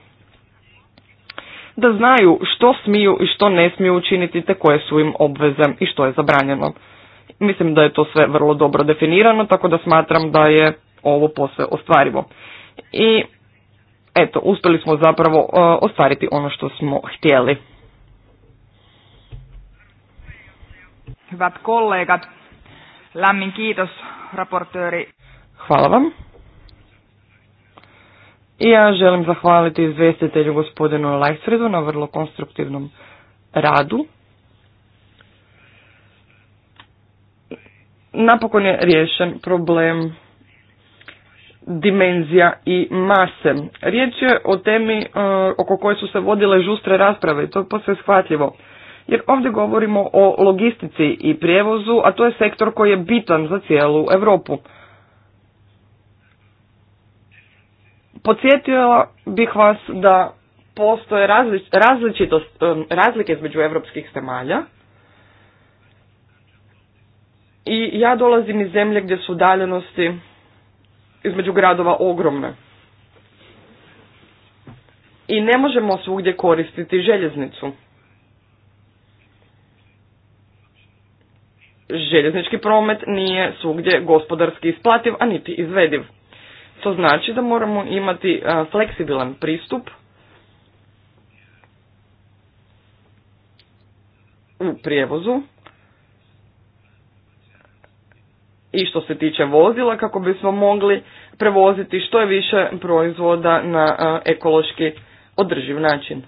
da znaju što smiju i što ne smiju učiniti te koje su im obveze i što je zabranjeno. Mislim da je to sve vrlo dobro definirano, tako da smatram da je ovo posve ostvarivo. I eto, uspjeli smo zapravo e, ostvariti ono što smo htjeli. Hyvät kollegat, Hvala vam. I ja želim zahvaliti izvjestitelju gospodinu Lajfredu na vrlo konstruktivnom radu. Napokon je riješen problem dimenzija i mase. Riječ je o temi e, oko koje su se vodile žustre rasprave i to je posve shvatljivo. Jer ovdje govorimo o logistici i prijevozu, a to je sektor koji je bitan za cijelu Europu. Podsjetio bih vas da postoje različ, različitost, razlike između europskih zemalja i ja dolazim iz zemlje gdje su udaljenosti između gradova ogromne. I ne možemo svugdje koristiti željeznicu. Željeznički promet nije svugdje gospodarski isplativ, a niti izvediv. To znači da moramo imati e, fleksibilan pristup u prijevozu i što se tiče vozila kako bismo mogli prevoziti što je više proizvoda na e, ekološki održiv način.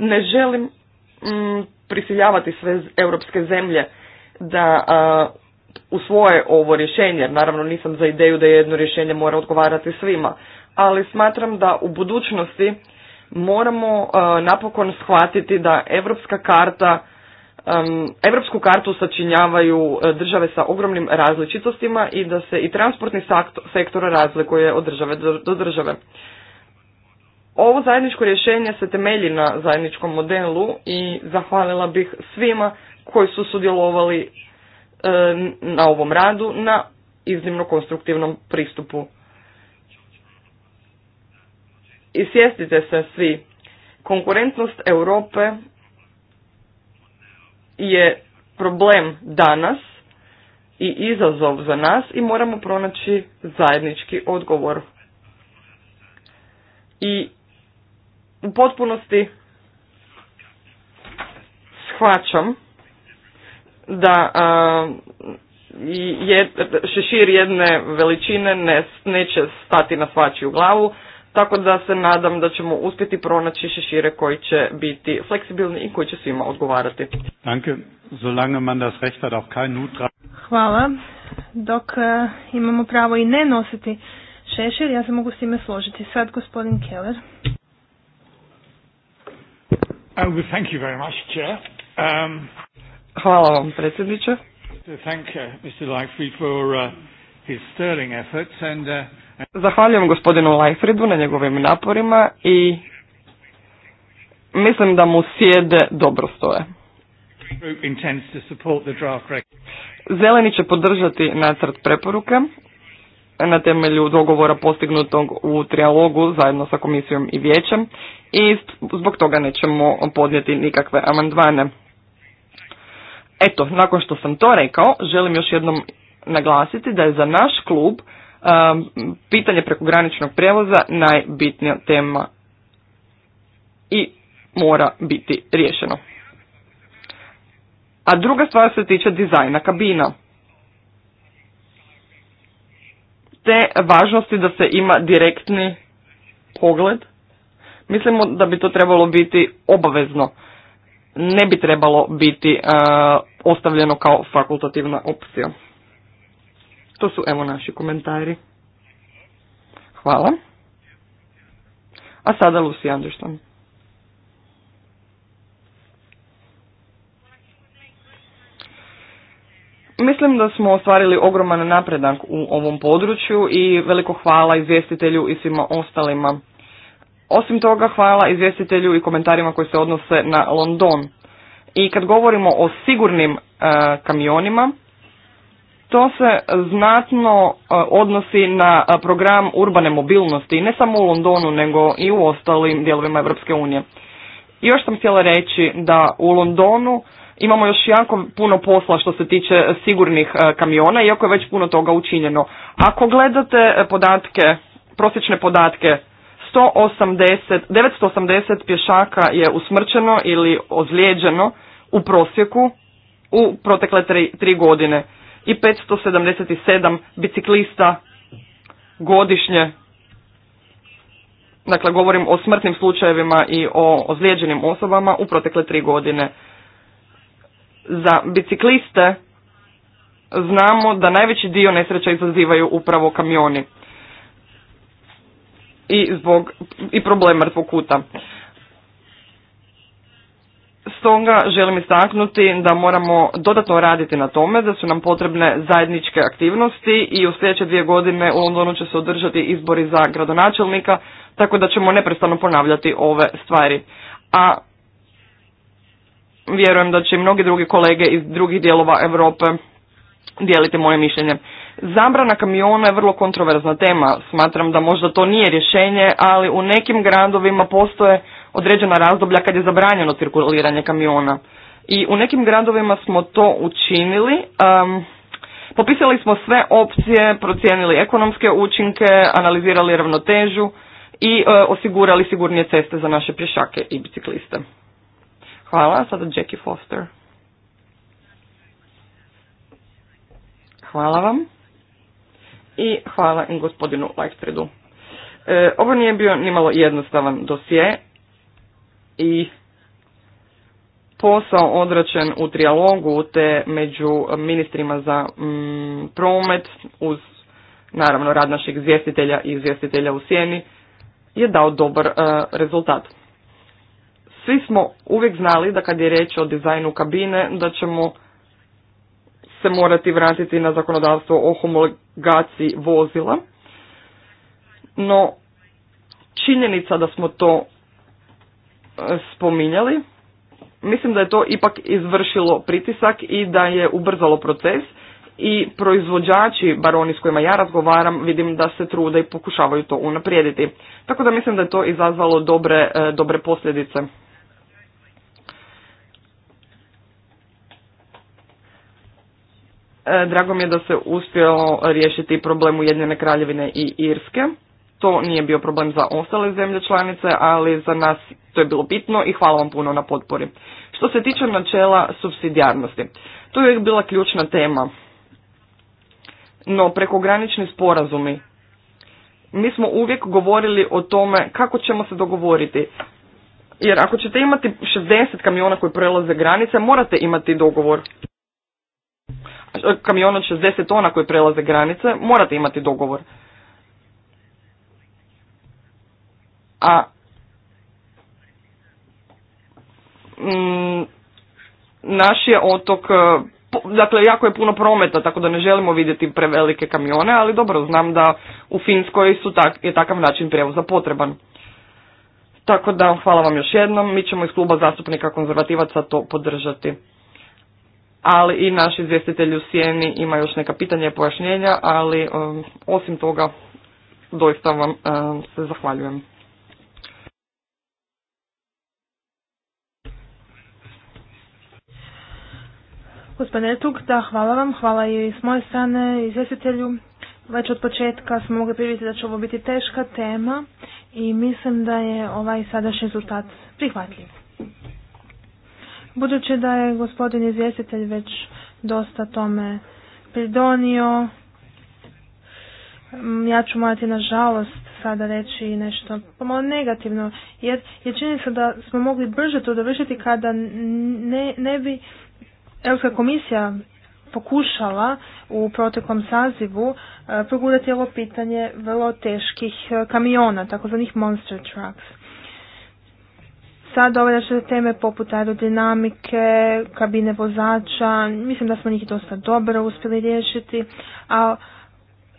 Ne želim mm, prisiljavati sve europske zemlje da u usvoje ovo rješenje. Naravno nisam za ideju da jedno rješenje mora odgovarati svima, ali smatram da u budućnosti moramo napokon shvatiti da europska karta Europsku kartu sačinjavaju e, države sa ogromnim različitostima i da se i transportni sektor razlikuje od države do države. Ovo zajedničko rješenje se temelji na zajedničkom modelu i zahvalila bih svima koji su sudjelovali e, na ovom radu na iznimno konstruktivnom pristupu. I sjestite se svi, konkurentnost Europe je problem danas i izazov za nas i moramo pronaći zajednički odgovor. I u potpunosti shvaćam da je, šešir jedne veličine ne, neće stati na svačiju glavu, tako da se nadam da ćemo uspjeti pronaći šešire koji će biti fleksibilni i koji će svima odgovarati. Danke. Solange man das recht hat, auch kein Hvala. Dok uh, imamo pravo i ne nositi šešir, ja se mogu s time složiti. Sad gospodin Keller. Oh, thank you very much, Chair. Um... Hvala vam, predsjedniče. Uh, uh, Zahvaljujem gospodinu Lajfridu na njegovim naporima i mislim da mu sjede dobro stoje. Zeleni će podržati nacrt preporuke na temelju dogovora postignutog u trialogu zajedno sa komisijom i vijećem i zbog toga nećemo podnijeti nikakve amandmane. Eto, nakon što sam to rekao, želim još jednom naglasiti da je za naš klub um, pitanje prekograničnog prijevoza najbitnija tema i mora biti riješeno. A druga stvar se tiče dizajna kabina. Te važnosti da se ima direktni pogled, mislimo da bi to trebalo biti obavezno ne bi trebalo biti e, ostavljeno kao fakultativna opcija. To su evo naši komentari. Hvala. A sada Lucy Anderson. Mislim da smo ostvarili ogroman napredak u ovom području i veliko hvala izvjestitelju i svima ostalima osim toga, hvala izvjestitelju i komentarima koji se odnose na London. I kad govorimo o sigurnim e, kamionima, to se znatno e, odnosi na e, program urbane mobilnosti, ne samo u Londonu, nego i u ostalim dijelovima Europske unije. I još sam htjela reći da u Londonu imamo još jako puno posla što se tiče sigurnih kamiona, iako je već puno toga učinjeno. Ako gledate podatke, prosječne podatke 180, 980 pješaka je usmrčeno ili ozlijeđeno u prosjeku u protekle tri, tri godine i 577 biciklista godišnje. Dakle, govorim o smrtnim slučajevima i o ozlijeđenim osobama u protekle tri godine. Za bicikliste znamo da najveći dio nesreća izazivaju upravo kamioni i, zbog, i problem mrtvog kuta. Stoga želim istaknuti da moramo dodatno raditi na tome, da su nam potrebne zajedničke aktivnosti i u sljedeće dvije godine u Londonu će se održati izbori za gradonačelnika, tako da ćemo neprestano ponavljati ove stvari. A vjerujem da će i mnogi drugi kolege iz drugih dijelova Europe dijeliti moje mišljenje. Zabrana kamiona je vrlo kontroverzna tema. Smatram da možda to nije rješenje, ali u nekim gradovima postoje određena razdoblja kad je zabranjeno cirkuliranje kamiona. I u nekim gradovima smo to učinili. popisali smo sve opcije, procijenili ekonomske učinke, analizirali ravnotežu i e, osigurali sigurnije ceste za naše pješake i bicikliste. Hvala, sada Jackie Foster. Hvala vam i hvala i gospodinu Lajstredu. E, ovo nije bio nimalo jednostavan dosje i posao odračen u trijalogu te među ministrima za mm, promet uz naravno rad naših izvjestitelja i izvjestitelja u sjeni je dao dobar e, rezultat. Svi smo uvijek znali da kad je riječ o dizajnu kabine da ćemo se morati vratiti na zakonodavstvo o homologaciji vozila. No, činjenica da smo to e, spominjali, mislim da je to ipak izvršilo pritisak i da je ubrzalo proces i proizvođači, bar oni s kojima ja razgovaram, vidim da se trude i pokušavaju to unaprijediti. Tako da mislim da je to izazvalo dobre, e, dobre posljedice. E, drago mi je da se uspio riješiti problem Ujedinjene kraljevine i Irske. To nije bio problem za ostale zemlje članice, ali za nas to je bilo bitno i hvala vam puno na potpori. Što se tiče načela subsidijarnosti, to je uvijek bila ključna tema. No, prekogranični sporazumi. Mi smo uvijek govorili o tome kako ćemo se dogovoriti. Jer ako ćete imati 60 kamiona koji prelaze granice, morate imati dogovor kamion od 60 tona koji prelaze granice, morate imati dogovor. A mm naš je otok, e, dakle jako je puno prometa, tako da ne želimo vidjeti prevelike kamione, ali dobro, znam da u Finskoj su tak, je takav način prijevoza potreban. Tako da hvala vam još jednom, mi ćemo iz kluba zastupnika konzervativaca to podržati ali i naši izvjestitelji u sjeni ima još neka pitanja i pojašnjenja, ali um, osim toga doista vam um, se zahvaljujem. Gospodine Tug, da, hvala vam, hvala i s moje strane izvjestitelju. Već od početka smo mogli priviti da će ovo biti teška tema i mislim da je ovaj sadašnji rezultat prihvatljiv. Budući da je gospodin izvjestitelj već dosta tome pridonio, mm, ja ću morati nažalost sada reći nešto pomalo negativno, jer je se da smo mogli brže to dovršiti kada ne, ne bi Europska komisija pokušala u proteklom sazivu e, progurati ovo pitanje vrlo teških e, kamiona, takozvanih monster trucks. Sad se teme poput aerodinamike, kabine vozača, mislim da smo njih dosta dobro uspjeli riješiti, a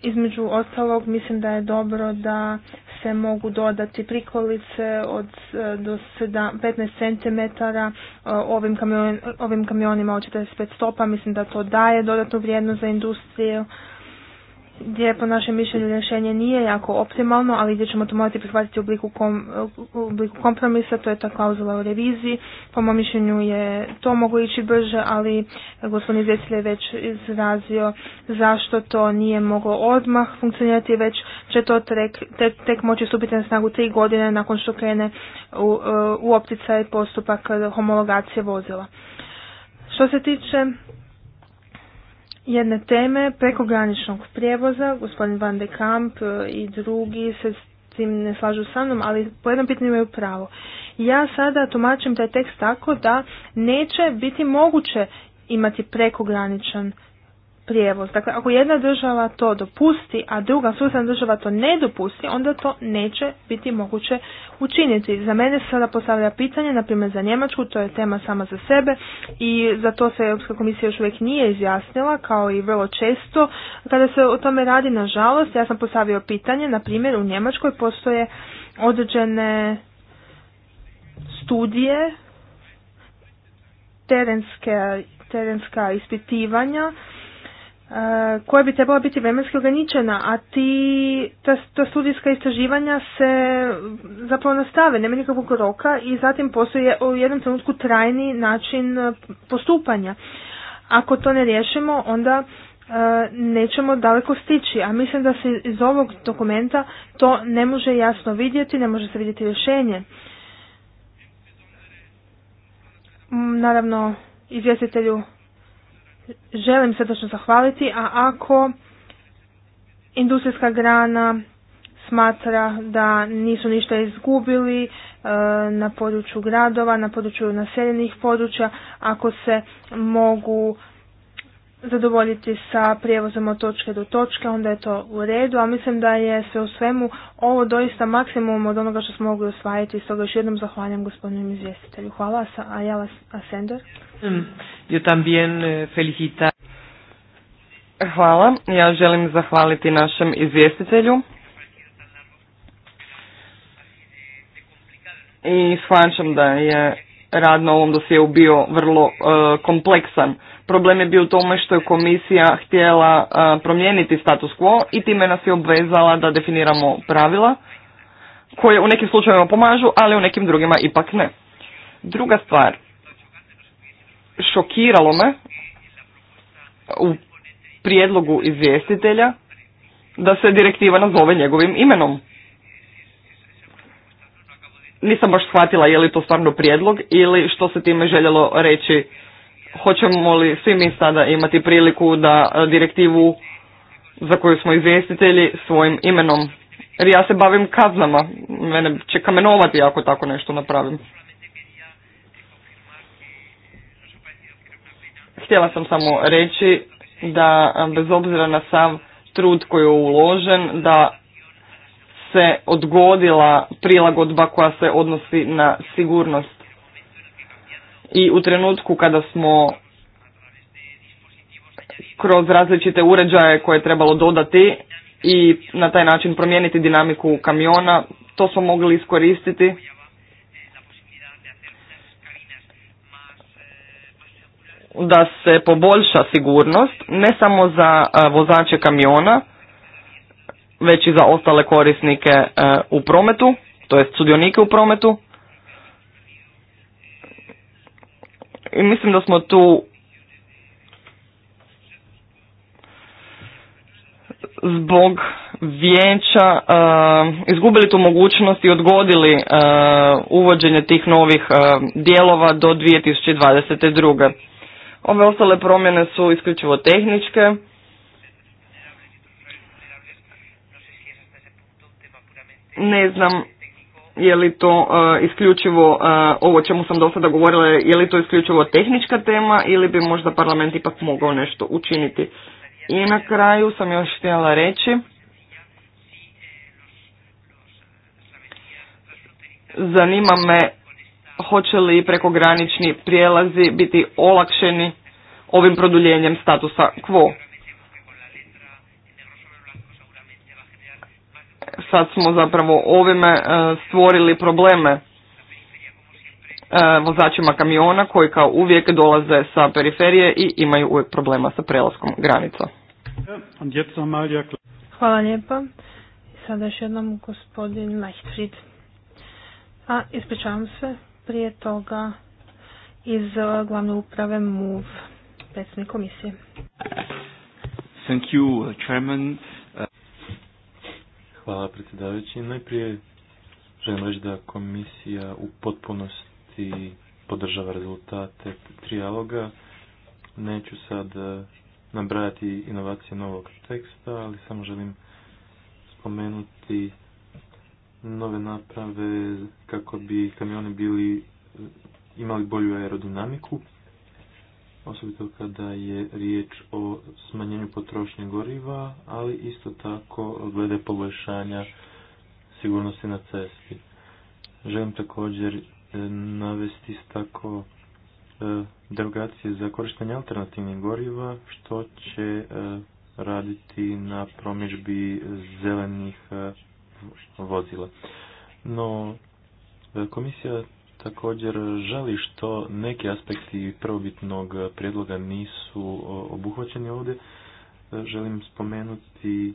između ostalog mislim da je dobro da se mogu dodati prikolice od e, do 15 cm e, ovim, ovim kamionima od 45 stopa. Mislim da to daje dodatnu vrijednost za industriju, gdje po našem mišljenju rješenje nije jako optimalno, ali gdje ćemo to morati prihvatiti u obliku, kom, kompromisa, to je ta klauzula u reviziji. Po mom mišljenju je to moglo ići brže, ali gospodin izvjestitelj je već izrazio zašto to nije moglo odmah funkcionirati, već će to tek, tek, moći stupiti na snagu tri godine nakon što krene u, u opticaj postupak homologacije vozila. Što se tiče jedne teme prekograničnog prijevoza. Gospodin Van de Kamp e, i drugi se s tim ne slažu sa mnom, ali po jednom pitanju imaju pravo. Ja sada tumačim taj tekst tako da neće biti moguće imati prekograničan prijevoz. Dakle, ako jedna država to dopusti, a druga susjedna država to ne dopusti, onda to neće biti moguće učiniti. Za mene se sada postavlja pitanje, na primjer za Njemačku, to je tema sama za sebe i za to se Europska komisija još uvijek nije izjasnila, kao i vrlo često. Kada se o tome radi, nažalost, ja sam postavio pitanje, na primjer u Njemačkoj postoje određene studije, terenske terenska ispitivanja Eh, koja bi trebala biti vremenski ograničena, a ti, ta, ta studijska istraživanja se zapravo nastave, nema nikakvog roka i zatim postoji u jednom trenutku trajni način eh, postupanja. Ako to ne riješimo, onda eh, nećemo daleko stići, a mislim da se iz ovog dokumenta to ne može jasno vidjeti, ne može se vidjeti rješenje. Mm, naravno, izvjestitelju želim točno zahvaliti, a ako industrijska grana smatra da nisu ništa izgubili e, na području gradova, na području naseljenih područja, ako se mogu zadovoljiti sa prijevozom od točke do točke, onda je to u redu, a mislim da je sve u svemu ovo doista maksimum od onoga što smo mogli osvajati. Stoga još jednom zahvaljam gospodinu izvjestitelju. Hvala, a ja vas Asendor? Yo mm, también eh, felicita. Hvala, ja želim zahvaliti našem izvjestitelju. I shvaćam da je rad na ovom dosjeu bio vrlo eh, kompleksan Problem je bio u tome što je komisija htjela promijeniti status quo i time nas je obvezala da definiramo pravila koje u nekim slučajevima pomažu, ali u nekim drugima ipak ne. Druga stvar, šokiralo me u prijedlogu izvjestitelja da se direktiva nazove njegovim imenom. Nisam baš shvatila je li to stvarno prijedlog ili što se time željelo reći hoćemo li svi mi sada imati priliku da e, direktivu za koju smo izvjestitelji svojim imenom. Jer ja se bavim kaznama, mene će kamenovati ako tako nešto napravim. Htjela sam samo reći da e, bez obzira na sav trud koji je uložen, da se odgodila prilagodba koja se odnosi na sigurnost i u trenutku kada smo kroz različite uređaje koje je trebalo dodati i na taj način promijeniti dinamiku kamiona, to smo mogli iskoristiti. da se poboljša sigurnost ne samo za e, vozače kamiona, već i za ostale korisnike e, u prometu, to jest sudionike u prometu. I mislim da smo tu zbog vijeća eh, izgubili tu mogućnost i odgodili eh, uvođenje tih novih eh, dijelova do 2022. Ove ostale promjene su isključivo tehničke. Ne znam je li to e, isključivo, e, ovo čemu sam do sada govorila, je li to isključivo tehnička tema ili bi možda parlament ipak mogao nešto učiniti. I na kraju sam još htjela reći, zanima me hoće li prekogranični prijelazi biti olakšeni ovim produljenjem statusa quo. sad smo zapravo ovime e, stvorili probleme e, vozačima kamiona koji kao uvijek dolaze sa periferije i imaju uvijek problema sa prelaskom granica. Hvala lijepa. Sada još jednom gospodin Leichtfried. A ispričavam se prije toga iz e, glavne uprave MOVE, predsjednik komisije. Thank you, uh, chairman. Hvala predsjedavajući. Najprije želim reći da komisija u potpunosti podržava rezultate trijaloga. Neću sad e, nabrajati inovacije novog teksta, ali samo želim spomenuti nove naprave kako bi kamioni bili imali bolju aerodinamiku osobito kada je riječ o smanjenju potrošnje goriva, ali isto tako glede poboljšanja sigurnosti na cesti. Želim također e, navesti tako e, delegacije za korištenje alternativnih goriva, što će e, raditi na promježbi zelenih vozila. No, komisija također žali što neki aspekti prvobitnog prijedloga nisu obuhvaćeni ovdje. Želim spomenuti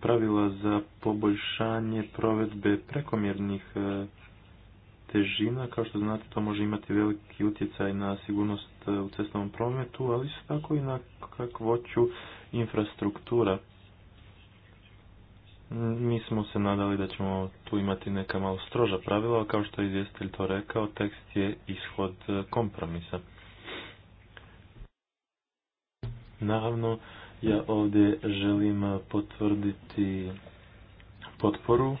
pravila za poboljšanje provedbe prekomjernih e, težina. Kao što znate, to može imati veliki utjecaj na sigurnost e, u cestovnom prometu, ali isto tako i na kakvoću infrastruktura mi smo se nadali da ćemo tu imati neka malo stroža pravila, kao što je izvjestitelj to rekao, tekst je ishod e, kompromisa. Naravno, ja ovdje želim potvrditi potporu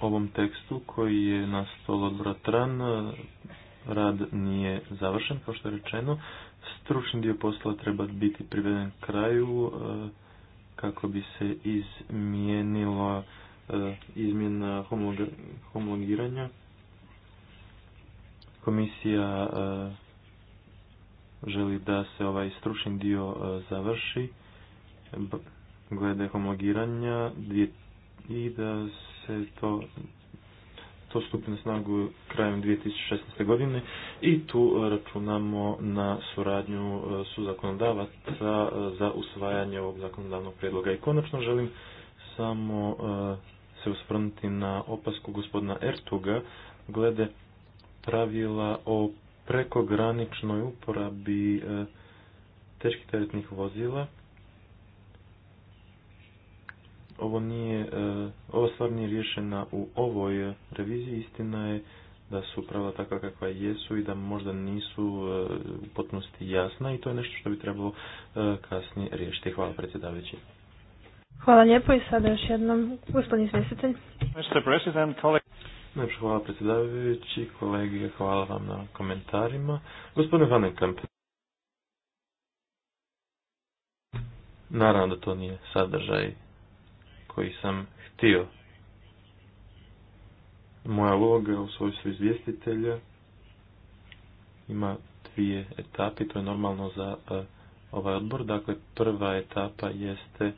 ovom tekstu koji je na stol odbora Rad nije završen, kao što je rečeno. Stručni dio posla treba biti priveden kraju. E, kako bi se izmijenila e, izmjena homologiranja. Komisija e, želi da se ovaj stručni dio e, završi glede homologiranja i da se to to stupi na snagu krajem 2016. godine i tu e, računamo na suradnju e, su zakonodavaca e, za usvajanje ovog zakonodavnog prijedloga. I konačno želim samo se usprnuti na opasku gospodina Ertuga glede pravila o prekograničnoj uporabi teških teretnih vozila ovo nije, e, ova stvar nije u ovoj reviziji, istina je da su prava takva kakva jesu i da možda nisu e, u potnosti jasna i to je nešto što bi trebalo e, kasnije riješiti. Hvala predsjedavajući. Hvala lijepo i sada još jednom gospodin izvjestitelj. Najprej hvala predsjedavajući, kolege, hvala vam na komentarima. Gospodin Vanenkamp. Naravno da to nije sadržaj koji sam htio. Moja uloga u svojstvu izvjestitelja ima dvije etape, to je normalno za e, ovaj odbor. Dakle, prva etapa jeste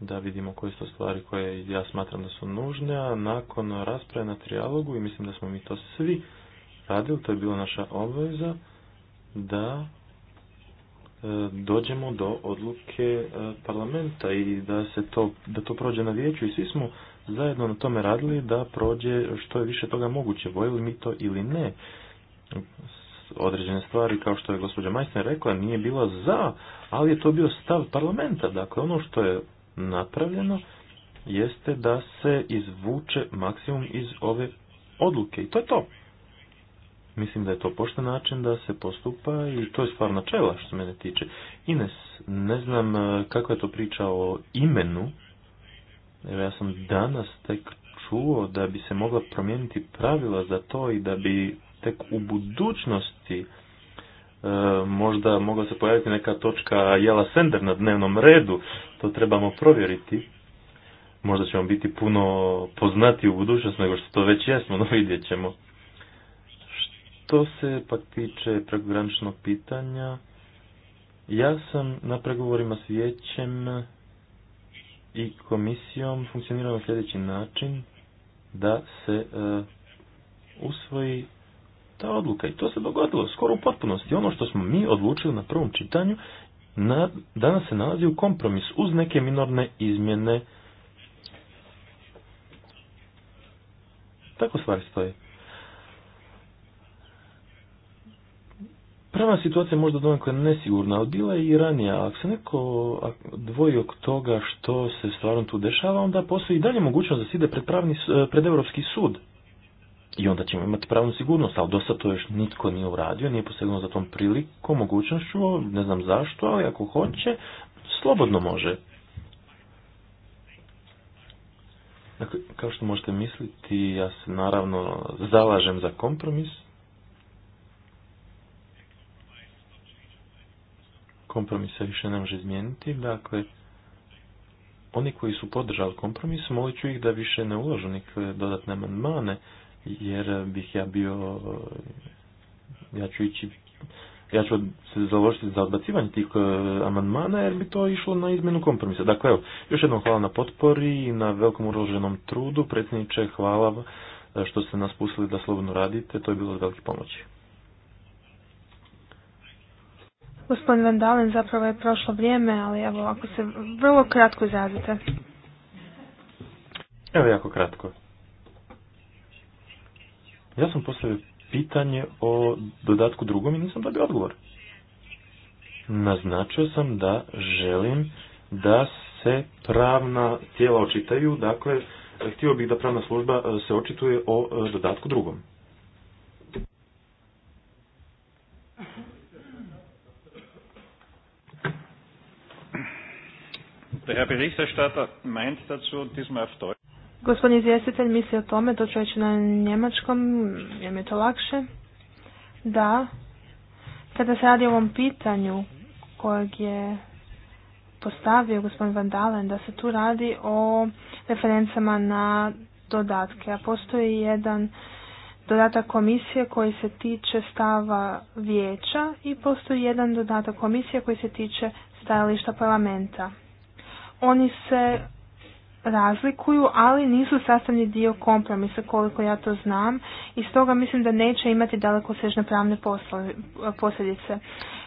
da vidimo koje su stvari koje ja smatram da su nužne, a nakon rasprave na trijalogu, i mislim da smo mi to svi radili, to je bila naša obveza, da E, dođemo do odluke e, parlamenta i da se to, da to prođe na vijeću i svi smo zajedno na tome radili da prođe što je više toga moguće, Vojili mi to ili ne. Određene stvari, kao što je gospođa Majsner rekla, nije bila za, ali je to bio stav parlamenta. Dakle, ono što je napravljeno jeste da se izvuče maksimum iz ove odluke i to je to. Mislim da je to pošten način da se postupa i to je stvar načela što se mene tiče. Ines, ne znam e, kako je to priča o imenu. jer ja sam danas tek čuo da bi se mogla promijeniti pravila za to i da bi tek u budućnosti e, možda mogla se pojaviti neka točka Jela Sender na dnevnom redu, to trebamo provjeriti. Možda ćemo biti puno poznati u budućnosti nego što to već jesmo, no vidjet ćemo. Što se pak tiče pregraničnog pitanja, ja sam na pregovorima s vijećem i komisijom funkcionirao na sljedeći način da se e, usvoji ta odluka. I to se dogodilo skoro u potpunosti. Ono što smo mi odlučili na prvom čitanju na, danas se nalazi u kompromis uz neke minorne izmjene. Tako stvari stoje. Pravna situacija je možda nesigurna, ali bila je i ranija. Ako se neko dvoji oko toga što se stvarno tu dešava, onda postoji i dalje mogućnost da se ide pred, pravni, eh, pred Europski sud. I onda ćemo imati pravnu sigurnost, ali dosta to još nitko nije uradio, nije posegnuo za tom prilikom, mogućnošću, ne znam zašto, ali ako hoće, slobodno može. Dakle, kao što možete misliti, ja se naravno zalažem za kompromis, kompromisa više ne može izmijeniti. Dakle, oni koji su podržali kompromis, molit ću ih da više ne uložu nikakve dodatne amandmane, jer bih ja bio, ja ću ići, ja ću se založiti za odbacivanje tih e, amandmana, jer bi to išlo na izmjenu kompromisa. Dakle, evo, još jednom hvala na potpori i na velikom uloženom trudu. Predsjedniče, hvala e, što ste nas pustili da slobodno radite, to je bilo od velike pomoći. Gospodin Van Dalen, zapravo je prošlo vrijeme, ali evo, ako se vrlo kratko izrazite. Evo jako kratko. Ja sam postavio pitanje o dodatku drugom i nisam dobio odgovor. Naznačio sam da želim da se pravna tijela očitaju, dakle, htio bih da pravna služba e, se očituje o e, dodatku drugom. Gospodin izvjestitelj misli o tome, to ću reći na njemačkom, jer mi je to lakše, da kada se radi o ovom pitanju kojeg je postavio gospodin Van Dalen, da se tu radi o referencama na dodatke, a postoji jedan dodatak komisije koji se tiče stava vijeća i postoji jedan dodatak komisije koji se tiče stajališta parlamenta oni se razlikuju, ali nisu sastavni dio kompromisa koliko ja to znam i stoga mislim da neće imati daleko sežne pravne posljedice.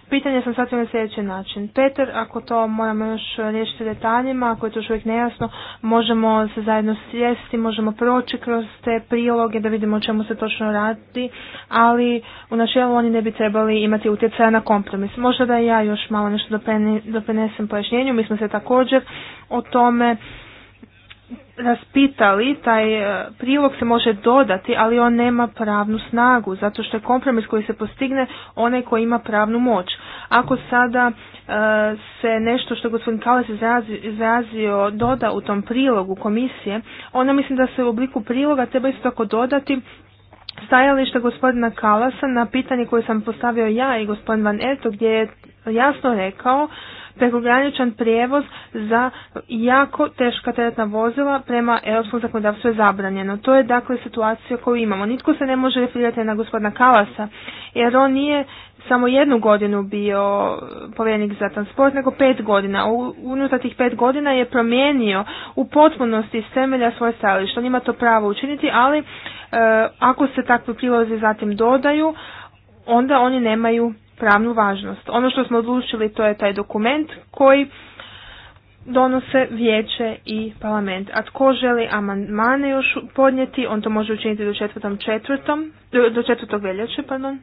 Pitanje sam sad na sljedeći način. Peter, ako to moramo još riješiti detaljima, ako je to još uvijek nejasno, možemo se zajedno sjesti, možemo proći kroz te priloge da vidimo o čemu se točno radi, ali u načelu oni ne bi trebali imati utjecaja na kompromis. Možda da ja još malo nešto doprinesem pojašnjenju, mi smo se također o tome raspitali, taj e, prilog se može dodati, ali on nema pravnu snagu, zato što je kompromis koji se postigne onaj koji ima pravnu moć. Ako sada e, se nešto što gospodin Kalas izrazio, doda u tom prilogu komisije, onda mislim da se u obliku priloga treba isto tako dodati stajalište gospodina Kalasa na pitanje koje sam postavio ja i gospodin Van Erto gdje je jasno rekao prekograničan prijevoz za jako teška teretna vozila prema europskom zakonodavstvu je zabranjeno. To je dakle situacija koju imamo. Nitko se ne može referirati na gospodina Kalasa, jer on nije samo jednu godinu bio povjerenik za transport, nego pet godina. Unutar tih pet godina je promijenio u potpunosti iz temelja svoje stajalište. On ima to pravo učiniti, ali e, ako se takvi prilozi zatim dodaju, onda oni nemaju pravnu važnost. Ono što smo odlučili to je taj dokument koji donose vijeće i parlament. A tko želi amandmane još podnijeti, on to može učiniti do četvrtom četvrtom, do četvrtog veljače, pardon.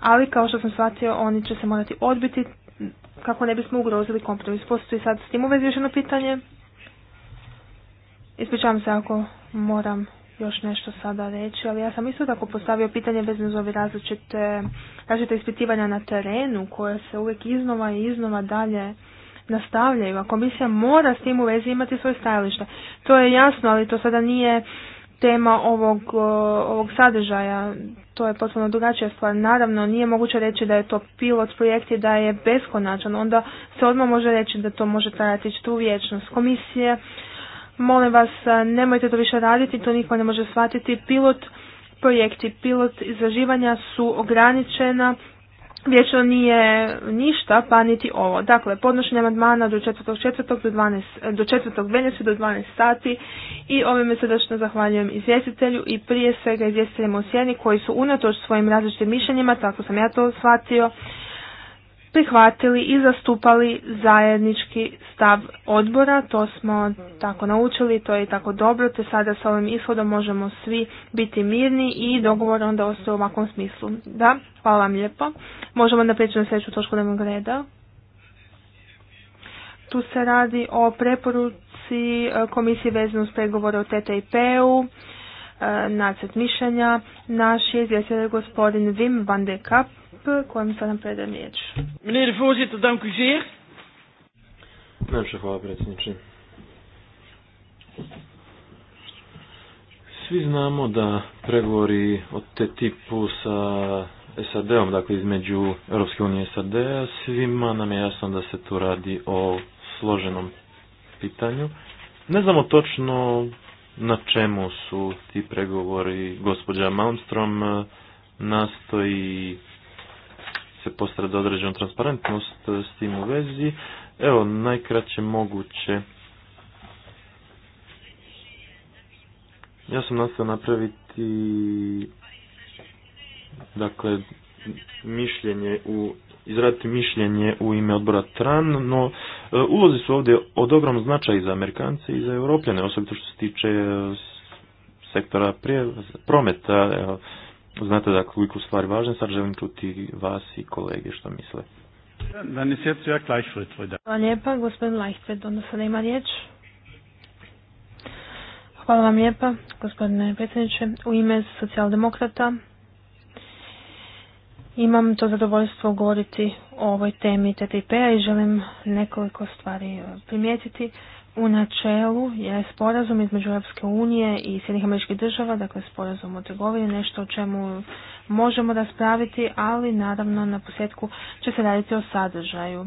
Ali kao što sam shvatio, oni će se morati odbiti kako ne bismo ugrozili kompromis. Postoji sad s tim uvezi još jedno pitanje. Ispričavam se ako moram još nešto sada reći, ali ja sam isto tako postavio pitanje bez za različite, različite ispitivanja na terenu koje se uvijek iznova i iznova dalje nastavljaju, a komisija mora s tim u vezi imati svoje stajalište. To je jasno, ali to sada nije tema ovog, ovog sadržaja, to je potpuno drugačija stvar. Naravno, nije moguće reći da je to pilot projekt i da je beskonačan, onda se odmah može reći da to može trajati tu vječnost. Komisije Molim vas, nemojte to više raditi, to niko ne može shvatiti. Pilot projekti, pilot izraživanja su ograničena vječno nije ništa, pa niti ovo. Dakle, podnošenje amandmana do 4.4. do 12, do 4. veljače do 12 sati i ovime srdačno zahvaljujem izvjestitelju i prije svega izvjestiteljem u sjeni koji su unatoč svojim različitim mišljenjima, tako sam ja to shvatio, prihvatili i zastupali zajednički stav odbora, to smo tako naučili, to je tako dobro, te sada sa ovim ishodom možemo svi biti mirni i dogovor onda ostaje u ovakvom smislu. Da, hvala vam lijepo. Možemo onda prijeći na sljedeću točku dnevnog reda. Tu se radi o preporuci e, komisije vezano uz pregovore o TTIP-u, e, nacet mišljenja. Naš je izvjestitelj gospodin Wim van de Kapp kojem sada nam predajem riječ. Meneer de voorzitter, dank u zeer. Najpša hvala predsjedniče. Svi znamo da pregovori o te tipu sa SAD-om, dakle između Europske unije i SAD-a, svima nam je jasno da se tu radi o složenom pitanju. Ne znamo točno na čemu su ti pregovori. Gospođa Malmstrom nastoji se za određenu transparentnost e, s tim u vezi. Evo, najkraće moguće. Ja sam nastao napraviti dakle mišljenje u izraditi mišljenje u ime odbora TRAN, no e, ulozi su ovdje od ogromnog značaja i za Amerikance i za Europljane, osobito što se tiče e, sektora prometa. Evo, Znate da koliko stvari važne, sad želim čuti vas i kolege što misle. Hvala lijepa, gospodin Leichtfeld, onda ima riječ. Hvala vam lijepa, gospodine predsjedniče. U ime socijaldemokrata imam to zadovoljstvo govoriti o ovoj temi TTIP-a i želim nekoliko stvari e, primijetiti. U načelu je sporazum između Europske unije i Sjednih američkih država, dakle sporazum o trgovini, nešto o čemu možemo raspraviti, ali naravno na posljedku će se raditi o sadržaju.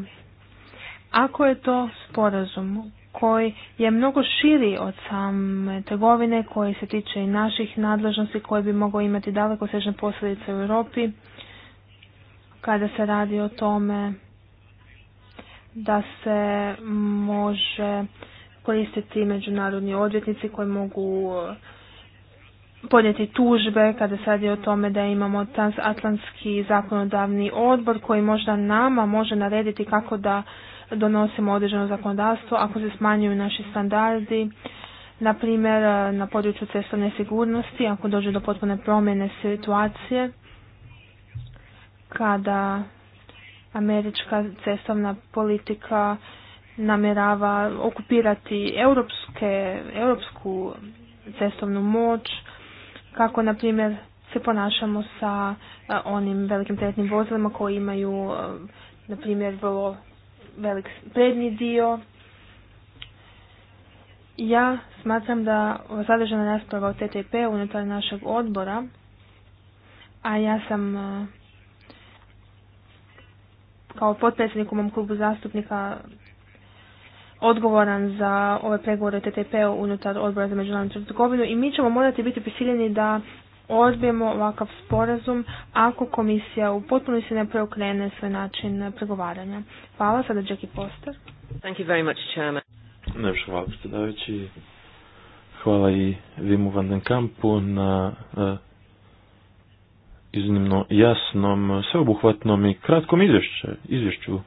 Ako je to sporazum koji je mnogo širi od same trgovine, koji se tiče i naših nadležnosti, koji bi mogao imati daleko sežne posljedice u Europi, kada se radi o tome da se može koristiti međunarodni odvjetnici koji mogu eh, podnijeti tužbe kada se je o tome da imamo transatlantski zakonodavni odbor koji možda nama može narediti kako da donosimo određeno zakonodavstvo ako se smanjuju naši standardi, na primjer eh, na području cestovne sigurnosti, ako dođe do potpune promjene situacije, kada američka cestovna politika namjerava okupirati europske, europsku cestovnu moć, kako na primjer se ponašamo sa e, onim velikim teretnim vozilima koji imaju e, na primjer vrlo velik prednji dio. Ja smatram da zadržana rasprava o TTP unutar našeg odbora, a ja sam e, kao potpredsjednik u mom klubu zastupnika odgovoran za ove pregovore TTP-u unutar odbora za međunarodnu trgovinu i mi ćemo morati biti prisiljeni da odbijemo ovakav sporazum ako komisija u potpunosti ne preokrene svoj način pregovaranja. Hvala sada Jackie Poster. Thank you very much, Chairman. Najviše hvala predsjedavajući. Hvala i Vimu van den Kampu na e, iznimno jasnom, sveobuhvatnom i kratkom izvješću.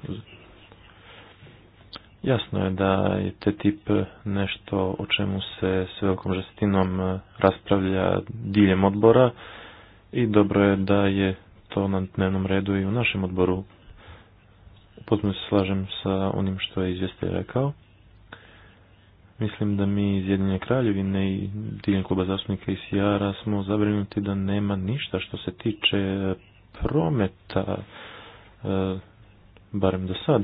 Jasno je da je te tip nešto o čemu se s velikom žestinom e, raspravlja diljem odbora i dobro je da je to na dnevnom redu i u našem odboru. Potpuno se slažem sa onim što je izvjestitelj rekao. Mislim da mi iz Jedinje Kraljevine i diljem kluba zastupnika i smo zabrinuti da nema ništa što se tiče prometa, e, barem do sad.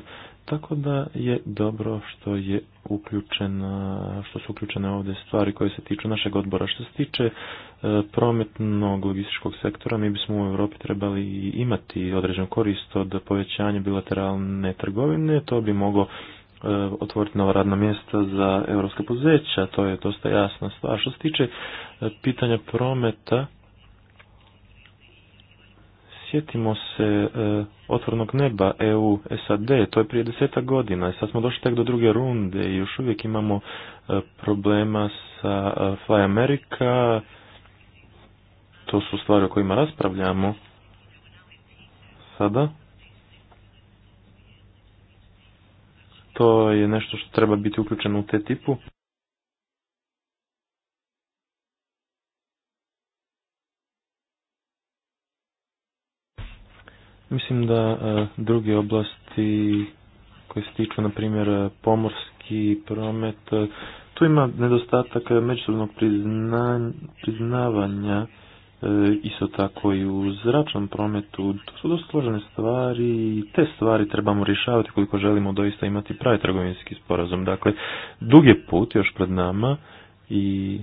Tako da je dobro što je uključena, što su uključene ovdje stvari koje se tiču našeg odbora. Što se tiče e, prometnog logističkog sektora, mi bismo u Europi trebali imati određen korist od povećanja bilateralne trgovine, to bi moglo e, otvoriti nova radna mjesta za europske poduzeća, to je dosta jasna stvar. Što se tiče e, pitanja prometa, Sjetimo se e, otvornog neba EU, SAD, to je prije deseta godina i sad smo došli tek do druge runde i još uvijek imamo e, problema sa e, Fly America, to su stvari o kojima raspravljamo sada. To je nešto što treba biti uključeno u te tipu. Mislim da e, druge oblasti koje se tiču, na primjer, pomorski promet, e, tu ima nedostatak međusobnog priznavanja e, isto tako i u zračnom prometu. To su dosta složene stvari i te stvari trebamo rješavati koliko želimo doista imati pravi trgovinski sporazum. Dakle, dug je put još pred nama i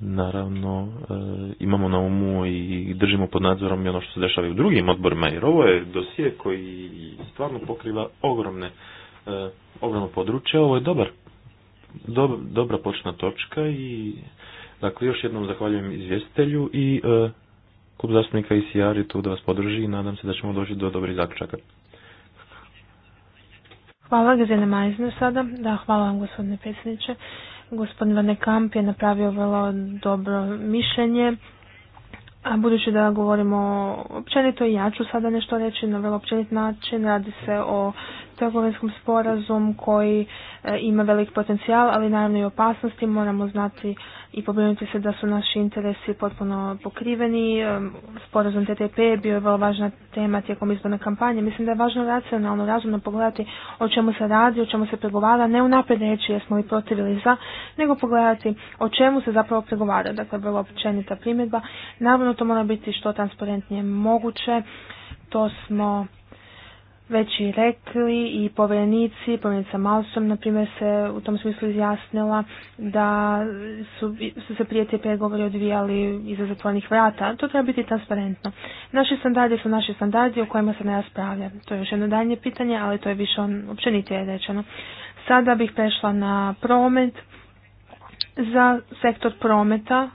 naravno e, imamo na umu i držimo pod nadzorom i ono što se dešava i u drugim odborima jer ovo je dosije koji stvarno pokriva ogromne e, ogromno područje ovo je dobar dobra počna točka i dakle još jednom zahvaljujem izvjestitelju i e, klub zastupnika ICR je tu da vas podrži i nadam se da ćemo doći do dobrih zaključaka Hvala Gazine Majzne sada. Da, hvala vam gospodine predsjedniče. Gospodin Vanekamp Kamp je napravio vrlo dobro mišljenje. A budući da govorimo općenito, ja ću sada nešto reći na vrlo općenit način. Radi se o trgovinskom sporazum koji e, ima velik potencijal, ali naravno i opasnosti. Moramo znati i pobrinuti se da su naši interesi potpuno pokriveni. E, sporazum TTP je bio vrlo važna tema tijekom izborne kampanje. Mislim da je važno racionalno, razumno pogledati o čemu se radi, o čemu se pregovara, ne unaprijed reći jesmo li protiv ili za, nego pogledati o čemu se zapravo pregovara. Dakle, vrlo općenita primjedba. Naravno, to mora biti što transparentnije moguće. To smo već i rekli i povjerenici, povjerenica Malsom, na primjer, se u tom smislu izjasnila da su, se prije te pregovori odvijali iza zatvornih vrata. To treba biti transparentno. Naši standardi su naši standardi o kojima se ne raspravlja. To je još jedno daljnje pitanje, ali to je više općenitije rečeno. Sada bih prešla na promet. Za sektor prometa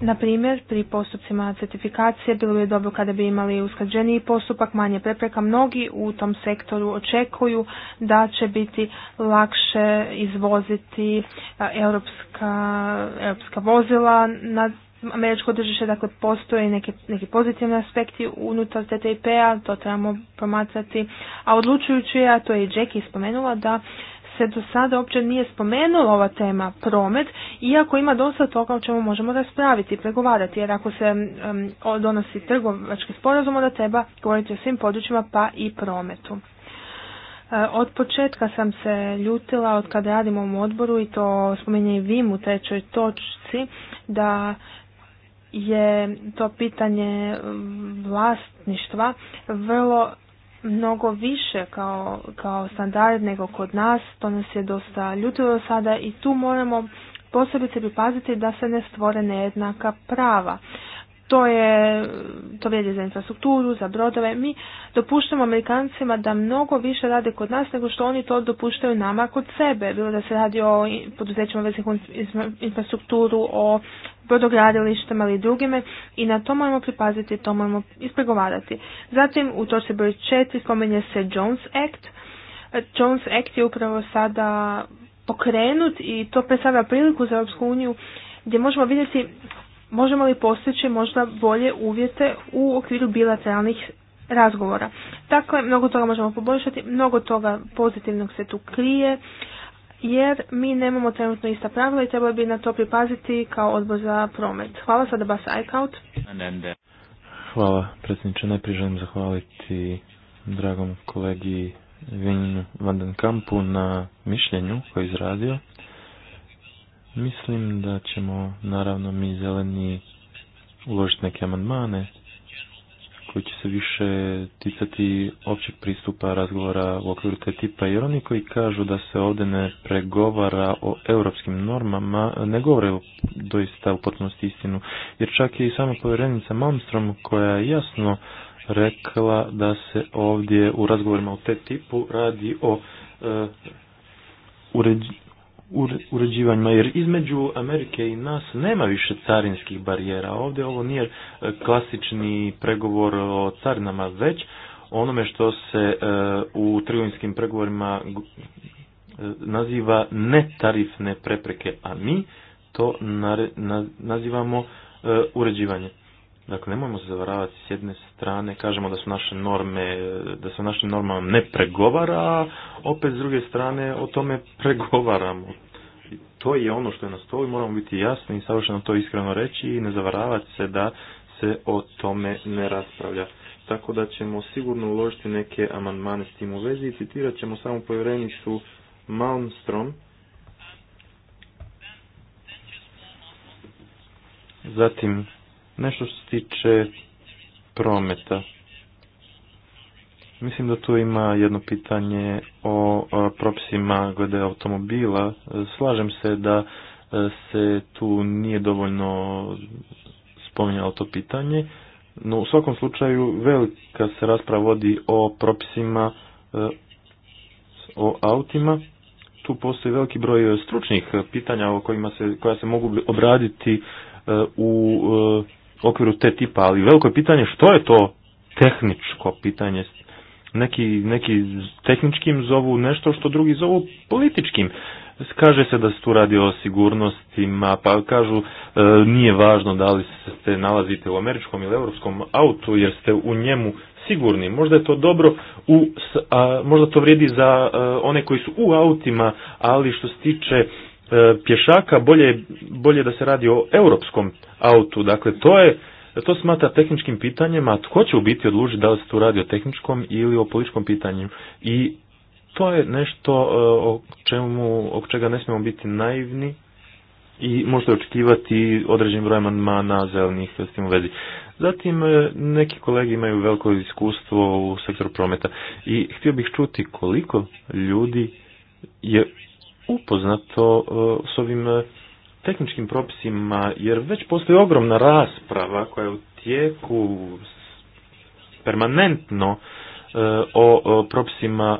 na primjer, pri postupcima certifikacije bilo bi dobro kada bi imali usklađeniji postupak, manje prepreka. Mnogi u tom sektoru očekuju da će biti lakše izvoziti e, europska, vozila na američko tržište, dakle postoje neki, neki pozitivni aspekti unutar TTIP-a, to trebamo promatrati. A odlučujući je, a to je i Jackie spomenula, da se do sada uopće nije spomenula ova tema promet, iako ima dosta toga o čemu možemo raspraviti i pregovarati, jer ako se donosi trgovački sporazum, onda treba govoriti o svim područjima pa i prometu. E, od početka sam se ljutila od kada radim u odboru i to spomenje i Vim u trećoj točci da je to pitanje vlasništva vrlo mnogo više kao, kao standard nego kod nas, to nas je dosta ljutilo sada i tu moramo posebice pripaziti da se ne stvore nejednaka prava. To je, to vrijedi za infrastrukturu, za brodove. Mi dopuštamo Amerikancima da mnogo više rade kod nas nego što oni to dopuštaju nama kod sebe. Bilo da se radi o poduzećima veznih infrastrukturu, o brodogradilištima ili drugime i na to moramo pripaziti, to moramo ispregovarati. Zatim u se broj četiri spomenje se Jones Act. Jones Act je upravo sada pokrenut i to predstavlja priliku za Europsku uniju gdje možemo vidjeti možemo li postići možda bolje uvjete u okviru bilateralnih razgovora. je, mnogo toga možemo poboljšati, mnogo toga pozitivnog se tu krije, jer mi nemamo trenutno ista pravila i treba bi na to pripaziti kao odbor za promet. Hvala sada Bas Hvala predsjedniče, najprije želim zahvaliti dragom kolegi Vinjinu Vandenkampu na mišljenju koji je izradio. Mislim da ćemo, naravno, mi zeleni uložiti neke amandmane koji će se više ticati općeg pristupa razgovora u okviru te tipa jer oni koji kažu da se ovdje ne pregovara o europskim normama ne govore doista u potpunosti istinu jer čak je i sama povjerenica Malmstrom koja je jasno rekla da se ovdje u razgovorima u te tipu radi o e, uređivanjima, jer između Amerike i nas nema više carinskih barijera. Ovdje ovo nije e, klasični pregovor o carinama, već onome što se e, u trgovinskim pregovorima e, naziva netarifne prepreke, a mi to nazivamo uređivanje. Dakle, nemojmo se zavaravati s jedne strane, kažemo da su naše norme, da se našim normama ne pregovara, a opet s druge strane o tome pregovaramo. I To je ono što je na stolu moramo biti jasni i savršeno to iskreno reći i ne zavaravati se da se o tome ne raspravlja. Tako da ćemo sigurno uložiti neke amandmane s tim u vezi i citirat ćemo samo povjerenicu Malmstrom, Zatim Nešto što se tiče prometa. Mislim da tu ima jedno pitanje o propisima glede automobila. Slažem se da e, se tu nije dovoljno spominjalo to pitanje, no u svakom slučaju velika se rasprava vodi o propisima e, o autima. Tu postoji veliki broj stručnih pitanja o kojima se, koja se mogu obraditi e, u okviru te tipa, ali veliko je pitanje što je to tehničko pitanje. Neki, neki tehničkim zovu nešto što drugi zovu političkim. Kaže se da se tu radi o sigurnostima, pa kažu e, nije važno da li se nalazite u američkom ili europskom autu jer ste u njemu sigurni. Možda je to dobro, u, a, možda to vrijedi za e, one koji su u autima, ali što se tiče E, pješaka, bolje, bolje da se radi o europskom autu. Dakle, to je to smatra tehničkim pitanjem, a tko će u biti odlužiti da li se tu radi o tehničkom ili o političkom pitanju. I to je nešto e, o čemu, o čega ne smijemo biti naivni i možete očekivati određen broj amandmana zelenih s tim u vezi. Zatim, e, neki kolegi imaju veliko iskustvo u sektoru prometa i htio bih čuti koliko ljudi je upoznato e, s ovim e, tehničkim propisima, jer već postoji ogromna rasprava koja je u tijeku permanentno e, o propisima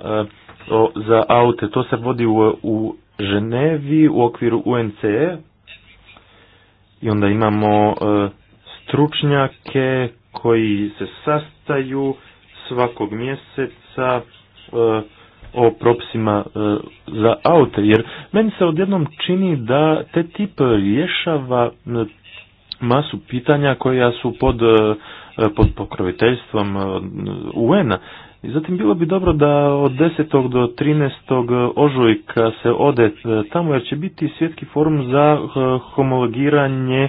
za aute. To se vodi u Ženevi u okviru UNCE i onda imamo stručnjake koji se sastaju svakog mjeseca o propisima e, za aute, jer meni se odjednom čini da te tip rješava masu pitanja koja su pod, e, pod pokroviteljstvom e, UN-a. I zatim bilo bi dobro da od 10. do 13. ožujka se ode tamo jer će biti svjetski forum za homologiranje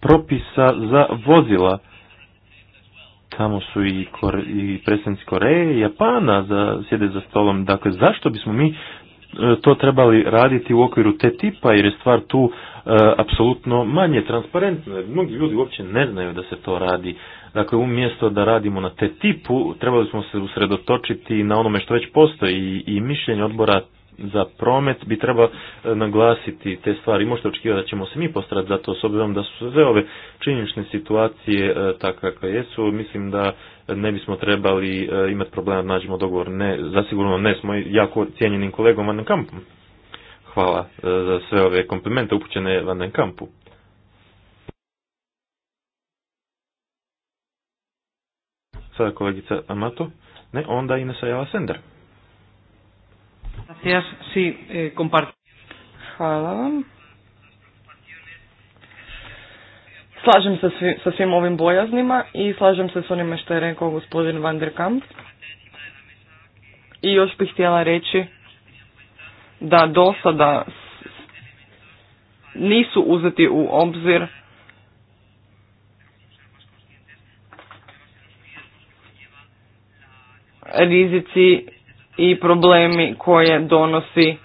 propisa za vozila tamo su i, Kore, i predstavnici Koreje i Japana za, sjede za stolom. Dakle, zašto bismo mi e, to trebali raditi u okviru te tipa jer je stvar tu e, apsolutno manje transparentna. mnogi ljudi uopće ne znaju da se to radi. Dakle, umjesto da radimo na te tipu, trebali smo se usredotočiti na onome što već postoji i, i mišljenje odbora za promet bi treba e, naglasiti te stvari. Možete očekivati da ćemo se mi postrati za to, s obzirom da su sve ove činjenične situacije e, takve kakve jesu. Mislim da ne bismo trebali e, imati problema da nađemo dogovor. Ne, zasigurno ne smo jako cijenjenim kolegom Van den Kampom. Hvala za sve ove komplimente upućene Van den Kampu. Sada kolegica Amato. Ne, onda i Sajava Sender. Eh, Hvala vam. Slažem se sa svim ovim bojaznima i slažem se s onime što je rekao gospodin Van der Kamp. I još bih htjela reći da do sada nisu uzeti u obzir rizici i problemi koje donosi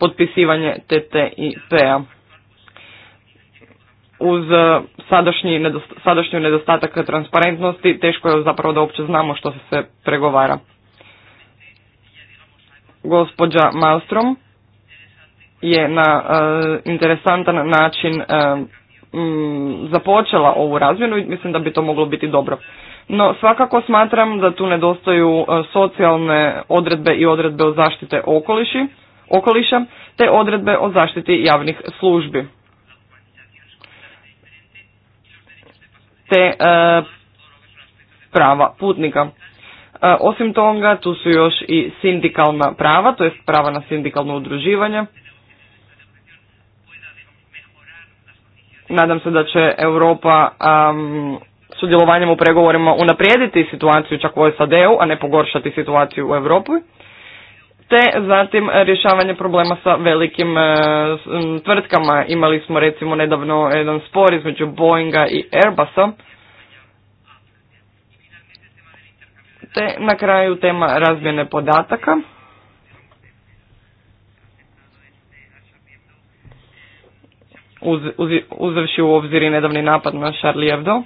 potpisivanje TTIP-a. Uz e, sadašnji, nedostatak transparentnosti teško je zapravo da uopće znamo što se sve pregovara. Gospođa Malstrom je na e, interesantan način e, započela ovu razmjenu i mislim da bi to moglo biti dobro. No, svakako smatram da tu nedostaju e, socijalne odredbe i odredbe o zaštite okoliši, okoliša, te odredbe o zaštiti javnih službi. Te e, prava putnika. E, osim toga, tu su još i sindikalna prava, to jest prava na sindikalno udruživanje. Nadam se da će Europa sudjelovanjem u pregovorima unaprijediti situaciju čak u SAD-u, a ne pogoršati situaciju u Europi, te zatim rješavanje problema sa velikim e, tvrtkama. Imali smo recimo nedavno jedan spor između Boeinga i Airbusa, te na kraju tema razmjene podataka. Uz, uzevši u obzir i nedavni napad na Charlie Hebdo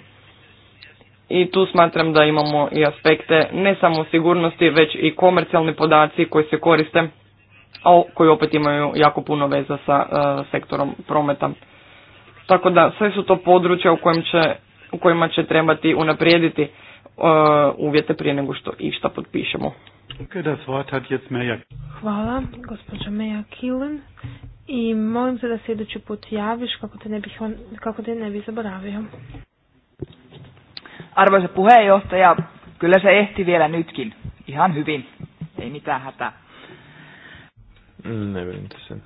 i tu smatram da imamo i aspekte ne samo sigurnosti, već i komercijalni podaci koji se koriste, a koji opet imaju jako puno veza sa e, sektorom prometa. Tako da sve su to područja u, će, u kojima će trebati unaprijediti e, uvjete prije nego što išta potpišemo. Hvala, gospođa Meja Kilen. I molim se da se idući put javiš kako te ne bih, kako te ne bih zaboravio. Arvoisa puheenjohtaja, kyllä se ehti vielä nytkin. Ihan hyvin. Ei mitään hätää. Ne mm, ei se.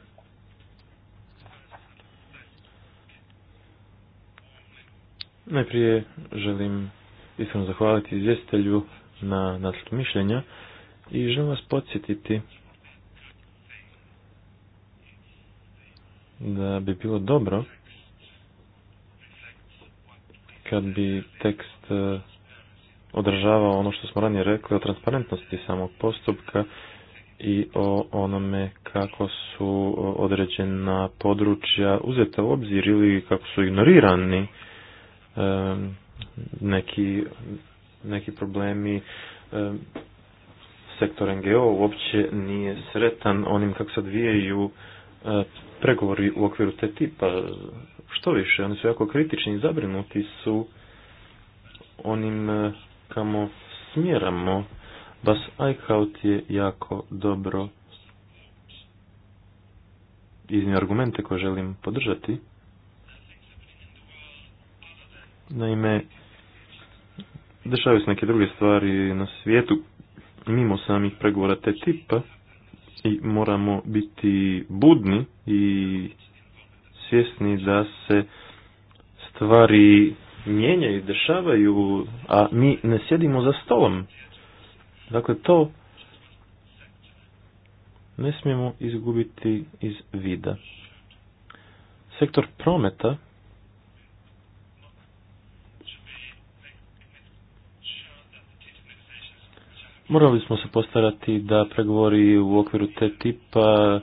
Najprije želim iskreno zahvaliti izvjestitelju na nacrtu mišljenja i želim vas podsjetiti da bi bilo dobro kad bi tekst e, održavao ono što smo ranije rekli o transparentnosti samog postupka i o onome kako su e, određena područja uzeta u obzir ili kako su ignorirani e, neki, neki problemi sektor NGO uopće nije sretan onim kako se odvijaju pregovori u okviru te tipa što više, oni su jako kritični i zabrinuti su onim e, kamo smjeramo. Bas Eichhout je jako dobro iznio argumente koje želim podržati. Naime, dešavaju se neke druge stvari na svijetu mimo samih pregovora te tipa i moramo biti budni i svjesni da se stvari mijenjaju, dešavaju, a mi ne sjedimo za stolom. Dakle, to ne smijemo izgubiti iz vida. Sektor prometa Morali smo se postarati da pregovori u okviru te tipa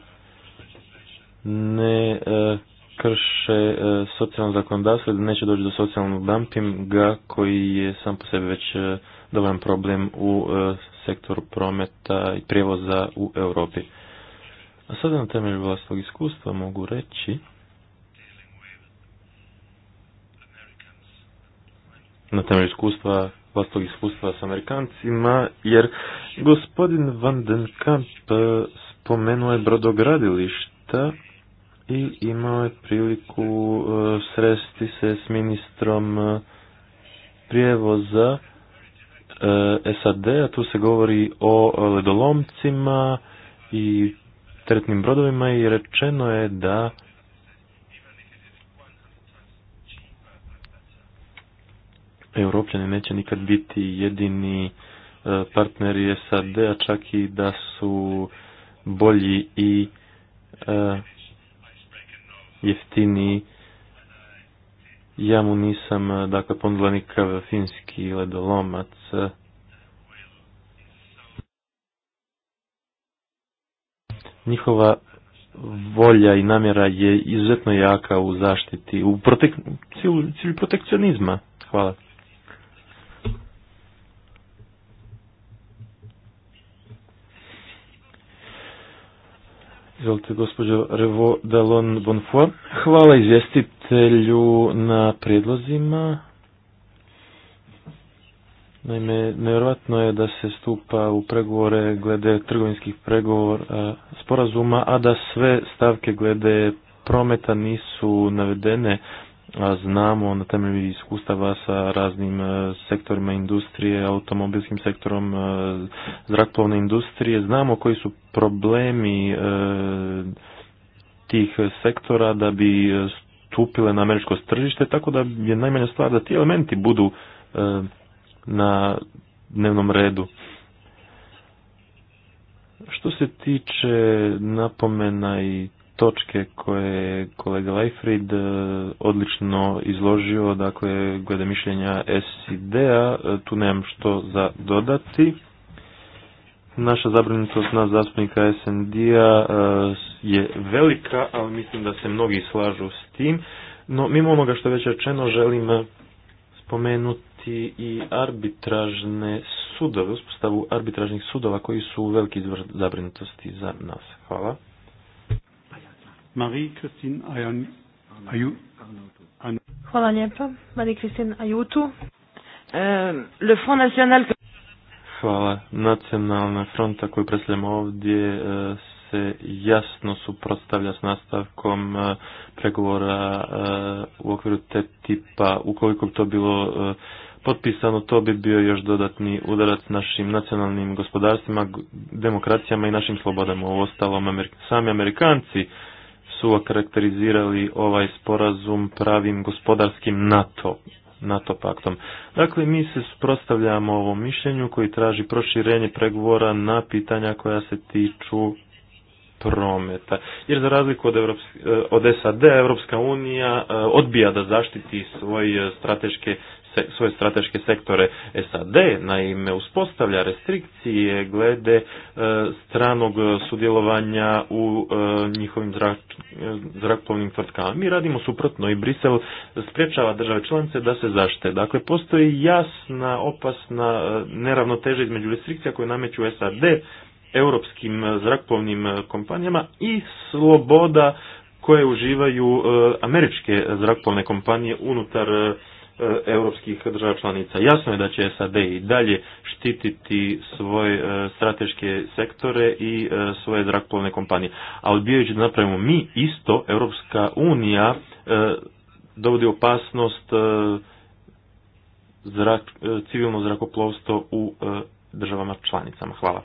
ne eh, krše e, socijalno zakonodavstvo i da neće doći do socijalnog dumpinga koji je sam po sebi već e, dovoljan problem u e, sektoru prometa i prijevoza u Europi. A sada na temelju vlastnog iskustva mogu reći na temelju iskustva vlastnog iskustva s Amerikancima, jer gospodin Van den Kamp spomenuo je brodogradilišta i imao je priliku e, sresti se s ministrom e, prijevoza e, SAD, a tu se govori o ledolomcima i teretnim brodovima i rečeno je da Europljani neće nikad biti jedini partneri SAD, a čak i da su bolji i Jeftini, Ja mu nisam, e, dakle, ponudila nikakav finski ledolomac. Njihova volja i namjera je izuzetno jaka u zaštiti, u protek, cilju protekcionizma. Hvala. Izvolite, gospođo Revo Dalon Hvala izvjestitelju na prijedlozima. Naime, nevjerojatno je da se stupa u pregovore glede trgovinskih pregovora sporazuma, a da sve stavke glede prometa nisu navedene znamo na temelju iskustava sa raznim e, sektorima industrije, automobilskim sektorom e, zrakoplovne industrije, znamo koji su problemi e, tih sektora da bi stupile na američko tržište, tako da je najmanja stvar da ti elementi budu na dnevnom redu. Što se tiče napomena i točke koje je kolega Leifrid e, odlično izložio, dakle, glede mišljenja SID-a, e, tu nemam što za dodati. Naša zabrinutost nas zastupnika SND-a e, je velika, ali mislim da se mnogi slažu s tim. No, mimo onoga što je već rečeno, želim spomenuti i arbitražne sudove, uspostavu arbitražnih sudova koji su veliki zabrinutosti za nas. Hvala. Marie-Christine Hvala lijepa. Marie-Christine e, Hvala. Nacionalna fronta koju predstavljamo ovdje e, se jasno suprotstavlja s nastavkom e, pregovora u okviru te tipa. Ukoliko bi to bilo potpisano, to bi bio još dodatni udarac našim nacionalnim gospodarstvima, demokracijama i našim slobodama. U ostalom, sami Amerikanci su okarakterizirali ovaj sporazum pravim gospodarskim NATO, NATO paktom. Dakle, mi se suprotstavljamo ovom mišljenju koji traži proširenje pregovora na pitanja koja se tiču prometa. Jer za razliku od, Evropske, eh, od SAD, Evropska unija eh, odbija da zaštiti svoje eh, strateške svoje strateške sektore. SAD naime uspostavlja restrikcije glede e, stranog sudjelovanja u e, njihovim zrakovnim e, tvrtkama. Mi radimo suprotno i Brisel spriječava države članice da se zaštite. Dakle, postoji jasna, opasna neravnoteža između restrikcija koje nameću SAD europskim zrakovnim kompanijama i sloboda koje uživaju američke zrakoplovne kompanije unutar E, europskih država članica. Jasno je da će SAD i dalje štititi svoje strateške sektore i e, svoje zrakoplovne kompanije. A odbijajući da napravimo mi isto, Europska unija e, dovodi opasnost zrak, civilno zrakoplovstvo u državama članicama. Hvala.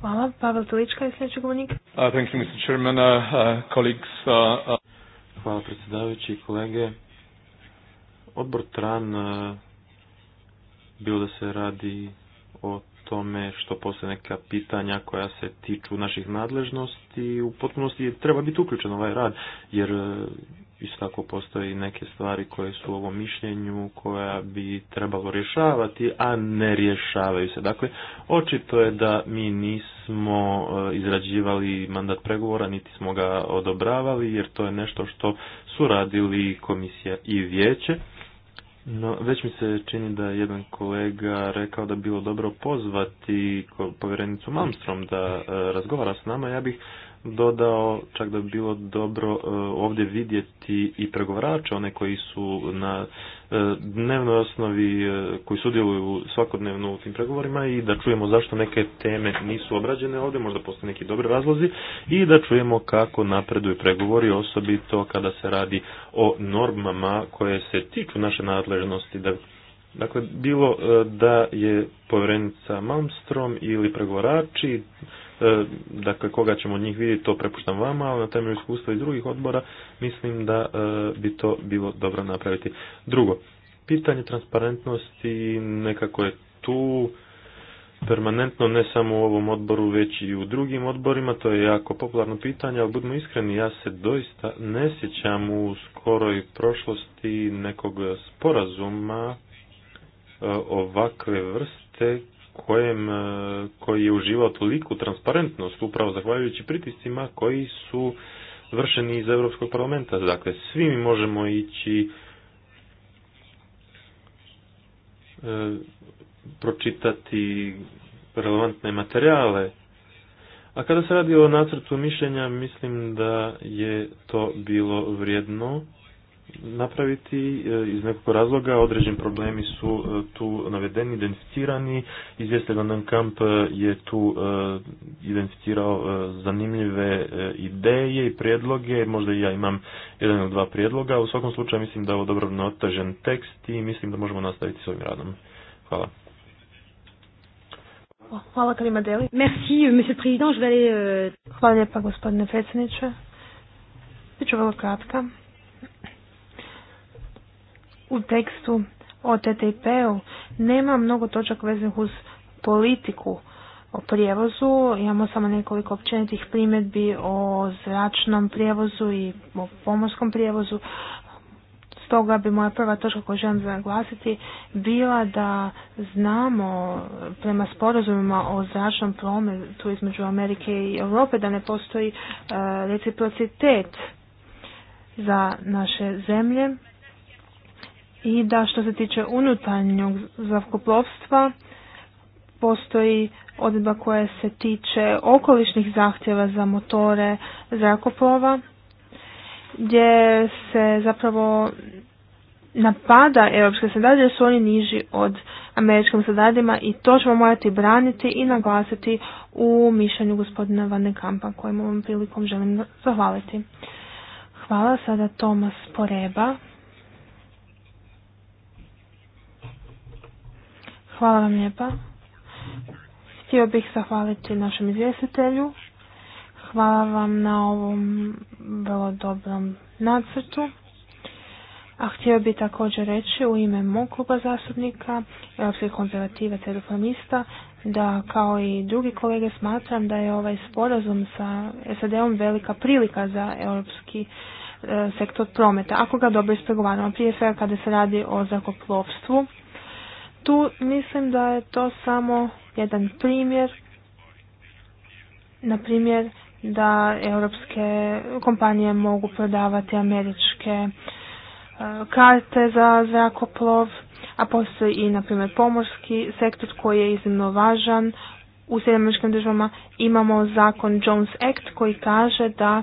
Hvala. Pavel Tulička je sljedeći govornik. Uh, thank uh, uh, Hvala predsjedavajući i kolege. Odbor TRAN, e, bilo da se radi o tome što postoje neka pitanja koja se tiču naših nadležnosti, u potpunosti treba biti uključen ovaj rad, jer e, isto tako postoji neke stvari koje su u ovom mišljenju koja bi trebalo rješavati, a ne rješavaju se. Dakle, očito je da mi nismo e, izrađivali mandat pregovora, niti smo ga odobravali, jer to je nešto što su radili komisija i vijeće. No, već mi se čini da jedan kolega rekao da bi bilo dobro pozvati povjerenicu Malmstrom da e, razgovara s nama. Ja bih dodao čak da bi bilo dobro e, ovdje vidjeti i pregovarače, one koji su na e, dnevnoj osnovi, e, koji sudjeluju svakodnevno u tim pregovorima i da čujemo zašto neke teme nisu obrađene ovdje, možda postoje neki dobri razlozi i da čujemo kako napreduju pregovori, osobito kada se radi o normama koje se tiču naše nadležnosti, Dakle, bilo da je povjerenica Malmstrom ili pregovarači. E, dakle koga ćemo od njih vidjeti, to prepuštam vama, ali na temelju iskustva iz drugih odbora mislim da e, bi to bilo dobro napraviti. Drugo, pitanje transparentnosti nekako je tu permanentno, ne samo u ovom odboru, već i u drugim odborima, to je jako popularno pitanje, ali budimo iskreni, ja se doista ne sjećam u skoroj prošlosti nekog sporazuma e, ovakve vrste kojem, e, koji je uživao toliku transparentnost upravo zahvaljujući pritiscima koji su vršeni iz Europskog parlamenta. Dakle, svi mi možemo ići e, pročitati relevantne materijale. A kada se radi o nacrtu mišljenja, mislim da je to bilo vrijedno napraviti e, iz nekog razloga. Određeni problemi su e, tu navedeni, identificirani. Izvjestelj nam Kamp e, je tu identificirao zanimljive ideje i prijedloge. Možda i ja imam jedan ili dva prijedloga. U svakom slučaju mislim da je ovo dobro otažen tekst i mislim da možemo nastaviti s ovim radom. Hvala. Hvala Karima Deli. Merci, euh, monsieur président. Euh, Hvala lijepa gospodine predsjedniče. Biću vrlo kratka u tekstu o TTIP-u nema mnogo točak vezanih uz politiku o prijevozu. Imamo samo nekoliko općenitih primjedbi o zračnom prijevozu i o pomorskom prijevozu. Stoga bi moja prva točka koju želim naglasiti bila da znamo prema sporazumima o zračnom prometu između Amerike i Europe da ne postoji e, reciprocitet za naše zemlje i da što se tiče unutarnjog zrakoplovstva postoji odredba koja se tiče okolišnih zahtjeva za motore zrakoplova gdje se zapravo napada europske standarde jer su oni niži od američkim standardima i to ćemo morati braniti i naglasiti u mišljenju gospodina Van Kampa kojemu ovom prilikom želim zahvaliti. Hvala sada Tomas Poreba. Hvala vam lijepa. Htio bih zahvaliti našem izvjestitelju. Hvala vam na ovom vrlo dobrom nacrtu. A htio bih također reći u ime mog kluba zastupnika, europskih konzervativa i reformista, da kao i drugi kolege smatram da je ovaj sporazum sa SAD-om velika prilika za europski e, sektor prometa, ako ga dobro ispregovaramo, prije svega kada se radi o zrakoplovstvu tu mislim da je to samo jedan primjer, na primjer da europske kompanije mogu prodavati američke e, karte za zrakoplov, a postoji i na primjer pomorski sektor koji je iznimno važan. U Sjedinjenim državama imamo zakon Jones Act koji kaže da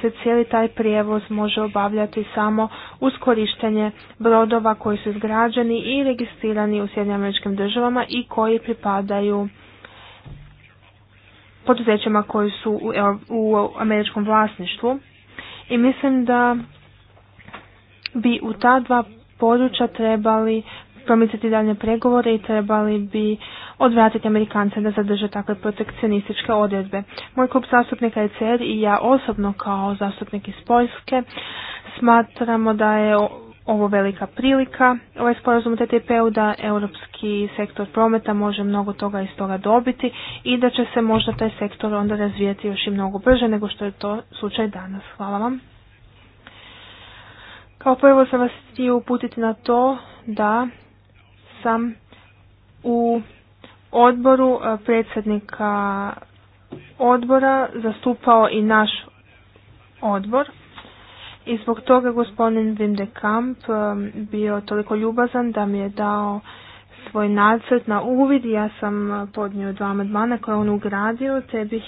se cijeli taj prijevoz može obavljati samo uz korištenje brodova koji su izgrađeni i registrirani u Sjednjim američkim državama i koji pripadaju poduzećima koji su u, u američkom vlasništvu. I mislim da bi u ta dva područja trebali promicati dalje pregovore i trebali bi odvratiti Amerikance da zadrže takve protekcionističke odredbe. Moj klub zastupnika e CR i ja osobno kao zastupnik iz Poljske smatramo da je ovo velika prilika, ovaj sporazum TTP-u da europski sektor prometa može mnogo toga iz toga dobiti i da će se možda taj sektor onda razvijati još i mnogo brže nego što je to slučaj danas. Hvala vam. Kao prvo sam vas htio uputiti na to da sam u odboru e, predsjednika odbora zastupao i naš odbor. I zbog toga gospodin Wim de Kamp e, bio toliko ljubazan da mi je dao svoj nacrt na uvid. i Ja sam podnio dva amandmana koje on ugradio te bih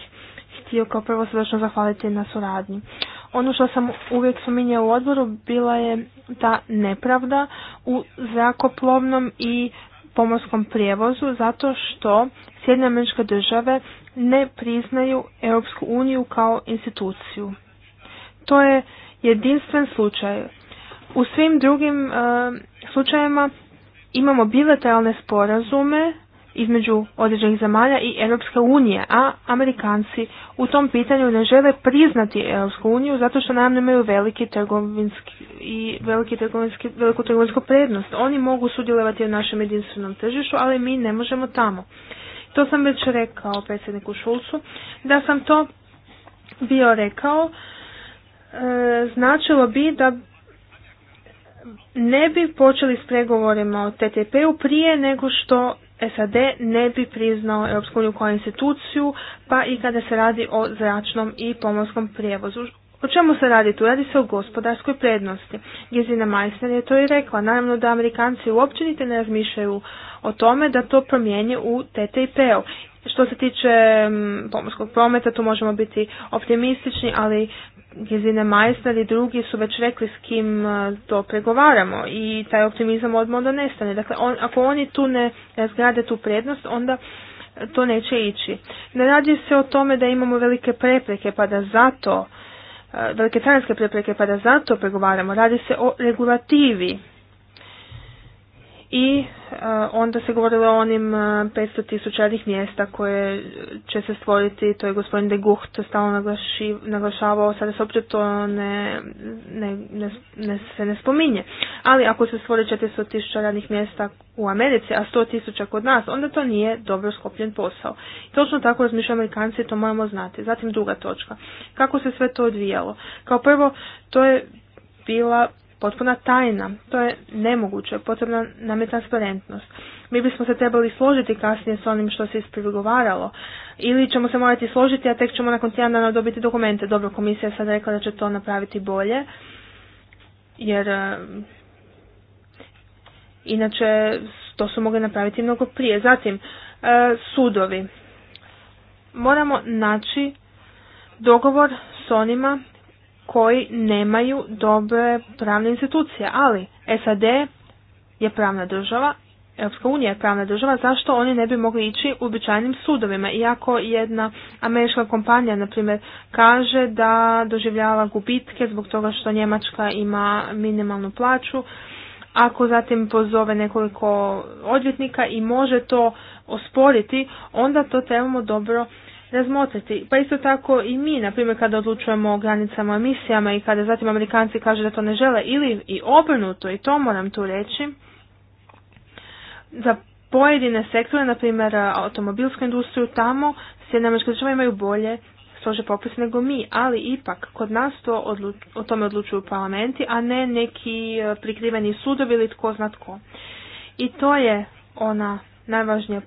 htio kao prvo srdečno zahvaliti na suradnji. Ono što sam uvijek spominjao u odboru bila je ta nepravda u zrakoplovnom i pomorskom prijevozu zato što sjedne američke države ne priznaju Europsku uniju kao instituciju. To je jedinstven slučaj. U svim drugim eh, slučajevima imamo bilateralne sporazume između određenih zemalja i Europske unije, a Amerikanci u tom pitanju ne žele priznati Europsku uniju zato što nam imaju veliki trgovinski i veliki trgovinski, veliku trgovinsku prednost. Oni mogu sudjelovati u našem jedinstvenom tržištu, ali mi ne možemo tamo. To sam već rekao predsjedniku Šulcu, da sam to bio rekao, e, značilo bi da ne bi počeli s pregovorima o TTP-u prije nego što SAD ne bi priznao Europsku uniju kao instituciju, pa i kada se radi o zračnom i pomorskom prijevozu. O čemu se radi tu? Radi se o gospodarskoj prednosti. Gezina Meissner je to i rekla. Naravno da Amerikanci uopće niti ne razmišljaju o tome da to promijenje u TTIP-u. Što se tiče mm, pomorskog prometa, tu možemo biti optimistični, ali Gezine Majsner i drugi su već rekli s kim e, to pregovaramo i taj optimizam odmah onda nestane. Dakle, on, ako oni tu ne razgrade tu prednost, onda to neće ići. Ne radi se o tome da imamo velike prepreke pa da zato, e, velike carinske prepreke pa da zato pregovaramo. Radi se o regulativi i e, onda se govorilo o onim 500 e, tisuća radnih mjesta koje će se stvoriti, to je gospodin de Gucht stalno naglašavao, sada se opće to ne, ne, ne, se ne spominje. Ali ako se stvori 400 tisuća radnih mjesta u Americi, a 100 tisuća kod nas, onda to nije dobro skopljen posao. I točno tako razmišljaju Amerikanci, to moramo znati. Zatim druga točka. Kako se sve to odvijalo? Kao prvo, to je bila potpuna tajna. To je nemoguće, potrebna nam je transparentnost. Mi bismo se trebali složiti kasnije s onim što se ispregovaralo ili ćemo se morati složiti, a tek ćemo nakon tjedan dana dobiti dokumente. Dobro, komisija je sad rekla da će to napraviti bolje, jer e, inače to su mogli napraviti mnogo prije. Zatim, e, sudovi. Moramo naći dogovor s onima koji nemaju dobre pravne institucije. Ali SAD je pravna država, Europska unija je pravna država, zašto oni ne bi mogli ići u uobičajenim sudovima? Iako jedna američka kompanija, na primjer, kaže da doživljava gubitke zbog toga što Njemačka ima minimalnu plaću, ako zatim pozove nekoliko odvjetnika i može to osporiti, onda to trebamo dobro razmotriti. Pa isto tako i mi, na primjer kada odlučujemo o granicama emisijama i kada zatim Amerikanci kažu da to ne žele ili i obrnuto, i to moram tu reći, za pojedine sektore, na primjer automobilsku industriju, tamo sjedna američka država imaju bolje slože popis nego mi, ali ipak kod nas to o tome odlučuju parlamenti, a ne neki e, prikriveni sudovi ili tko zna tko. I to je ona najvažnija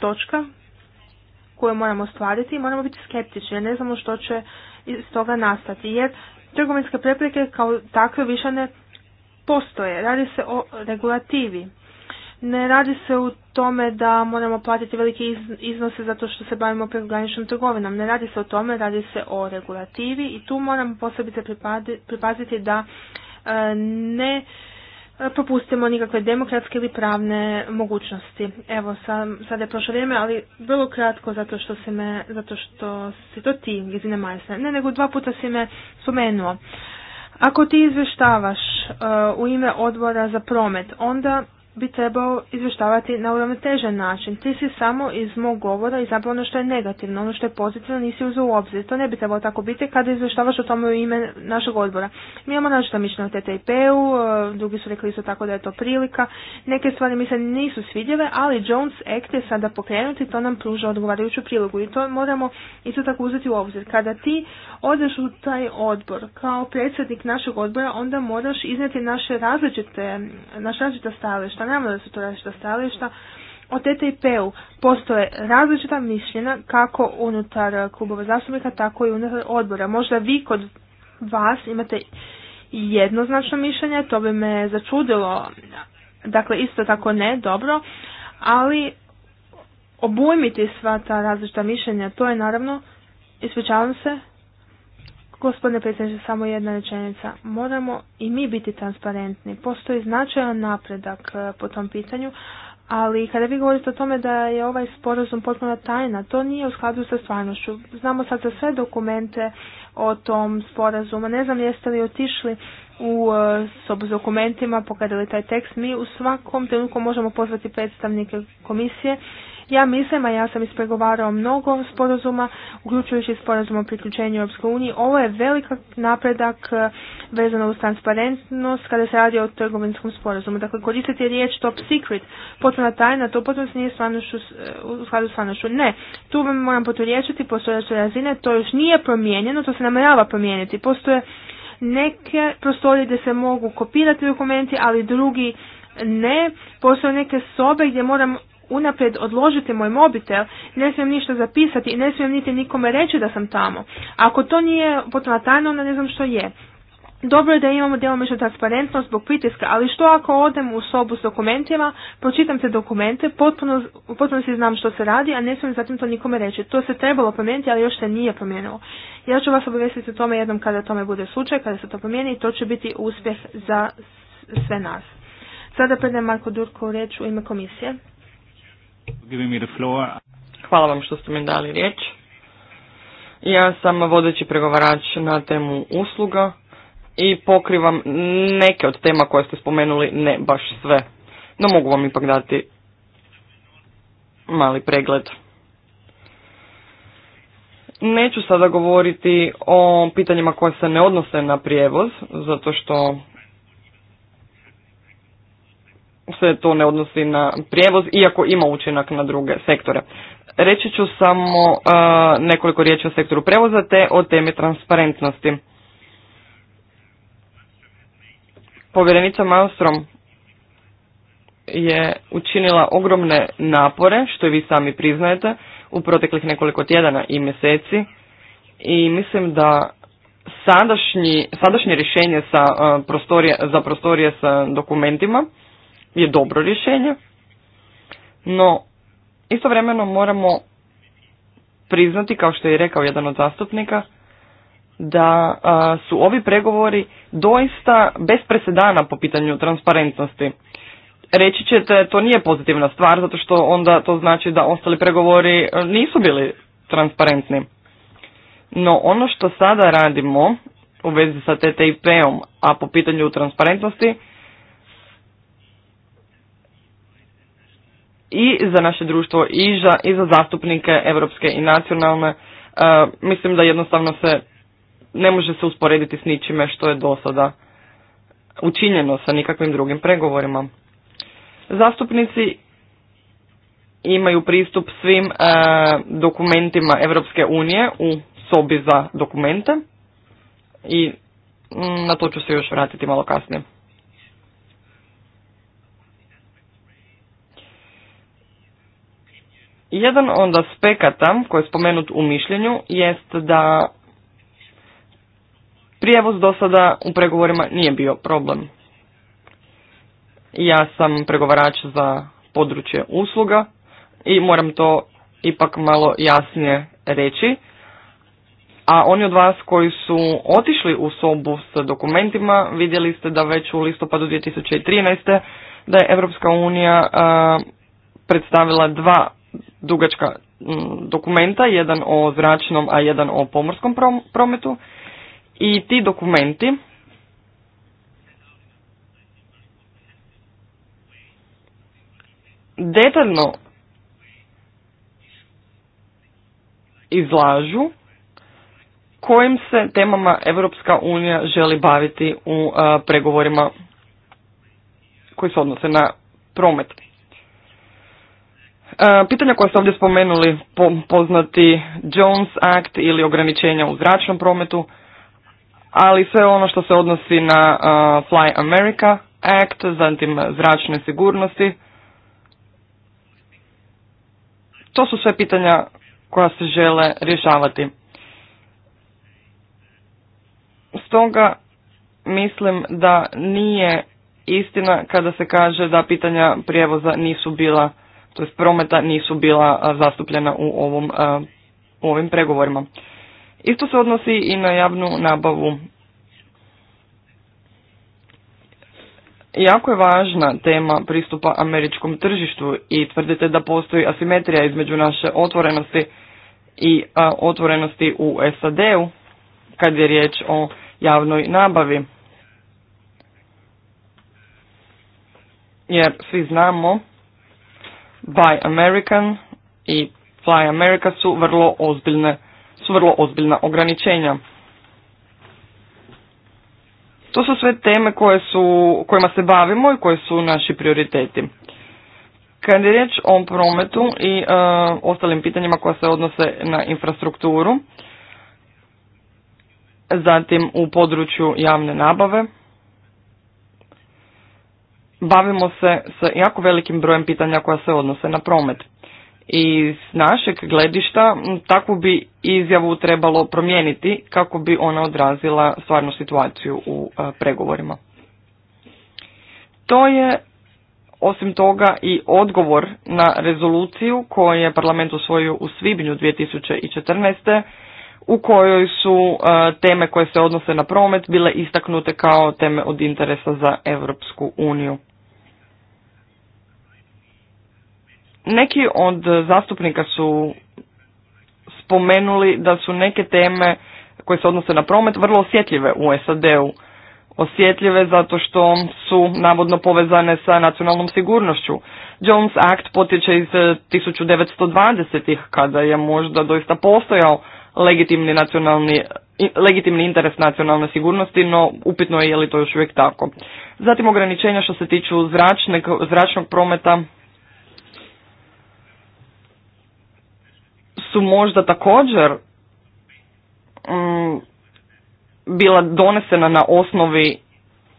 točka koje moramo ostvariti i moramo biti skeptični jer ne znamo što će iz toga nastati. Jer trgovinske prepreke kao takve više ne postoje. Radi se o regulativi. Ne radi se u tome da moramo platiti velike iznose zato što se bavimo prekograničnom trgovinom. Ne radi se o tome, radi se o regulativi i tu moramo posebice pripaziti da e, ne propustimo nikakve demokratske ili pravne mogućnosti. Evo, sam, sada je prošlo vrijeme, ali vrlo kratko zato što si me, zato što si to ti, Gizine Majsne. Ne, nego dva puta si me spomenuo. Ako ti izvještavaš uh, u ime odbora za promet, onda bi trebao izvještavati na uravnotežen način. Ti si samo iz mog govora zapravo ono što je negativno, ono što je pozitivno nisi uzeo u obzir. To ne bi trebalo tako biti kada izvještavaš o tome u ime našeg odbora. Mi imamo našto mišljenje o TTIP-u, e, drugi su rekli isto tako da je to prilika. Neke stvari mi se nisu svidjele, ali Jones Act je sada pokrenuti, to nam pruža odgovarajuću prilogu i to moramo isto tako uzeti u obzir. Kada ti odeš u taj odbor kao predsjednik našeg odbora, onda moraš iznijeti naše različite, naše različite stajališta Znamo da su to različita stajališta. O TTIP-u postoje različita mišljena kako unutar klubova zastupnika, tako i unutar odbora. Možda vi kod vas imate jednoznačno mišljenje, to bi me začudilo. Dakle, isto tako ne, dobro, ali obujmiti sva ta različita mišljenja, to je naravno, ispričavam se, Gospodine predsjedniče, samo jedna rečenica. Moramo i mi biti transparentni. Postoji značajan napredak e, po tom pitanju, ali kada vi govorite o tome da je ovaj sporazum potpuno tajna, to nije u skladu sa stvarnošću. Znamo sad za sve dokumente o tom sporazumu. Ne znam jeste li otišli u sobu e, s dokumentima, pogledali taj tekst. Mi u svakom trenutku možemo pozvati predstavnike komisije ja mislim, a ja sam ispregovarao mnogo sporazuma, uključujući sporazum o priključenju Europskoj uniji, ovo je velika napredak e, vezano uz transparentnost kada se radi o trgovinskom sporazumu. Dakle, koristiti riječ top secret, potpuno tajna, to potpuno nije u e, skladu stvarnošću. Ne, tu vam moram potvrječiti postoje razine, to još nije promijenjeno, to se namjerava promijeniti. Postoje neke prostorije gdje se mogu kopirati dokumenti, ali drugi ne. Postoje neke sobe gdje moram unaprijed odložiti moj mobitel, ne smijem ništa zapisati i ne smijem niti nikome reći da sam tamo. Ako to nije potpuno tajno, onda ne znam što je. Dobro je da imamo djelomično transparentnost zbog pritiska, ali što ako odem u sobu s dokumentima, pročitam se dokumente, potpuno, potpuno si znam što se radi, a ne smijem zatim to nikome reći. To se trebalo promijeniti, ali još se nije promijenilo. Ja ću vas obavijestiti o tome jednom kada tome bude slučaj, kada se to promijeni i to će biti uspjeh za sve nas. Sada predajem Marko Durko u riječ u ime komisije. Hvala vam što ste mi dali riječ. Ja sam vodeći pregovarač na temu usluga i pokrivam neke od tema koje ste spomenuli, ne baš sve. No mogu vam ipak dati mali pregled. Neću sada govoriti o pitanjima koje se ne odnose na prijevoz, zato što se to ne odnosi na prijevoz, iako ima učinak na druge sektore. Reći ću samo uh, nekoliko riječi o sektoru prevoza te o temi transparentnosti. Povjerenica Maustrom je učinila ogromne napore, što i vi sami priznajete, u proteklih nekoliko tjedana i mjeseci i mislim da sadašnji, sadašnje rješenje sa, uh, prostorije, za prostorije sa dokumentima je dobro rješenje, no istovremeno moramo priznati, kao što je rekao jedan od zastupnika, da su ovi pregovori doista bez presedana po pitanju transparentnosti. Reći ćete, to nije pozitivna stvar, zato što onda to znači da ostali pregovori nisu bili transparentni. No ono što sada radimo u vezi sa TTIP-om, a po pitanju transparentnosti, i za naše društvo i za, i za zastupnike europske i nacionalne. E, mislim da jednostavno se ne može se usporediti s ničime što je do sada učinjeno sa nikakvim drugim pregovorima. Zastupnici imaju pristup svim e, dokumentima Europske unije u sobi za dokumente i mm, na to ću se još vratiti malo kasnije. Jedan od aspekata koji je spomenut u mišljenju jest da prijevoz do sada u pregovorima nije bio problem. Ja sam pregovarač za područje usluga i moram to ipak malo jasnije reći. A oni od vas koji su otišli u sobu s dokumentima vidjeli ste da već u listopadu 2013. da je Europska unija predstavila dva dugačka mm, dokumenta, jedan o zračnom, a jedan o pomorskom prometu. I ti dokumenti detaljno izlažu kojim se temama Europska unija želi baviti u pregovorima koji se odnose na promet. E, pitanja koja ste ovdje spomenuli, poznati Jones Act ili ograničenja u zračnom prometu, ali sve ono što se odnosi na e, Fly America Act, zatim zračne sigurnosti, to su sve pitanja koja se žele rješavati. Stoga mislim da nije istina kada se kaže da pitanja prijevoza nisu bila to prometa nisu bila zastupljena u ovom, u ovim pregovorima. Isto se odnosi i na javnu nabavu. Jako je važna tema pristupa američkom tržištu i tvrdite da postoji asimetrija između naše otvorenosti i otvorenosti u SAD-u kad je riječ o javnoj nabavi. Jer svi znamo Buy American i Fly America su vrlo ozbiljne, su vrlo ozbiljna ograničenja. To su sve teme koje su, kojima se bavimo i koje su naši prioriteti. Kad je riječ o prometu i e, ostalim pitanjima koja se odnose na infrastrukturu, zatim u području javne nabave, bavimo se sa jako velikim brojem pitanja koja se odnose na promet. I s našeg gledišta takvu bi izjavu trebalo promijeniti kako bi ona odrazila stvarnu situaciju u e, pregovorima. To je osim toga i odgovor na rezoluciju koju je parlament usvojio u svibnju 2014 u kojoj su e, teme koje se odnose na promet bile istaknute kao teme od interesa za Europsku uniju. Neki od zastupnika su spomenuli da su neke teme koje se odnose na promet vrlo osjetljive u SAD-u. Osjetljive zato što su navodno povezane sa nacionalnom sigurnošću. Jones Act potječe iz 1920-ih e, kada je možda doista postojao legitimni nacionalni legitimni interes nacionalne sigurnosti, no upitno je je li to još uvijek tako. Zatim ograničenja što se tiču zračne, zračnog prometa su možda također mm, bila donesena na osnovi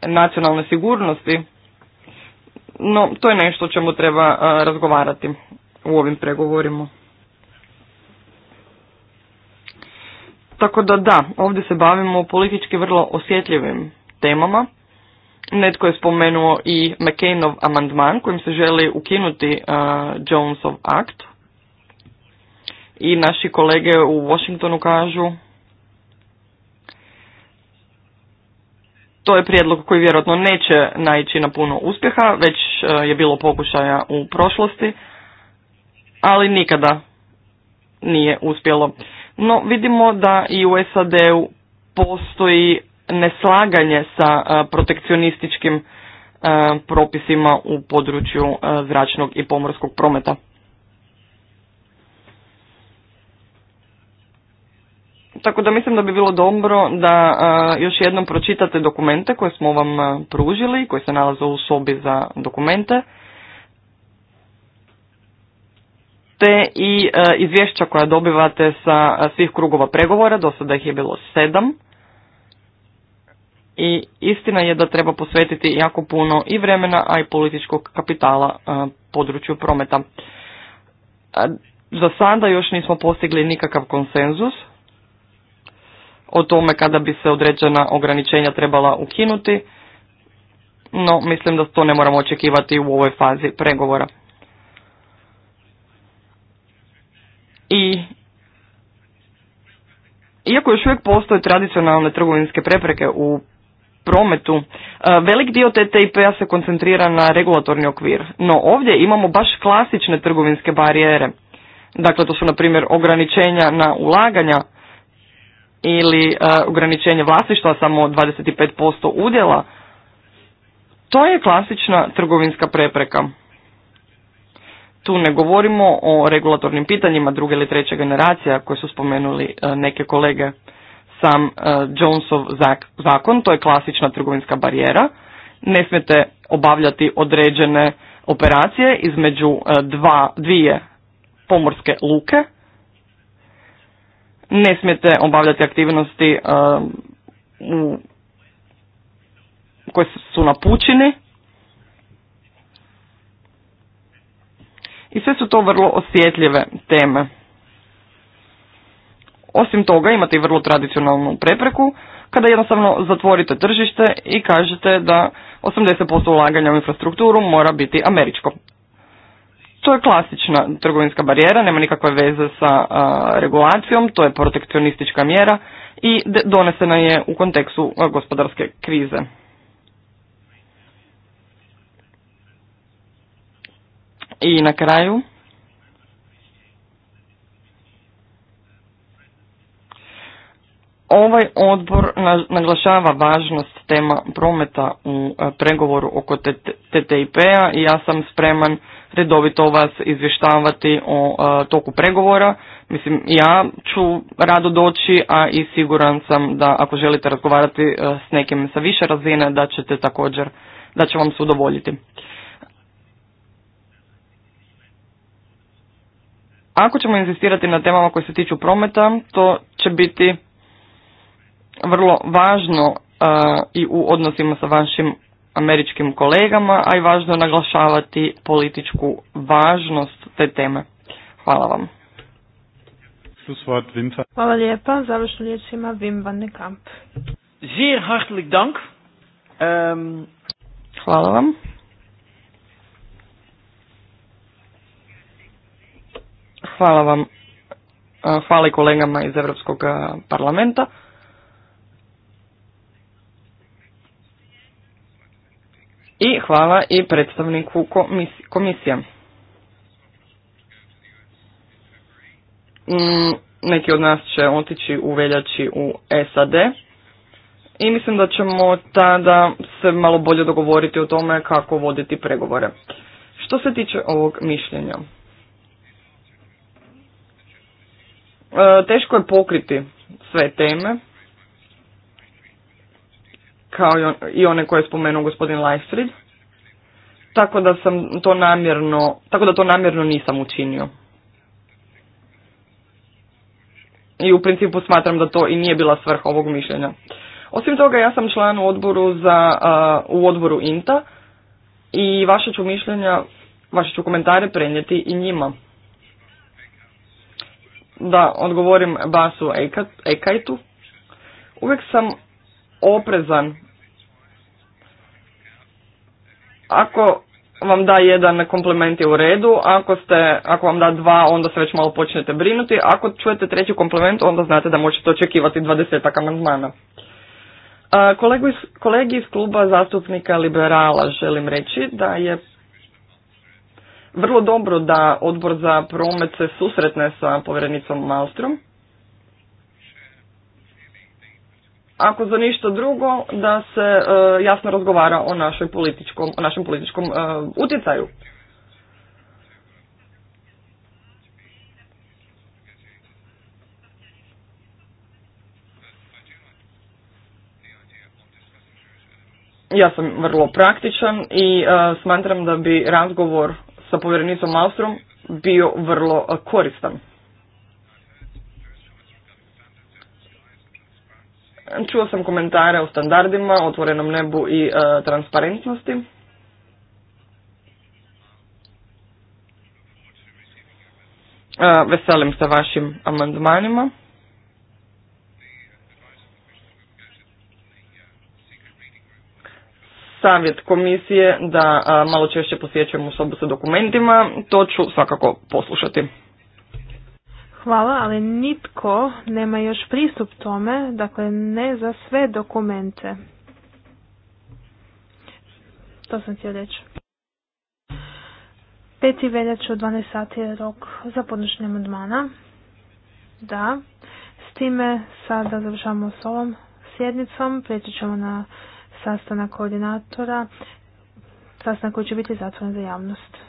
nacionalne sigurnosti, no to je nešto o čemu treba razgovarati u ovim pregovorima. Tako da da, ovdje se bavimo politički vrlo osjetljivim temama. Netko je spomenuo i McCainov amandman kojim se želi ukinuti uh, Jonesov akt. I naši kolege u Washingtonu kažu to je prijedlog koji vjerojatno neće naići na puno uspjeha, već uh, je bilo pokušaja u prošlosti, ali nikada nije uspjelo. No vidimo da i u SAD-u postoji neslaganje sa e, protekcionističkim e, propisima u području e, zračnog i pomorskog prometa. Tako da mislim da bi bilo dobro da još jednom pročitate dokumente koje smo vam pružili, koji se nalaze u sobi za dokumente. te i e, izvješća koja dobivate sa e, svih krugova pregovora, do sada ih je bilo sedam. I istina je da treba posvetiti jako puno i vremena, a i političkog kapitala e, području prometa. Za sada još nismo postigli nikakav konsenzus o tome kada bi se određena ograničenja trebala ukinuti, no mislim da to ne moramo očekivati u ovoj fazi pregovora. I iako još uvijek postoje tradicionalne trgovinske prepreke u prometu, e, velik dio TTIP-a se koncentrira na regulatorni okvir. No ovdje imamo baš klasične trgovinske barijere. Dakle, to su na primjer ograničenja na ulaganja ili e, ograničenje vlasništva samo 25% udjela. To je klasična trgovinska prepreka tu ne govorimo o regulatornim pitanjima druge ili treće generacije koje su spomenuli e, neke kolege sam e, Jonesov zakon, to je klasična trgovinska barijera. Ne smijete obavljati određene operacije između e, dva, dvije pomorske luke. Ne smijete obavljati aktivnosti koje su na pučini I sve su to vrlo osjetljive teme. Osim toga imate i vrlo tradicionalnu prepreku kada jednostavno zatvorite tržište i kažete da 80% ulaganja u infrastrukturu mora biti američko. To je klasična trgovinska barijera, nema nikakve veze sa regulacijom, to je protekcionistička mjera i donesena je u kontekstu gospodarske krize. I na kraju, Ovaj odbor naglašava važnost tema prometa u e, pregovoru oko TTIP-a i ja sam spreman redovito vas izvještavati o e, toku pregovora. Mislim, ja ću rado doći, a i siguran sam da ako želite razgovarati e, s nekim sa više razine, da ćete također, da će vam se udovoljiti. Ako ćemo inzistirati na temama koje se tiču prometa, to će biti vrlo važno uh, i u odnosima sa vašim američkim kolegama, a i važno je naglašavati političku važnost te teme. Hvala vam. Hvala lijepa. Završno riječ ima Wim van de Kamp. Zeer hartelijk dank. Ehm, Hvala vam. Hvala vam. Hvala i kolegama iz Europskog parlamenta. I hvala i predstavniku komisije. Mm, neki od nas će otići u veljači u SAD i mislim da ćemo tada se malo bolje dogovoriti o tome kako voditi pregovore. Što se tiče ovog mišljenja, E, teško je pokriti sve teme, kao i one koje je spomenuo gospodin Leifrid, tako da sam to namjerno, tako da to namjerno nisam učinio. I u principu smatram da to i nije bila svrha ovog mišljenja. Osim toga, ja sam član u odboru za, u odboru INTA i vaše ću mišljenja, vaše ću komentare prenijeti i njima da odgovorim Basu Ekajtu. Uvijek sam oprezan. Ako vam da jedan kompliment je u redu, ako, ste, ako vam da dva onda se već malo počnete brinuti, ako čujete treći komplement, onda znate da možete očekivati dvadesetak amandmana. Kolegi iz kluba zastupnika liberala želim reći da je vrlo dobro da odbor za promet se susretne sa povjerenicom Malstrom. Ako za ništa drugo, da se e, jasno razgovara o, našoj političkom, o našem političkom e, utjecaju. Ja sam vrlo praktičan i e, smatram da bi razgovor sa povjerenicom Maustrom, bio vrlo e, koristan. Čuo sam komentare o standardima, otvorenom nebu i e, transparentnosti. E, veselim se vašim amandmanima. savjet komisije da malo češće u sobu sa dokumentima, to ću svakako poslušati. Hvala, ali nitko nema još pristup tome, dakle ne za sve dokumente. To sam htio reći. 5. veljače u 12 sati je rok za podnošenje amandmana. Da. S time sada završavamo s ovom sjednicom. Prijeći ćemo na sastanak koordinatora, sastanak koji će biti zatvoren za javnost.